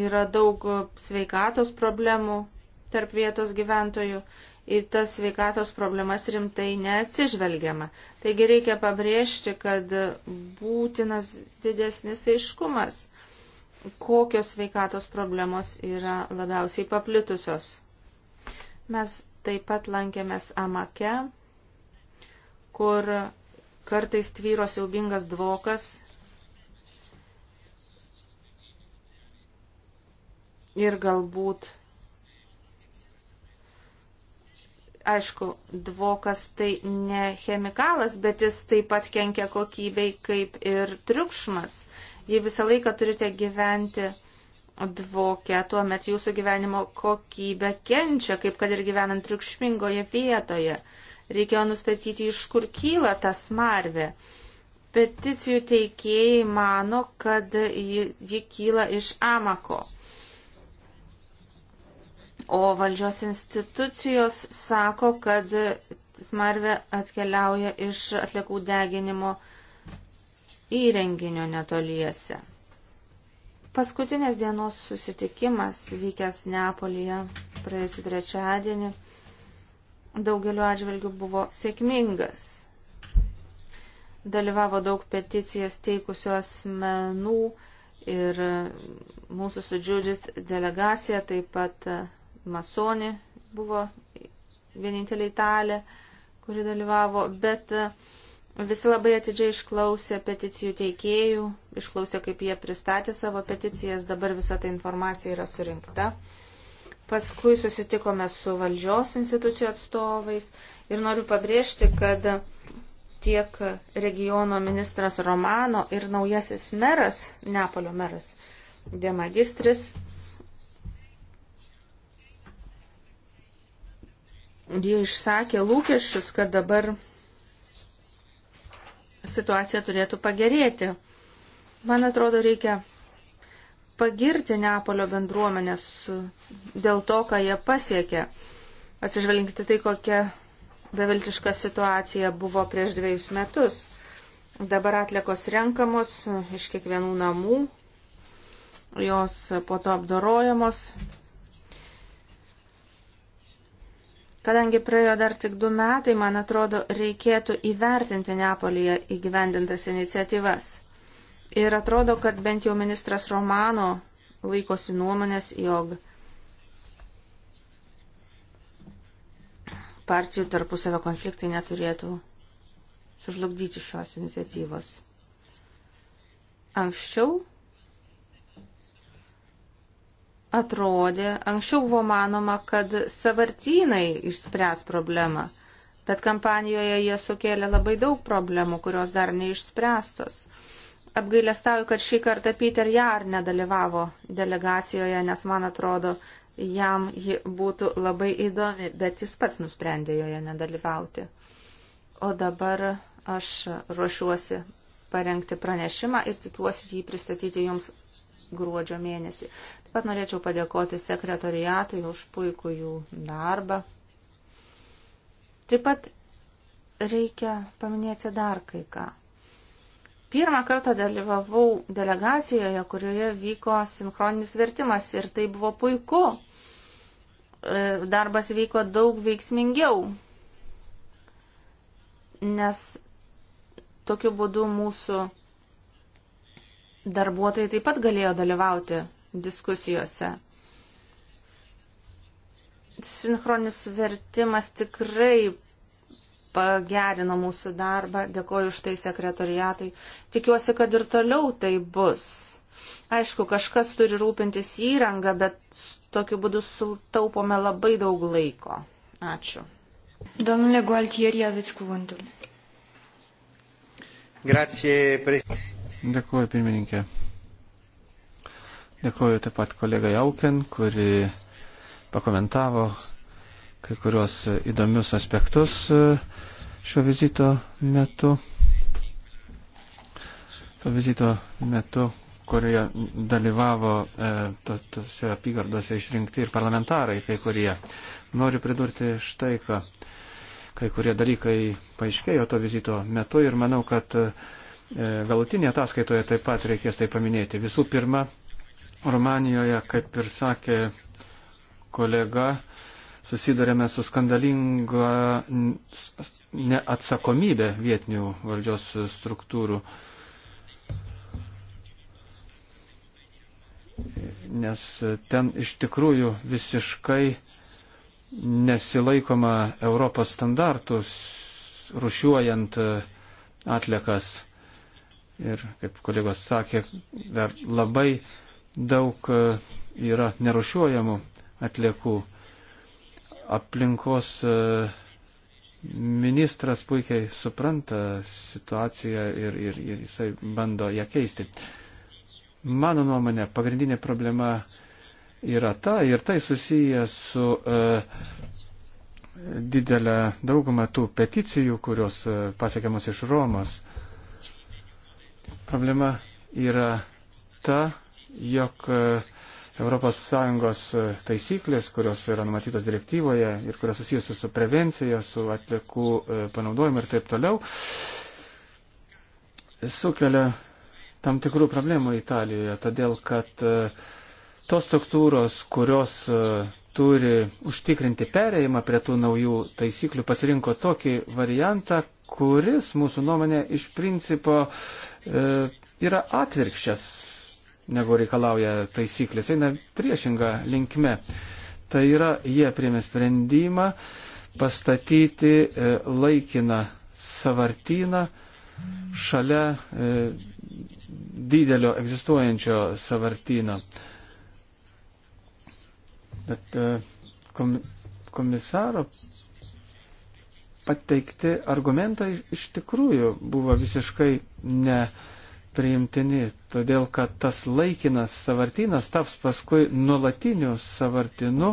yra daug sveikatos problemų tarp vietos gyventojų į tas sveikatos problemas rimtai neatsižvelgiama. Taigi reikia pabrėžti, kad būtinas didesnis aiškumas kokios sveikatos problemos yra labiausiai paplitusios. Mes taip pat lankėmės Amake, kur kartais tvyro siaubingas dvokas ir galbūt, aišku, dvokas tai ne chemikalas, bet jis taip pat kenkia kokybei kaip ir triukšmas. Jei visą laiką turite gyventi dvokia, tuomet jūsų gyvenimo kokybė kenčia, kaip kad ir gyvenant triukšmingoje vietoje. Reikėjo nustatyti, iš kur kyla ta smarvė. Peticijų teikėjai mano, kad ji, ji kyla iš amako. O valdžios institucijos sako, kad smarvė atkeliauja iš atliekų deginimo uh, įrenginio netoliese. Paskutinės dienos susitikimas vykęs Neapolyje praėjusį trečiadienį daugeliu atžvilgių buvo sėkmingas. Dalyvavo daug peticijas teikusių asmenų ir mūsų su Judith delegacija, taip pat Masoni buvo vienintelė italė, kuri dalyvavo, bet uh, Visi labai atidžiai išklausė peticijų teikėjų, išklausė, kaip jie pristatė savo peticijas, dabar visa ta informacija yra surinkta. Paskui susitikome su valdžios institucijų atstovais ir noriu pabrėžti, kad tiek regiono ministras Romano ir naujasis meras, Neapolio meras, demagistris, jie išsakė lūkesčius, kad dabar situacija turėtų pagerėti. Man atrodo, reikia pagirti Neapolio bendruomenės dėl to, ką jie pasiekė. Atsižvelginkite tai, kokia beviltiška situacija buvo prieš dviejus metus. Dabar atlikos renkamos iš kiekvienų namų, jos po to apdorojamos, Kadangi praėjo dar tik du metai, man atrodo, reikėtų įvertinti Neapolyje įgyvendintas iniciatyvas. Ir atrodo, kad bent jau ministras Romano laikosi nuomonės, jog partijų tarpusavio konfliktai neturėtų sužlugdyti šios iniciatyvos. Anksčiau atrodė, anksčiau buvo manoma, kad savartynai išspręs problemą, bet kampanijoje jie sukėlė labai daug problemų, kurios dar neišspręstos. Apgailestauju, kad šį kartą Peter Jar nedalyvavo delegacijoje, nes man atrodo, jam ji būtų labai įdomi, bet jis pats nusprendė joje nedalyvauti. O dabar aš ruošiuosi parengti pranešimą ir tikiuosi jį pristatyti jums gruodžio mėnesį. Taip pat norėčiau padėkoti sekretoriatui už puikų jų darbą. Taip pat reikia paminėti dar kai ką. Pirmą kartą dalyvavau delegacijoje, kurioje vyko sinchroninis vertimas ir tai buvo puiku. E, darbas vyko daug veiksmingiau, nes tokiu būdu mūsų Darbuotojai taip pat galėjo dalyvauti diskusijose. Sinchronis vertimas tikrai pagerino mūsų darbą. Dėkoju už tai sekretariatui. Tikiuosi, kad ir toliau tai bus. Aišku, kažkas turi rūpintis įrangą, bet tokiu būdu sutaupome labai daug laiko. Ačiū. Domnule Gualtieri, aveți cuvântul. Grație, președinte. Dėkuoju, pirmininkė. Dėkuoju taip pat kolegai Auken, kuri pakomentavo kai kurios įdomius aspektus e, šio vizito metu. To vizito metu, kurioje dalyvavo e, to, tose apygardose išrinkti ir parlamentarai, kai kurie. Noriu pridurti štai, kad kai kurie dalykai paaiškėjo to vizito metu ir manau, kad e, E, galutinėje ataskaitoje taip pat reikės tai paminėti. Visų pirma, Romanijoje, kaip ir sakė kolega, susidurėme su skandalinga neatsakomybė vietinių valdžios struktūrų. Nes ten iš tikrųjų visiškai nesilaikoma Europos standartus rušiuojant atlikas. Ir kaip kolegos sakė, dar labai daug e, yra nerušiuojamų atliekų. Aplinkos e, ministras puikiai supranta situaciją ir, ir, ir jisai bando ją keisti. Mano nuomonė, pagrindinė problema yra ta ir tai susiję su uh, didelė dauguma tų peticijų, kurios uh, pasiekiamos iš Romos. Problema yra ta, jog ES e, taisyklės, kurios yra numatytos direktyvoje ir kurios susijusios su prevencija, su atliekų e, panaudojimu ir taip toliau, sukelia tam tikrų problemų Italijoje, todėl kad e, tos struktūros, kurios turi užtikrinti perėjimą prie tų naujų taisyklių, pasirinko tokį variantą, kuris mūsų nuomonė iš principo E, yra atvirkščias, negu reikalauja taisyklės, eina priešinga linkme. Tai yra, jie priemė sprendimą pastatyti e, laikiną savartyną šalia e, didelio egzistuojančio savartyno. Bet komisaro pateikti argumentai iš tikrųjų buvo visiškai nepriimtini, todėl kad tas laikinas savartinas taps paskui nuolatiniu savartinu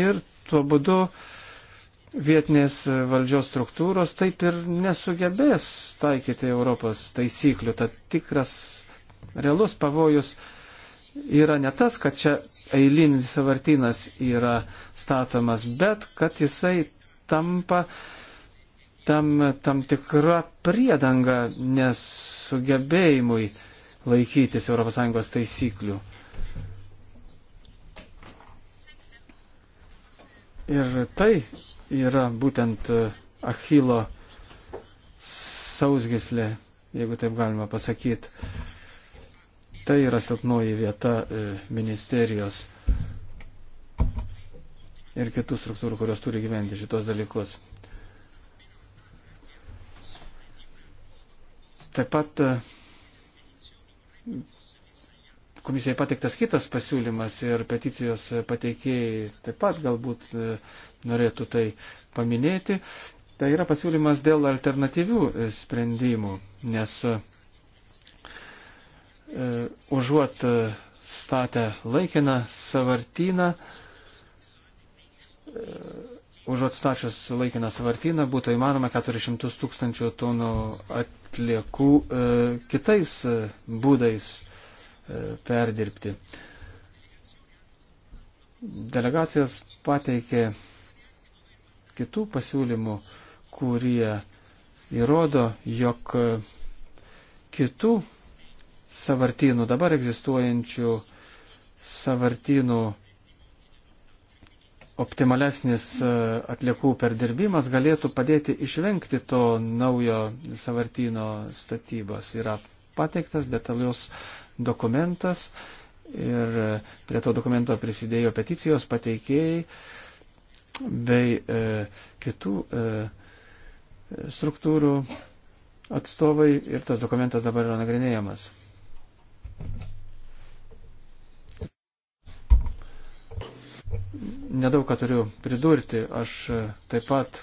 ir tuo būdu vietinės valdžios struktūros taip ir nesugebės taikyti Europos taisyklių. Tad tikras realus pavojus yra ne tas, kad čia eilinis savartinas yra statomas, bet kad jisai tampa tam, tam tikra priedanga nesugebėjimui laikytis ES taisyklių. Ir tai yra būtent e, Achilo sausgislė, jeigu taip galima pasakyti. Tai yra silpnoji vieta e, ministerijos ir kitų struktūrų, kurios turi gyventi šitos dalykus. Taip pat e, komisijai pateiktas kitas pasiūlymas ir peticijos pateikėjai taip pat galbūt e, norėtų tai paminėti. Tai yra pasiūlymas dėl alternatyvių e, sprendimų, nes užuot statę laikiną savartyną, užuot stačius laikiną savartyną būtų įmanoma 400 tūkstančių tonų atliekų e, kitais e, būdais e, perdirbti. Delegacijos pateikė kitų pasiūlymų, kurie įrodo, jog kitų savartynų, dabar egzistuojančių savartynų optimalesnis e, atliekų perdirbimas galėtų padėti išvengti to naujo savartino statybos. Yra pateiktas detalius dokumentas ir prie to dokumento prisidėjo peticijos pateikėjai bei e, kitų e, struktūrų atstovai ir tas dokumentas dabar yra nagrinėjamas nedaug ką turiu pridurti. Aš e, taip pat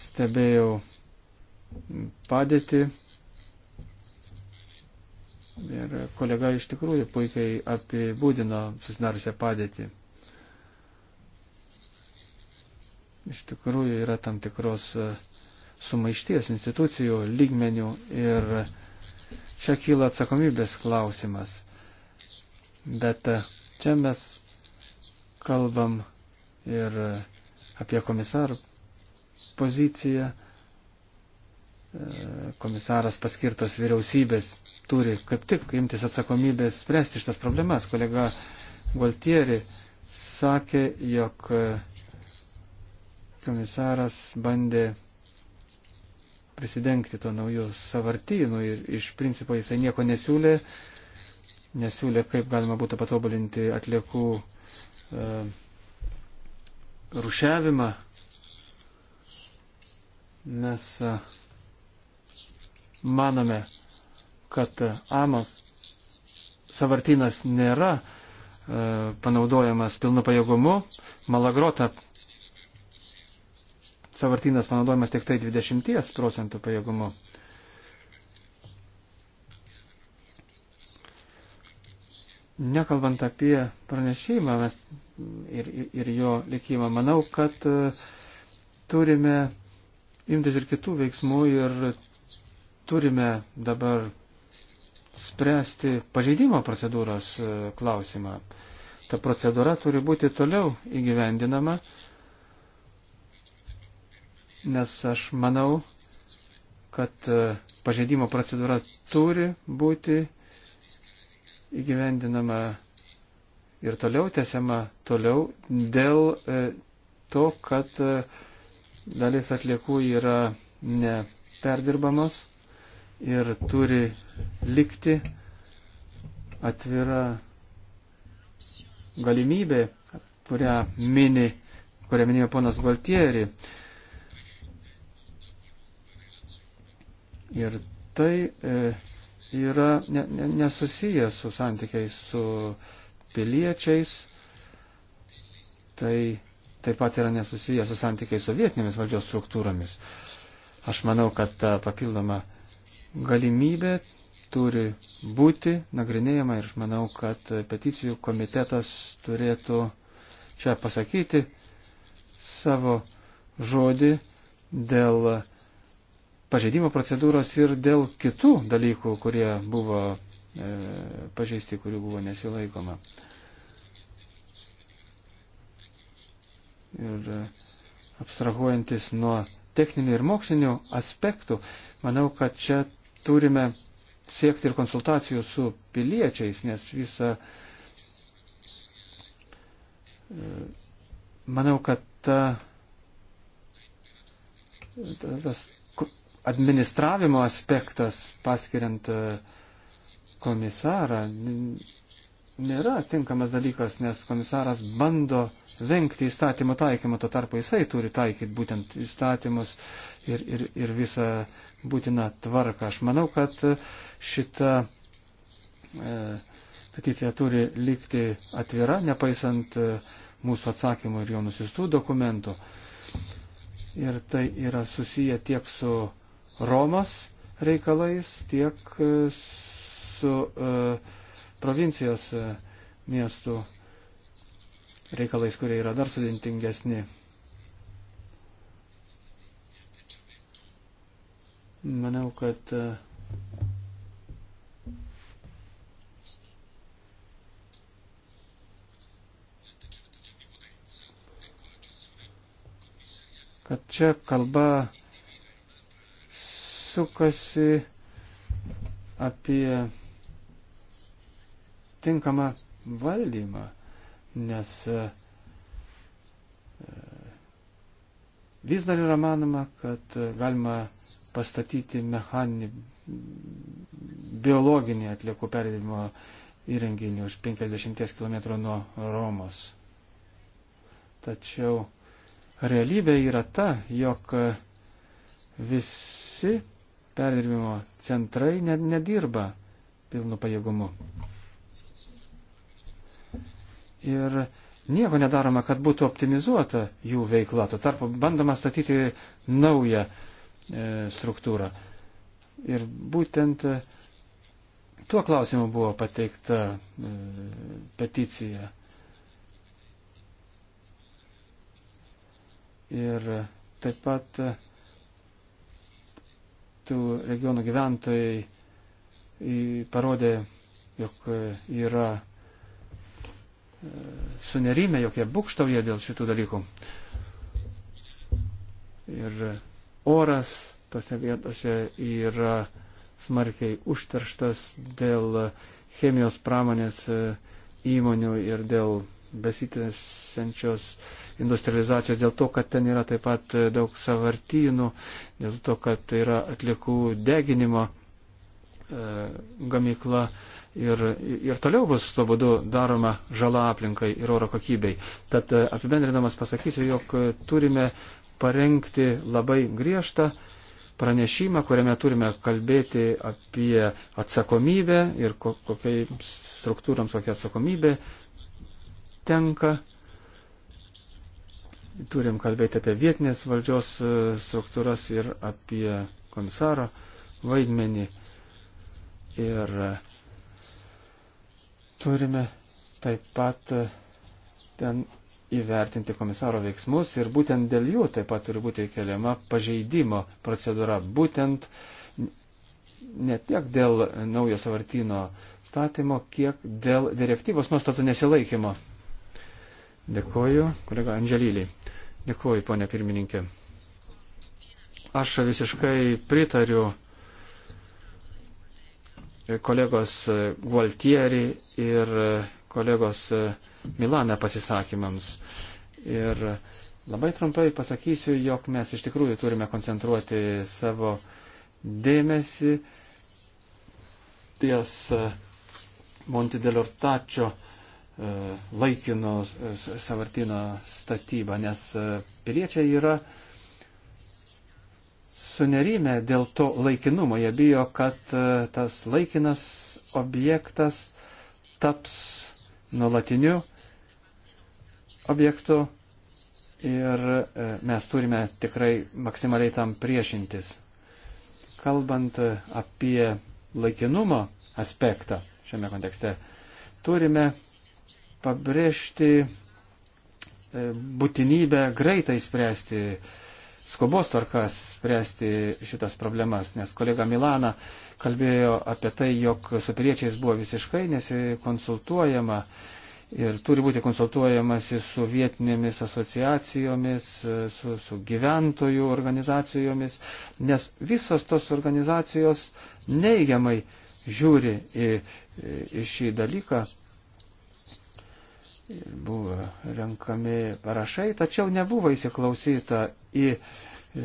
stebėjau padėtį ir kolega iš tikrųjų puikiai apibūdino susidariusią padėtį. Iš tikrųjų yra tam tikros e, sumaišties institucijų lygmenių ir čia kyla atsakomybės klausimas. Bet e, čia mes kalbam ir apie komisarų poziciją. Komisaras paskirtas vyriausybės turi kaip tik imtis atsakomybės spręsti šitas problemas. Kolega Gualtieri sakė, jog komisaras bandė prisidengti to naujų savartynų ir iš principo jisai nieko nesiūlė, nesiūlė, kaip galima būtų patobulinti atliekų E, rušiavimą, mes e, manome, kad Amos savartinas nėra e, panaudojamas pilnu pajėgumu, malagrota savartinas panaudojamas tik tai 20 procentų pajėgumu. nekalbant apie pranešimą mes, ir, ir, ir jo likimą, manau, kad e, turime imtis ir kitų veiksmų ir turime dabar spręsti pažeidimo procedūros e, klausimą. Ta procedūra turi būti toliau įgyvendinama, nes aš manau, kad e, pažeidimo procedūra turi būti įgyvendinama ir toliau tęsiama toliau dėl e, to, kad e, dalis atliekų yra neperdirbamos ir turi likti atvira galimybė, kurią mini, kurią minėjo ponas Galtieri. Ir tai e, yra ne, ne, nesusijęs su santykiais su piliečiais, tai taip pat yra nesusijęs su santykiais su vietinėmis valdžios struktūromis. Aš manau, kad ta papildoma galimybė turi būti nagrinėjama ir aš manau, kad peticijų komitetas turėtų čia pasakyti savo žodį dėl pažeidimo procedūros ir dėl kitų dalykų, kurie buvo e, pažeisti, kurių buvo nesilaikoma. Ir e, abstrahuojantis nuo techninių ir mokslinių aspektų, manau, kad čia turime siekti ir konsultacijų su piliečiais, nes visa. E, manau, kad ta, tas administravimo aspektas, paskiriant e, komisarą, nėra tinkamas dalykas, nes komisaras bando vengti įstatymų taikymo, to tarpu jisai turi taikyti būtent įstatymus ir, ir, ir visą būtiną tvarką. Aš manau, kad šita e, peticija turi likti atvira, nepaisant e, mūsų atsakymų ir jo nusistų dokumentų. Ir tai yra susiję tiek su Romos reikalais, tiek e, su uh, provincijos uh, miestų reikalais, kurie yra dar sudėtingesni. Manau, kad uh, kad čia kalba sukasi apie tinkamą valdymą, nes e, vis dar yra manoma, kad galima pastatyti mechaninį biologinį atliekų perdirbimo įrenginį už 50 km nuo Romos. Tačiau realybė yra ta, jog visi perdirbimo centrai net nedirba pilnu pajėgumu. Ir nieko nedaroma, kad būtų optimizuota jų veikla. Tuo tarpu bandoma statyti naują e, struktūrą. Ir būtent e, tuo klausimu buvo pateikta e, peticija. Ir taip pat e, tų regionų gyventojai parodė, jog e, yra e, sunerimę, jog jie būkštauja dėl šitų dalykų. Ir oras tose vietose yra smarkiai užterštas dėl chemijos pramonės e, įmonių ir dėl besitęsiančios industrializacijos, dėl to, kad ten yra taip pat daug savartynų, dėl to, kad yra atliekų deginimo e, gamykla ir, ir toliau bus tuo būdu daroma žala aplinkai ir oro kokybei. Tad e, apibendrinamas pasakysiu, jog turime parengti labai griežtą pranešimą, kuriame turime kalbėti apie atsakomybę ir kokiai struktūrams kokia atsakomybė tenka. Turim kalbėti apie vietinės valdžios e, struktūras ir apie komisaro vaidmenį. Ir e, turime taip pat e, ten įvertinti komisaro veiksmus ir būtent dėl jų taip pat turi būti keliama pažeidimo procedūra. Būtent ne tiek dėl naujo savartino statymo, kiek dėl direktyvos nuostatų nesilaikymo. Dėkoju, kolega Andželylį. Dėkoju, ponė pirmininkė. Aš visiškai pritariu kolegos Gualtieri ir kolegos Milana pasisakymams. Ir labai trumpai pasakysiu, jog mes iš tikrųjų turime koncentruoti savo dėmesį ties Montidelortačio E, laikino e, savartino statybą, nes e, piliečiai yra sunerime dėl to laikinumo. Jie bijo, kad tas laikinas objektas taps nuolatiniu objektu ir mes turime tikrai maksimaliai tam priešintis. Kalbant apie laikinumo aspektą šiame kontekste, turime pabrėžti e, būtinybę greitai spręsti, skubos tvarkas spręsti šitas problemas, nes kolega Milana kalbėjo apie tai, jog su piliečiais buvo visiškai nesikonsultuojama ir turi būti konsultuojamasi su vietinėmis asociacijomis, e, su, su gyventojų organizacijomis, nes visos tos organizacijos neigiamai žiūri į, į šį dalyką Buvo renkami parašai, tačiau nebuvo įsiklausyta į e,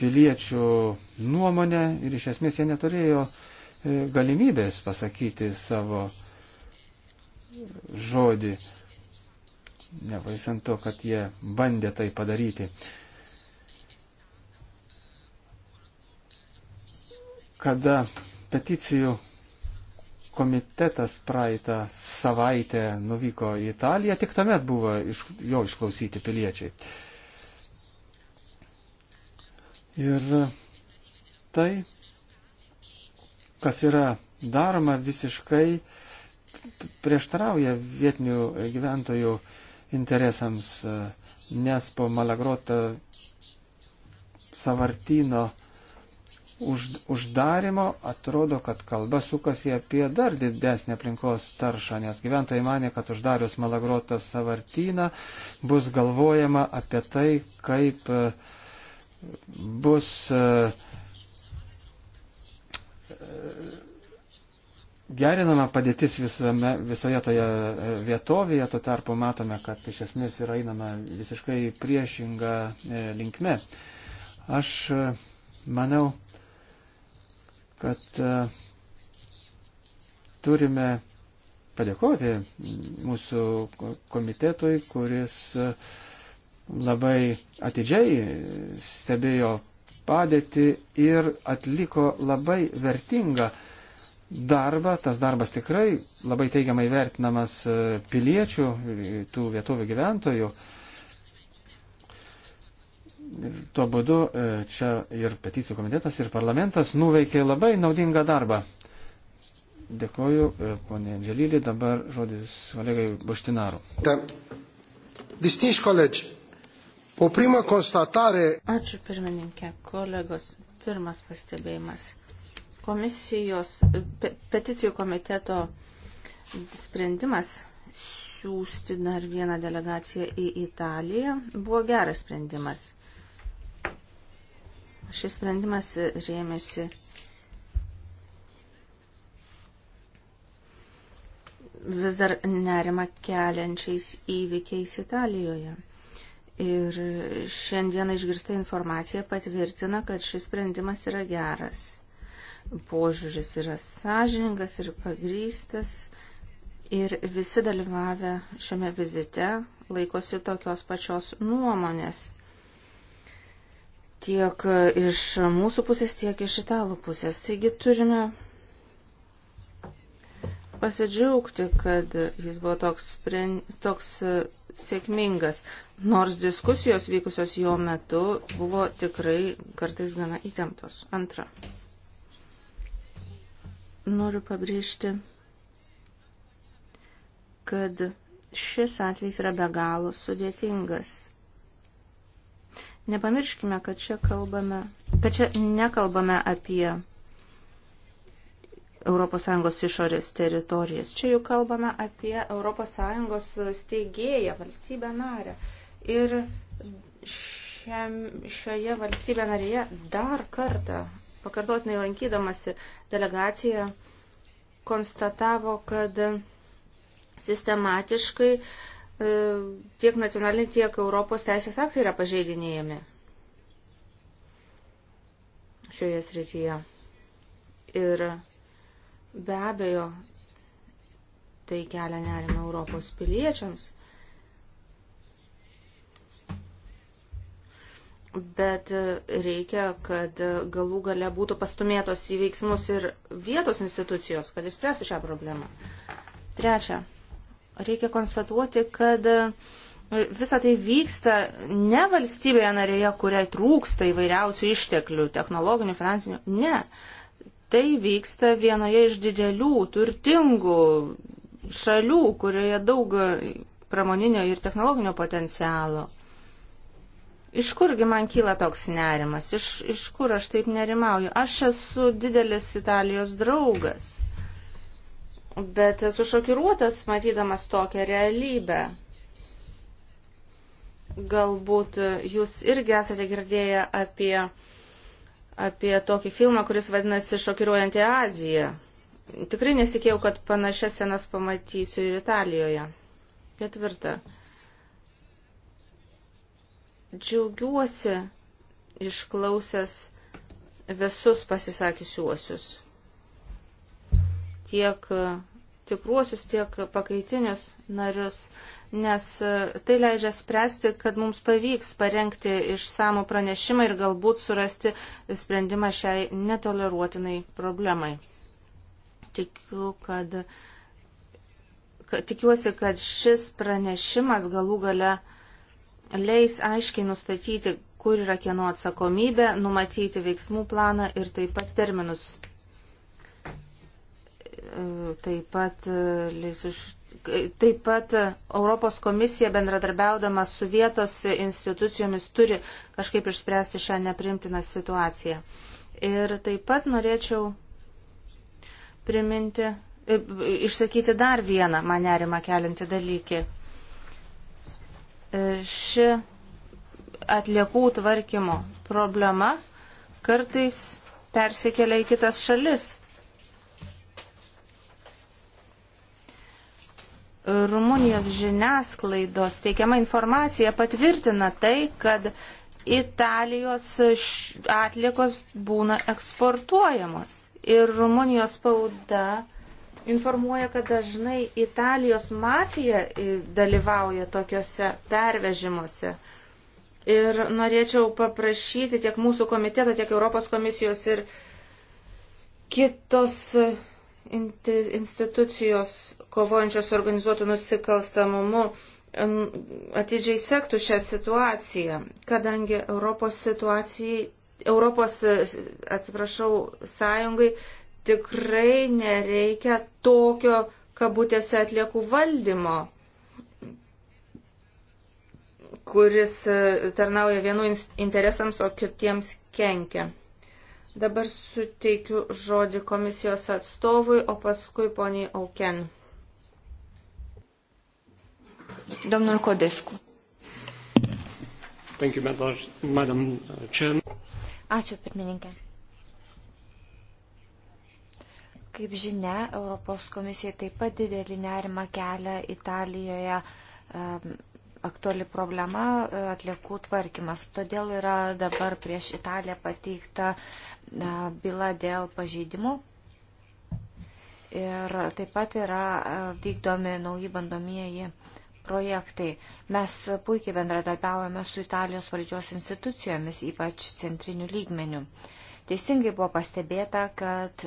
piliečių nuomonę ir iš esmės jie neturėjo e, galimybės pasakyti savo žodį, nevaisant to, kad jie bandė tai padaryti. Kada peticijų komitetas praeitą savaitę nuvyko į Italiją, tik tuomet buvo iš, jo išklausyti piliečiai. Ir tai, kas yra daroma, visiškai prieštarauja vietinių gyventojų interesams, nes po Malagrota savartino uh, už, uždarimo atrodo, kad kalba sukasi apie dar didesnį aplinkos taršą, nes gyventojai mane, kad uždarius Malagrotos savartyną bus galvojama apie tai, kaip e, bus e, e, gerinama padėtis visame, visoje toje vietovėje, tuo tarpu matome, kad iš esmės yra einama visiškai priešinga linkme. Aš manau, kad e, turime padėkoti mūsų komitetui, kuris e, labai atidžiai stebėjo padėtį ir atliko labai vertingą darbą. Tas darbas tikrai labai teigiamai vertinamas e, piliečių, tų vietovių gyventojų. Uh, tuo būdu e, čia ir peticijų komitetas, ir parlamentas nuveikė labai naudingą darbą. Dėkoju, e, ponė Andželylį, dabar žodis kolegai Buštinaru. Distinși colegi, o primă constatare... Ačiū pirmininkė, kolegos, pirmas pastebėjimas. Komisijos, pe, peticijų komiteto sprendimas siūsti dar vieną delegaciją į Italiją buvo geras sprendimas Šis sprendimas rėmėsi vis dar nerima keliančiais įvykiais Italijoje. Ir šiandien išgirsta informacija patvirtina, kad šis sprendimas yra geras. Požiūris yra sąžiningas ir pagrystas. Ir visi dalyvavę šiame vizite laikosi tokios pačios nuomonės tiek iš mūsų pusės, tiek iš italų pusės. Taigi turime pasidžiaugti, kad jis buvo toks, toks sėkmingas, nors diskusijos vykusios jo metu buvo tikrai kartais gana įtemptos. Antra. Noriu pabrėžti, kad šis atvejs yra be galo sudėtingas Nepamirškime, kad čia, kalbame, kad čia nekalbame apie ES išorės teritorijas. Čia jau kalbame apie ES steigėją, valstybę narę. Ir šiam, šioje valstybė narėje dar kartą, pakartotinai lankydamasi, delegacija konstatavo, kad sistematiškai uh, E, tiek nacionaliniai, tiek Europos teisės aktai yra pažeidinėjami šioje srityje. Ir be abejo, tai kelia nerimą Europos piliečiams. Bet reikia, kad galų gale būtų pastumėtos į veiksmus ir vietos institucijos, kad išspręstų šią problemą. Trečia reikia konstatuoti, kad e, Visą tai vyksta ne valstybėje narėje, kuriai trūksta įvairiausių išteklių, technologinių, finansinių. Ne. Tai vyksta vienoje iš didelių, turtingų šalių, kurioje daug pramoninio ir technologinio potencialo. Iš kurgi man kyla toks nerimas? Iš, iš kur aš taip nerimauju? Aš esu didelis Italijos draugas bet esu šokiruotas matydamas tokią realybę. Galbūt jūs irgi esate girdėję apie, apie tokį filmą, kuris vadinasi Šokiruojantį Aziją. Tikrai nesikėjau, kad panašias senas pamatysiu ir Italijoje. Ketvirta. Džiaugiuosi išklausęs visus pasisakysiuosius tiek e, tikruosius, tiek pakaitinius narius, nes e, tai leidžia spręsti, kad mums pavyks parengti išsamų pranešimą ir galbūt surasti sprendimą šiai netoleruotinai problemai. Tikiu, kad, kad, tikiuosi, kad šis pranešimas galų gale leis aiškiai nustatyti, kur yra kieno atsakomybė, numatyti veiksmų planą ir taip pat terminus Taip pat, e, e, taip pat e, Europos komisija bendradarbiaudama su vietos institucijomis turi kažkaip išspręsti šią neprimtiną situaciją. Ir taip pat norėčiau priminti, išsakyti dar vieną manerimą kelinti dalykį. Ši atliekų tvarkymo problema kartais persikelia į kitas šalis Rumunijos žiniasklaidos teikiama informacija patvirtina tai, kad Italijos atlikos būna eksportuojamos. Ir Rumunijos spauda informuoja, kad dažnai Italijos mafija dalyvauja tokiuose pervežimuose. Ir norėčiau paprašyti tiek mūsų komiteto, tiek Europos komisijos ir kitos institucijos kovojančios organizuotų nusikalstamumu atidžiai sektų šią situaciją, kadangi Europos situacijai, Europos, atsiprašau, sąjungai tikrai nereikia tokio kabutėse atliekų valdymo, kuris e, tarnauja vienų interesams, o kitiems kenkia. Dabar suteikiu žodį komisijos atstovui, o paskui poniai Auken. Domnul Kodescu. Thank you, Madam Chair. Ačiū, pirmininkė. Kaip žinia, Europos komisija taip pat didelį nerimą kelia Italijoje aktuali problema e, atliekų tvarkymas. Todėl yra dabar prieš Italiją pateikta byla dėl pažeidimų. Ir taip pat yra e, vykdomi nauji bandomieji projektai. Mes puikiai bendradarbiaujame su Italijos valdžios institucijomis, ypač centriniu lygmeniu. Teisingai buvo pastebėta, kad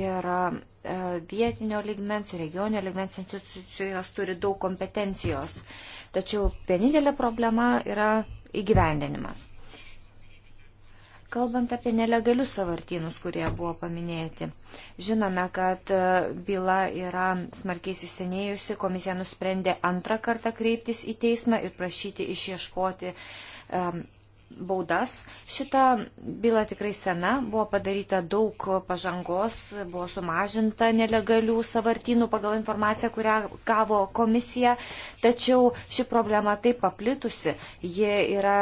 yra e, vietinio ligmens, regioninio ligmens institucijos turi daug kompetencijos. Tačiau vienintelė problema yra įgyvendinimas. Kalbant apie nelegalius savartynus, kurie buvo paminėti, žinome, kad e, byla yra smarkiai įsisenėjusi, komisija nusprendė antrą kartą kreiptis į teismą ir prašyti išieškoti um, baudas. Šita byla tikrai sena, buvo padaryta daug pažangos, buvo sumažinta nelegalių savartynų pagal informaciją, kurią gavo komisija, tačiau ši problema taip paplitusi, ji yra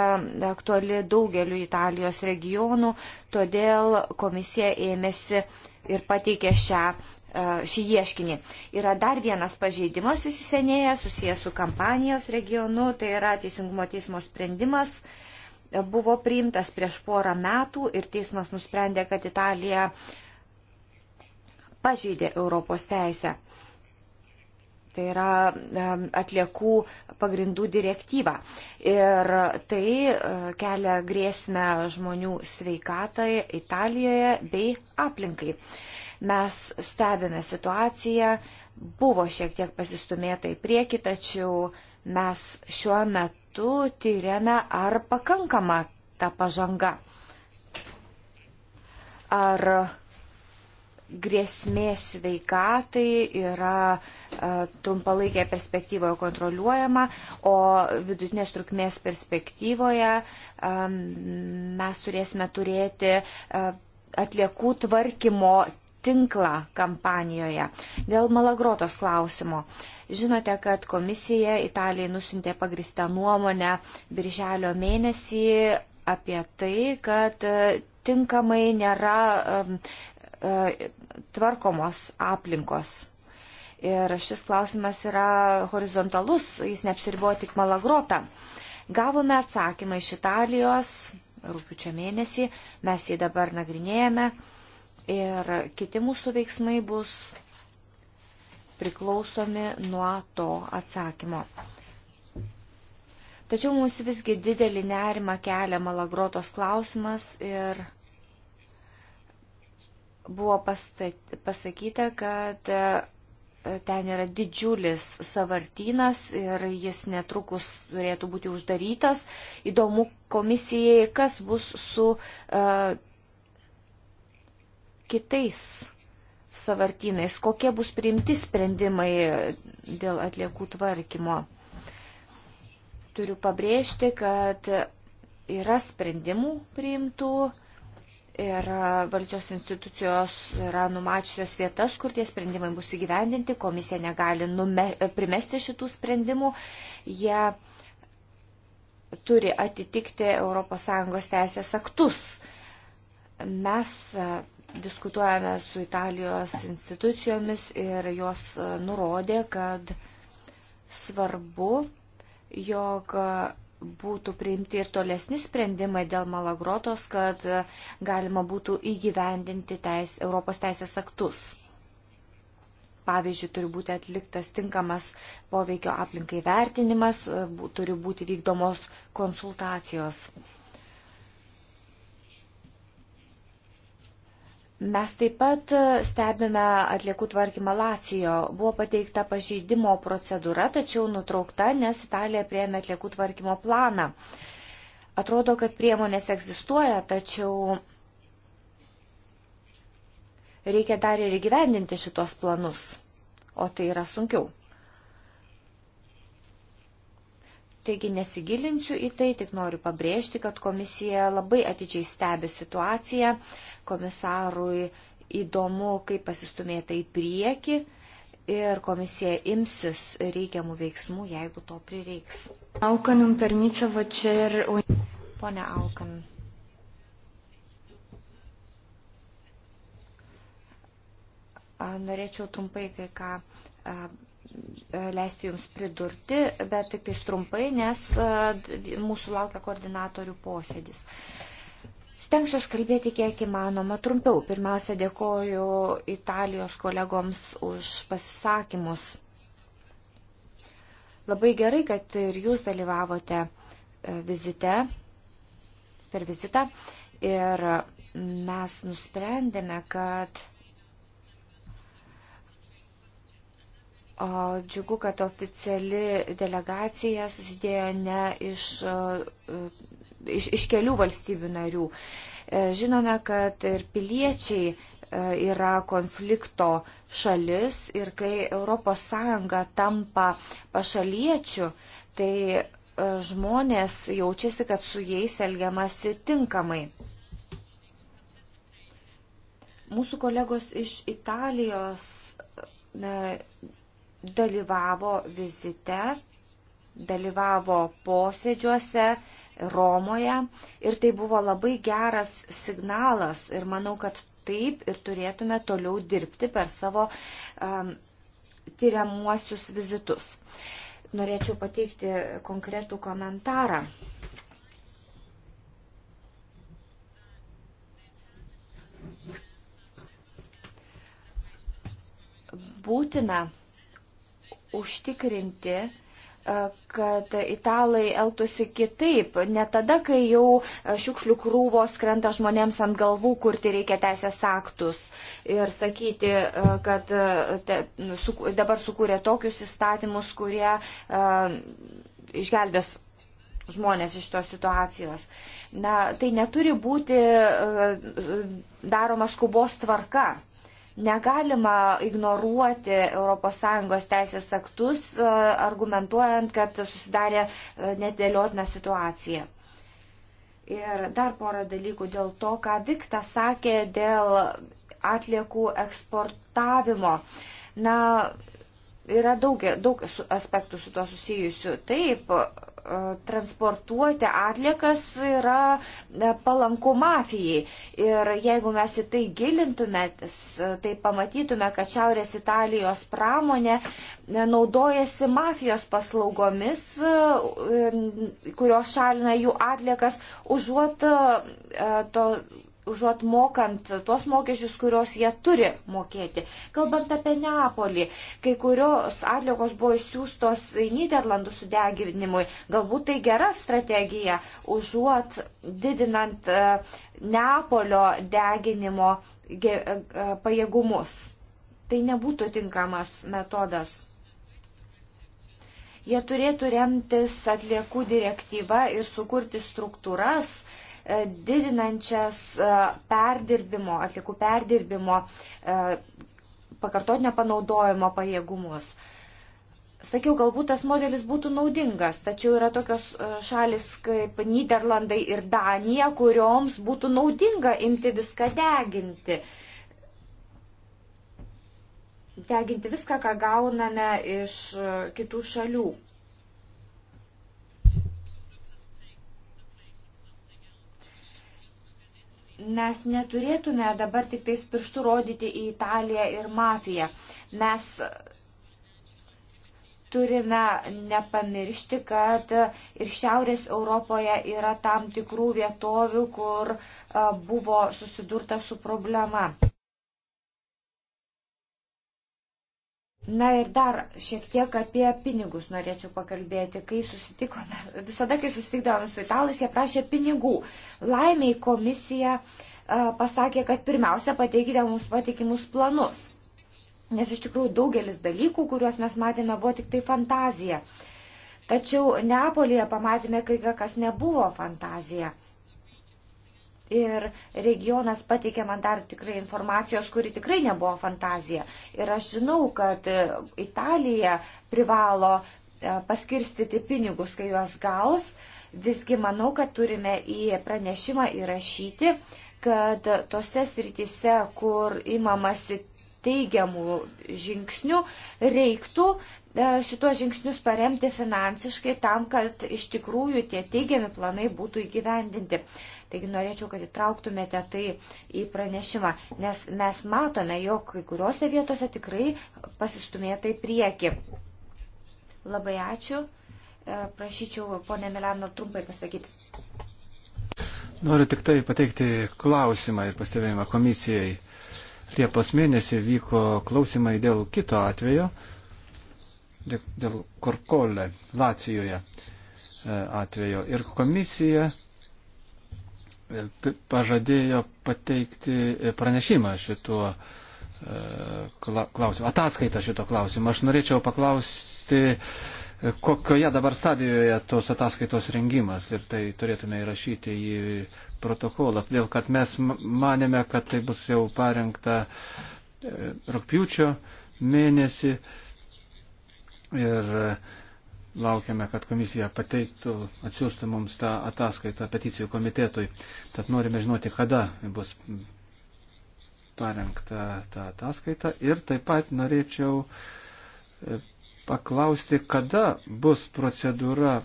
aktuali daugeliu Italijos regionų, todėl komisija ėmėsi ir pateikė šią e, šį ieškinį. Yra dar vienas pažeidimas įsisenėjęs susijęs su kampanijos regionu, tai yra Teisingumo teismo sprendimas buvo priimtas prieš porą metų ir teismas nusprendė, kad Italija pažeidė Europos teisę. Tai yra atliekų pagrindų direktyva. Ir tai e, kelia grėsmę žmonių sveikatai Italijoje bei aplinkai. Mes stebime situaciją, buvo šiek tiek pasistumėta į priekį, tačiau mes šiuo metu metu tyriame, ar pakankama ta pažanga. Ar grėsmė sveikatai yra e, trumpalaikėje perspektyvoje kontroliuojama, o vidutinės trukmės perspektyvoje e, mes turėsime turėti e, atliekų tvarkymo tinklą kampanijoje. Dėl malagrotos klausimo. Žinote, kad komisija Italijai nusintė pagristą nuomonę birželio mėnesį apie tai, kad e, tinkamai nėra e, tvarkomos aplinkos. Ir šis klausimas yra horizontalus, jis neapsiribuo tik malagrota. Gavome atsakymą iš Italijos rūpiučio mėnesį, mes jį dabar nagrinėjame ir kiti mūsų veiksmai bus priklausomi nuo to atsakymo. Tačiau mums visgi didelį nerimą kelia malagrotos klausimas ir buvo pasakyta, kad e, ten yra didžiulis savartynas ir jis netrukus turėtų būti uždarytas. Įdomu komisijai, kas bus su uh, kitais savartynais, kokie bus priimti sprendimai dėl atliekų tvarkymo. Turiu pabrėžti, kad yra sprendimų priimtų ir valdžios institucijos yra numačiusios vietas, kur tie sprendimai bus įgyvendinti, komisija negali nume, primesti šitų sprendimų. Jie turi atitikti ES teisės aktus. Mes diskutuojame su Italijos institucijomis ir jos e, nurodė, kad svarbu, jog būtų priimti ir tolesni sprendimai dėl malagrotos, kad e, galima būtų įgyvendinti teis, Europos teisės aktus. Pavyzdžiui, turi būti atliktas tinkamas poveikio aplinkai vertinimas, e, turi būti vykdomos konsultacijos. Mes taip pat e, stebime atliekų tvarkymą Lacijo. Buvo pateikta pažeidimo procedūra, tačiau nutraukta, nes Italija prieėmė atliekų tvarkymo planą. Atrodo, kad priemonės egzistuoja, tačiau reikia dar ir įgyvendinti šitos planus, o tai yra sunkiau. Taigi nesigilinsiu į tai, tik noriu pabrėžti, kad komisija labai atidžiai stebi situaciją. Komisarui įdomu, kaip pasistumėta į priekį ir komisija imsis reikiamų veiksmų, jeigu to prireiks. Aukanum permica va čia ir. Pone Aukan. Norėčiau trumpai kai ką E, leisti Jums pridurti, bet tik tai trumpai, nes e, mūsų laukia koordinatorių posėdis. Stengsiuos kalbėti kiek įmanoma trumpiau. Pirmiausia, dėkoju Italijos kolegoms už pasisakymus. Labai gerai, kad ir jūs dalyvavote e, vizite, per vizitą. Ir mes nusprendėme, kad O džiugu, kad oficiali delegacija susidėjo ne iš, e, iš, iš kelių valstybių narių. E, žinome, kad ir piliečiai e, yra konflikto šalis ir kai ES tampa pašaliečių, tai žmonės jaučiasi, kad su jais elgiamasi tinkamai. Mūsų kolegos iš Italijos na, dalyvavo vizite, dalyvavo posėdžiuose Romoje ir tai buvo labai geras signalas ir manau, kad taip ir turėtume toliau dirbti per savo um, tyriamuosius vizitus. Norėčiau pateikti konkretų komentarą. Būtina užtikrinti, e, kad italai elgtųsi kitaip, ne tada, kai jau e, šiukšlių krūvos krenta žmonėms ant galvų, kurti reikia teisės aktus ir sakyti, e, kad te, su, dabar sukūrė tokius įstatymus, kurie uh, išgelbės žmonės iš tos situacijos. Na, tai neturi būti uh, daroma skubos tvarka. Negalima ignoruoti ES teisės aktus, e, argumentuojant, kad susidarė e, nedėliotina situacija. Ir dar porą dalykų dėl to, ką Viktas sakė dėl atliekų eksportavimo. Na, Yra daug, daug aspektų su to susijusių. Taip, e, transportuoti atliekas yra e, palanku mafijai. Ir jeigu mes į tai gilintumėtis, e, tai pamatytume, kad Šiaurės Italijos pramonė naudojasi mafijos paslaugomis, kurios šalina jų atliekas, užuot to užuot mokant tuos mokesčius, kuriuos jie turi mokėti. Kalbant apie Neapolį, kai kurios atliekos buvo išsiųstos į Niderlandų sudeginimui, galbūt tai gera strategija, užuot didinant e, Neapolio deginimo e, e, pajėgumus. Tai nebūtų tinkamas metodas jie turėtų remtis atliekų direktyva ir sukurti struktūras, E, didinančias e, perdirbimo, atlikų perdirbimo, e, pakartotinio panaudojimo pajėgumus. Sakiau, galbūt tas modelis būtų naudingas, tačiau yra tokios šalis kaip Niderlandai ir Danija, kurioms būtų naudinga imti viską deginti. Deginti viską, ką gauname iš kitų šalių. mes neturėtume dabar tik tais pirštų rodyti į Italiją ir mafiją. Mes turime nepamiršti, kad ir Šiaurės Europoje yra tam tikrų vietovių, kur buvo susidurta su problema. Na ir dar šiek tiek apie pinigus norėčiau pakalbėti. Kai susitikome, visada, kai susitikdavome su italais, jie prašė pinigų. Laimiai komisija uh, pasakė, kad pirmiausia pateikite mums patikimus planus. Nes iš tikrųjų daugelis dalykų, kuriuos mes matėme, buvo tik tai fantazija. Tačiau Neapolėje pamatėme kai kas nebuvo fantazija. Ir regionas pateikė man dar tikrai informacijos, kuri tikrai nebuvo fantazija. Ir aš žinau, kad e, Italija privalo e, paskirstyti pinigus, kai juos gaus. Visgi manau, kad turime į pranešimą įrašyti, kad tose srityse, kur imamasi teigiamų žingsnių, reiktų e, šituos žingsnius paremti finansiškai tam, kad iš tikrųjų tie teigiami planai būtų įgyvendinti. Taigi norėčiau, kad įtrauktumėte tai į pranešimą, nes mes matome, jog kai kuriuose vietose tikrai pasistumėta į priekį. Labai ačiū. E, prašyčiau, ponė Milano, trumpai pasakyti. Noriu tik tai pateikti klausimą ir pastebėjimą komisijai. Liepos mėnesį vyko klausimai dėl kito atvejo, dėl Korkolė, Lacijoje e, atvejo. Ir komisija E, pažadėjo pateikti pranešimą šituo e, klausimu, ataskaitą šito klausimu. Aš norėčiau paklausti, e, kokioje dabar stadijoje tos ataskaitos rengimas ir tai turėtume įrašyti į protokolą, todėl kad mes manėme, kad tai bus jau parengta rūpjūčio mėnesį ir laukiame, kad komisija pateiktų, atsiųstų mums tą ataskaitą peticijų komitetui. Tad norime žinoti, kada bus parengta ta ataskaita. Ir taip pat norėčiau e, paklausti, kada bus procedūra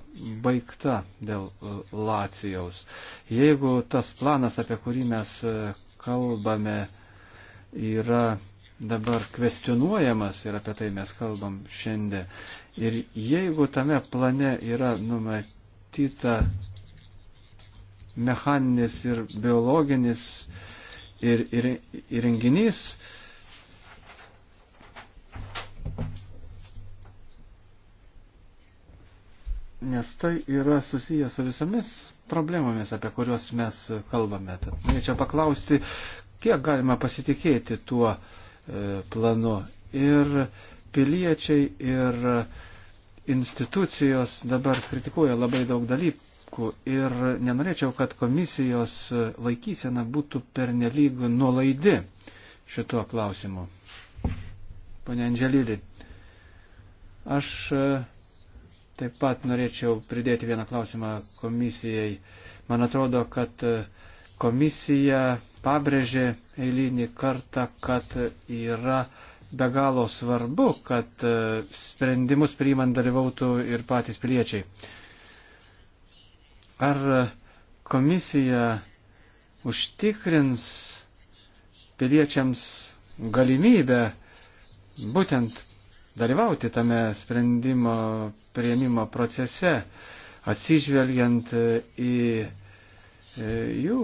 baigta dėl e, Lacijos. Jeigu tas planas, apie kurį mes e, kalbame, yra dabar kvestionuojamas ir apie tai mes kalbam šiandien. Ir jeigu tame plane yra numatyta mechaninis ir biologinis ir, ir, įrenginys, nes tai yra susijęs su visomis problemomis, apie kuriuos mes kalbame. Tad norėčiau paklausti, kiek galima pasitikėti tuo e, planu. Ir piliečiai ir institucijos dabar kritikuoja labai daug dalykų ir nenorėčiau, kad komisijos laikysena būtų pernelyg nuolaidi šituo klausimu. Pone Andželylį, aš e, taip pat norėčiau pridėti vieną klausimą komisijai. Man atrodo, kad e, komisija pabrėžė eilinį kartą, kad yra be galo svarbu, kad e, sprendimus priimant dalyvautų ir patys piliečiai. Ar e, komisija užtikrins piliečiams galimybę būtent dalyvauti tame sprendimo prieimimo procese, atsižvelgiant e, į jų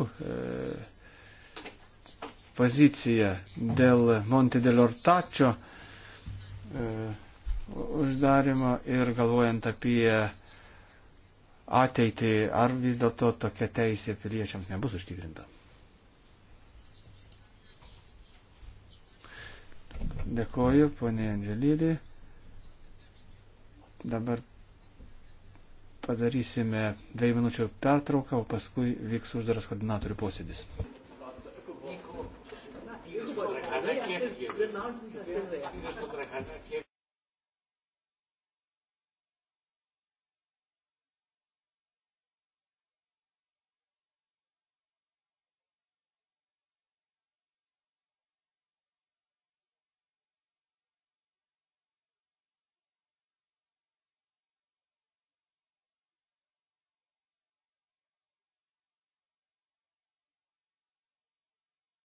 poziciją dėl Monte del Ortačio e, uždarimo ir galvojant apie ateitį, ar vis dėlto tokia teisė piliečiams nebus užtikrinta. Dėkoju, ponė Andželylį. Dabar padarysime dviejų minučių pertrauką, o paskui vyks uždaras koordinatorių posėdis τραχανά και έφυγε. Δεν στο τραχανά και έφυγε.